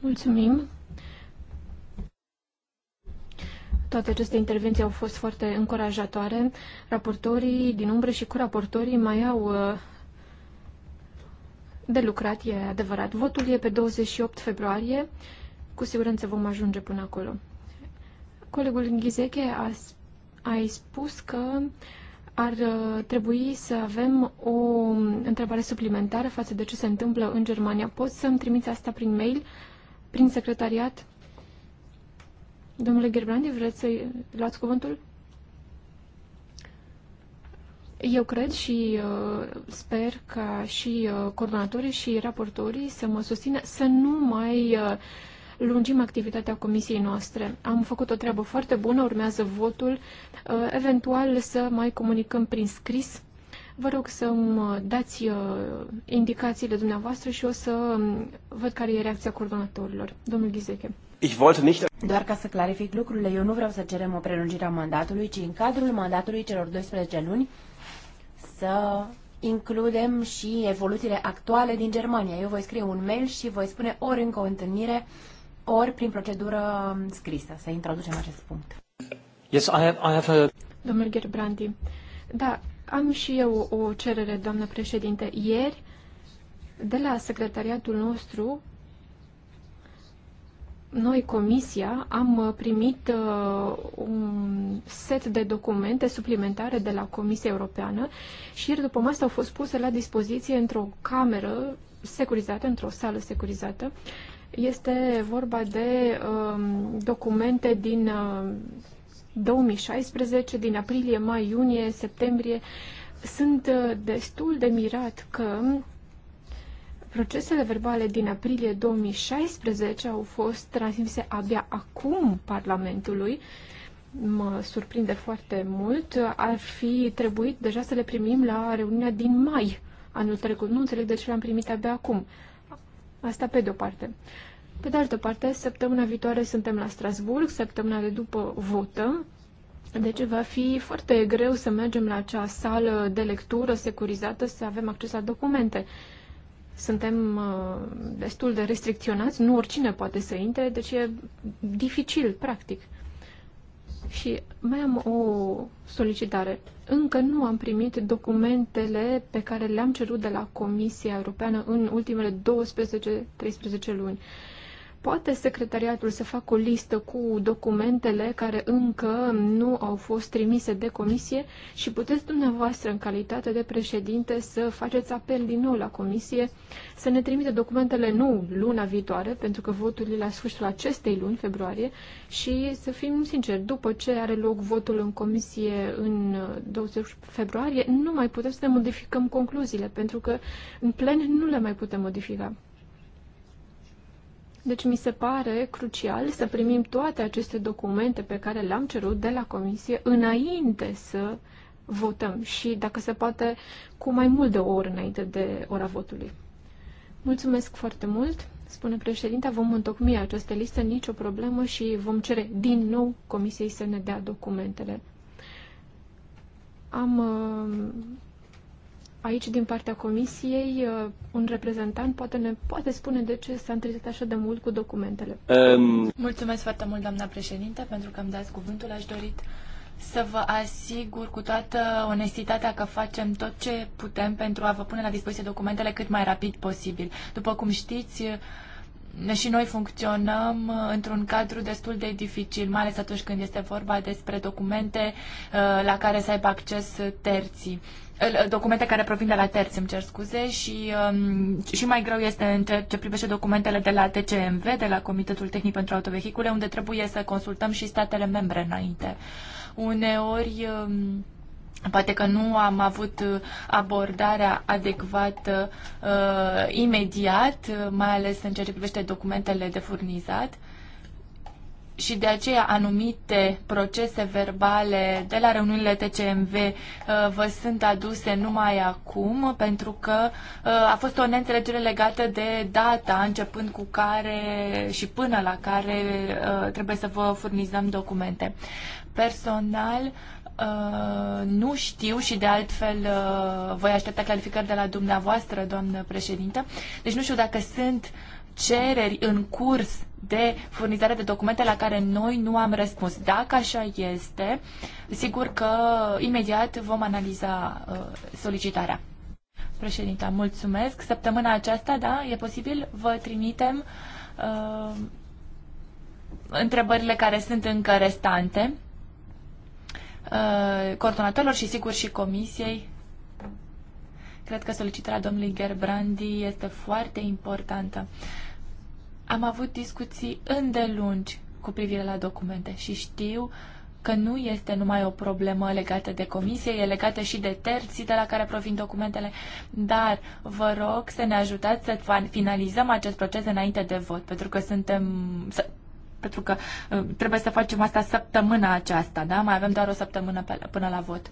Mulțumim. Toate aceste intervenții au fost foarte încurajatoare. Raportorii din umbră și cu raportorii mai au uh, de lucrat, e adevărat. Votul e pe 28 februarie. Cu siguranță vom ajunge până acolo. Colegul Ghizeche a, a spus că ar uh, trebui să avem o întrebare suplimentară față de ce se întâmplă în Germania. Poți să-mi trimiți asta prin mail, prin secretariat? Domnule Gerbrandi, vreți să luați cuvântul? Eu cred și uh, sper ca și uh, coordonatorii și raportorii să mă susțină să nu mai uh, lungim activitatea comisiei noastre. Am făcut o treabă foarte bună, urmează votul, uh, eventual să mai comunicăm prin scris. Vă rog să îmi uh, dați uh, indicațiile dumneavoastră și o să um, văd care e reacția coordonatorilor. Domnul Ghizeche. Ich wollte nicht... Doar ca să clarific lucrurile, eu nu vreau să cerem o prelungire a mandatului, ci în cadrul mandatului celor 12 luni să includem și evoluțiile actuale din Germania. Eu voi scrie un mail și voi spune ori încă o întâlnire, ori prin procedură scrisă, să introducem acest punct. Yes, I have, I have a... Domnul Gerbrandi, da, am și eu o cerere, doamnă președinte. Ieri, de la secretariatul nostru, noi, Comisia, am uh, primit uh, un set de documente suplimentare de la Comisia Europeană și ieri după masă au fost puse la dispoziție într-o cameră securizată, într-o sală securizată. Este vorba de uh, documente din uh, 2016, din aprilie, mai, iunie, septembrie. Sunt uh, destul de mirat că Procesele verbale din aprilie 2016 au fost transmise abia acum Parlamentului. Mă surprinde foarte mult. Ar fi trebuit deja să le primim la reuniunea din mai anul trecut. Nu înțeleg de ce le-am primit abia acum. Asta pe de-o parte. Pe de altă parte, săptămâna viitoare suntem la Strasburg, săptămâna de după votăm, deci va fi foarte greu să mergem la acea sală de lectură securizată, să avem acces la documente suntem uh, destul de restricționați, nu oricine poate să intre, deci e dificil, practic. Și mai am o solicitare. Încă nu am primit documentele pe care le-am cerut de la Comisia Europeană în ultimele 12-13 luni. Poate secretariatul să facă o listă cu documentele care încă nu au fost trimise de comisie și puteți dumneavoastră, în calitate de președinte, să faceți apel din nou la comisie să ne trimite documentele nu luna viitoare, pentru că votul e la sfârșitul acestei luni, februarie, și să fim sinceri, după ce are loc votul în comisie în 20 februarie, nu mai putem să ne modificăm concluziile, pentru că în plen nu le mai putem modifica. Deci mi se pare crucial să primim toate aceste documente pe care le-am cerut de la Comisie înainte să votăm și, dacă se poate, cu mai mult de o oră înainte de ora votului. Mulțumesc foarte mult, spune președinta, vom întocmi această listă, nicio problemă și vom cere din nou Comisiei să ne dea documentele. Am uh, aici din partea comisiei uh, un reprezentant poate ne poate spune de ce s-a întârziat așa de mult cu documentele. Um... Mulțumesc foarte mult, doamna președinte, pentru că am dat cuvântul. Aș dorit să vă asigur cu toată onestitatea că facem tot ce putem pentru a vă pune la dispoziție documentele cât mai rapid posibil. După cum știți, și noi funcționăm uh, într-un cadru destul de dificil, mai ales atunci când este vorba despre documente uh, la care să aibă acces terții documente care provin de la terți, îmi cer scuze, și, um, și mai greu este în ceea ce privește documentele de la TCMV, de la Comitetul Tehnic pentru Autovehicule, unde trebuie să consultăm și statele membre înainte. Uneori, um, poate că nu am avut uh, abordarea adecvată uh, imediat, uh, mai ales în ceea ce privește documentele de furnizat și de aceea anumite procese verbale de la reuniunile TCMV uh, vă sunt aduse numai acum, pentru că uh, a fost o neînțelegere legată de data începând cu care și până la care uh, trebuie să vă furnizăm documente. Personal, nu știu și de altfel voi aștepta clarificări de la dumneavoastră, doamnă președintă. Deci nu știu dacă sunt uh, cereri în curs de furnizare de documente la care noi nu am răspuns. Dacă așa este, sigur că imediat vom analiza uh, solicitarea. Președinta, mulțumesc. Săptămâna aceasta, da, e posibil, vă trimitem uh, întrebările care sunt încă restante uh, coordonatorilor și sigur și comisiei. Cred că solicitarea domnului Gerbrandi este foarte importantă. Am avut discuții îndelungi cu privire la documente și știu că nu este numai o problemă legată de comisie, e legată și de terții de la care provin documentele, dar vă rog să ne ajutați să finalizăm acest proces înainte de vot, pentru că suntem... Să, pentru că uh, trebuie să facem asta săptămâna aceasta, da? Mai avem doar o săptămână pe, până la vot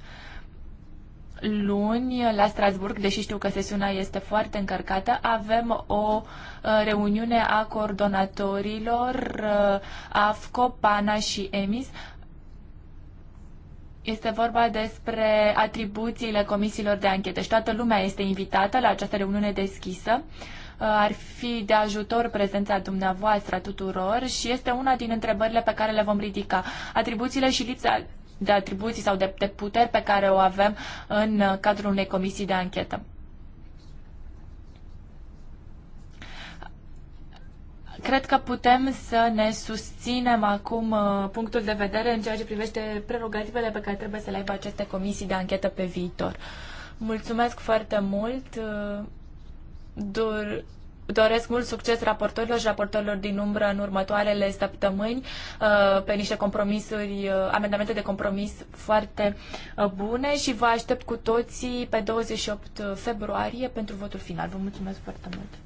luni la Strasburg, deși știu că sesiunea este foarte încărcată, avem o uh, reuniune a coordonatorilor uh, AFCO, PANA și EMIS. Este vorba despre atribuțiile comisiilor de anchetă și toată lumea este invitată la această reuniune deschisă uh, ar fi de ajutor prezența dumneavoastră tuturor și este una din întrebările pe care le vom ridica. Atribuțiile și lipsa de atribuții sau de, de puteri pe care o avem în cadrul unei comisii de anchetă. Cred că putem să ne susținem acum uh, punctul de vedere în ceea ce privește prerogativele pe care trebuie să le aibă aceste comisii de anchetă pe viitor. Mulțumesc foarte mult! Uh, dur, doresc mult succes raportorilor și raportorilor din umbră în următoarele săptămâni uh, pe niște compromisuri, uh, amendamente de compromis foarte uh, bune și vă aștept cu toții pe 28 februarie pentru votul final. Vă mulțumesc foarte mult!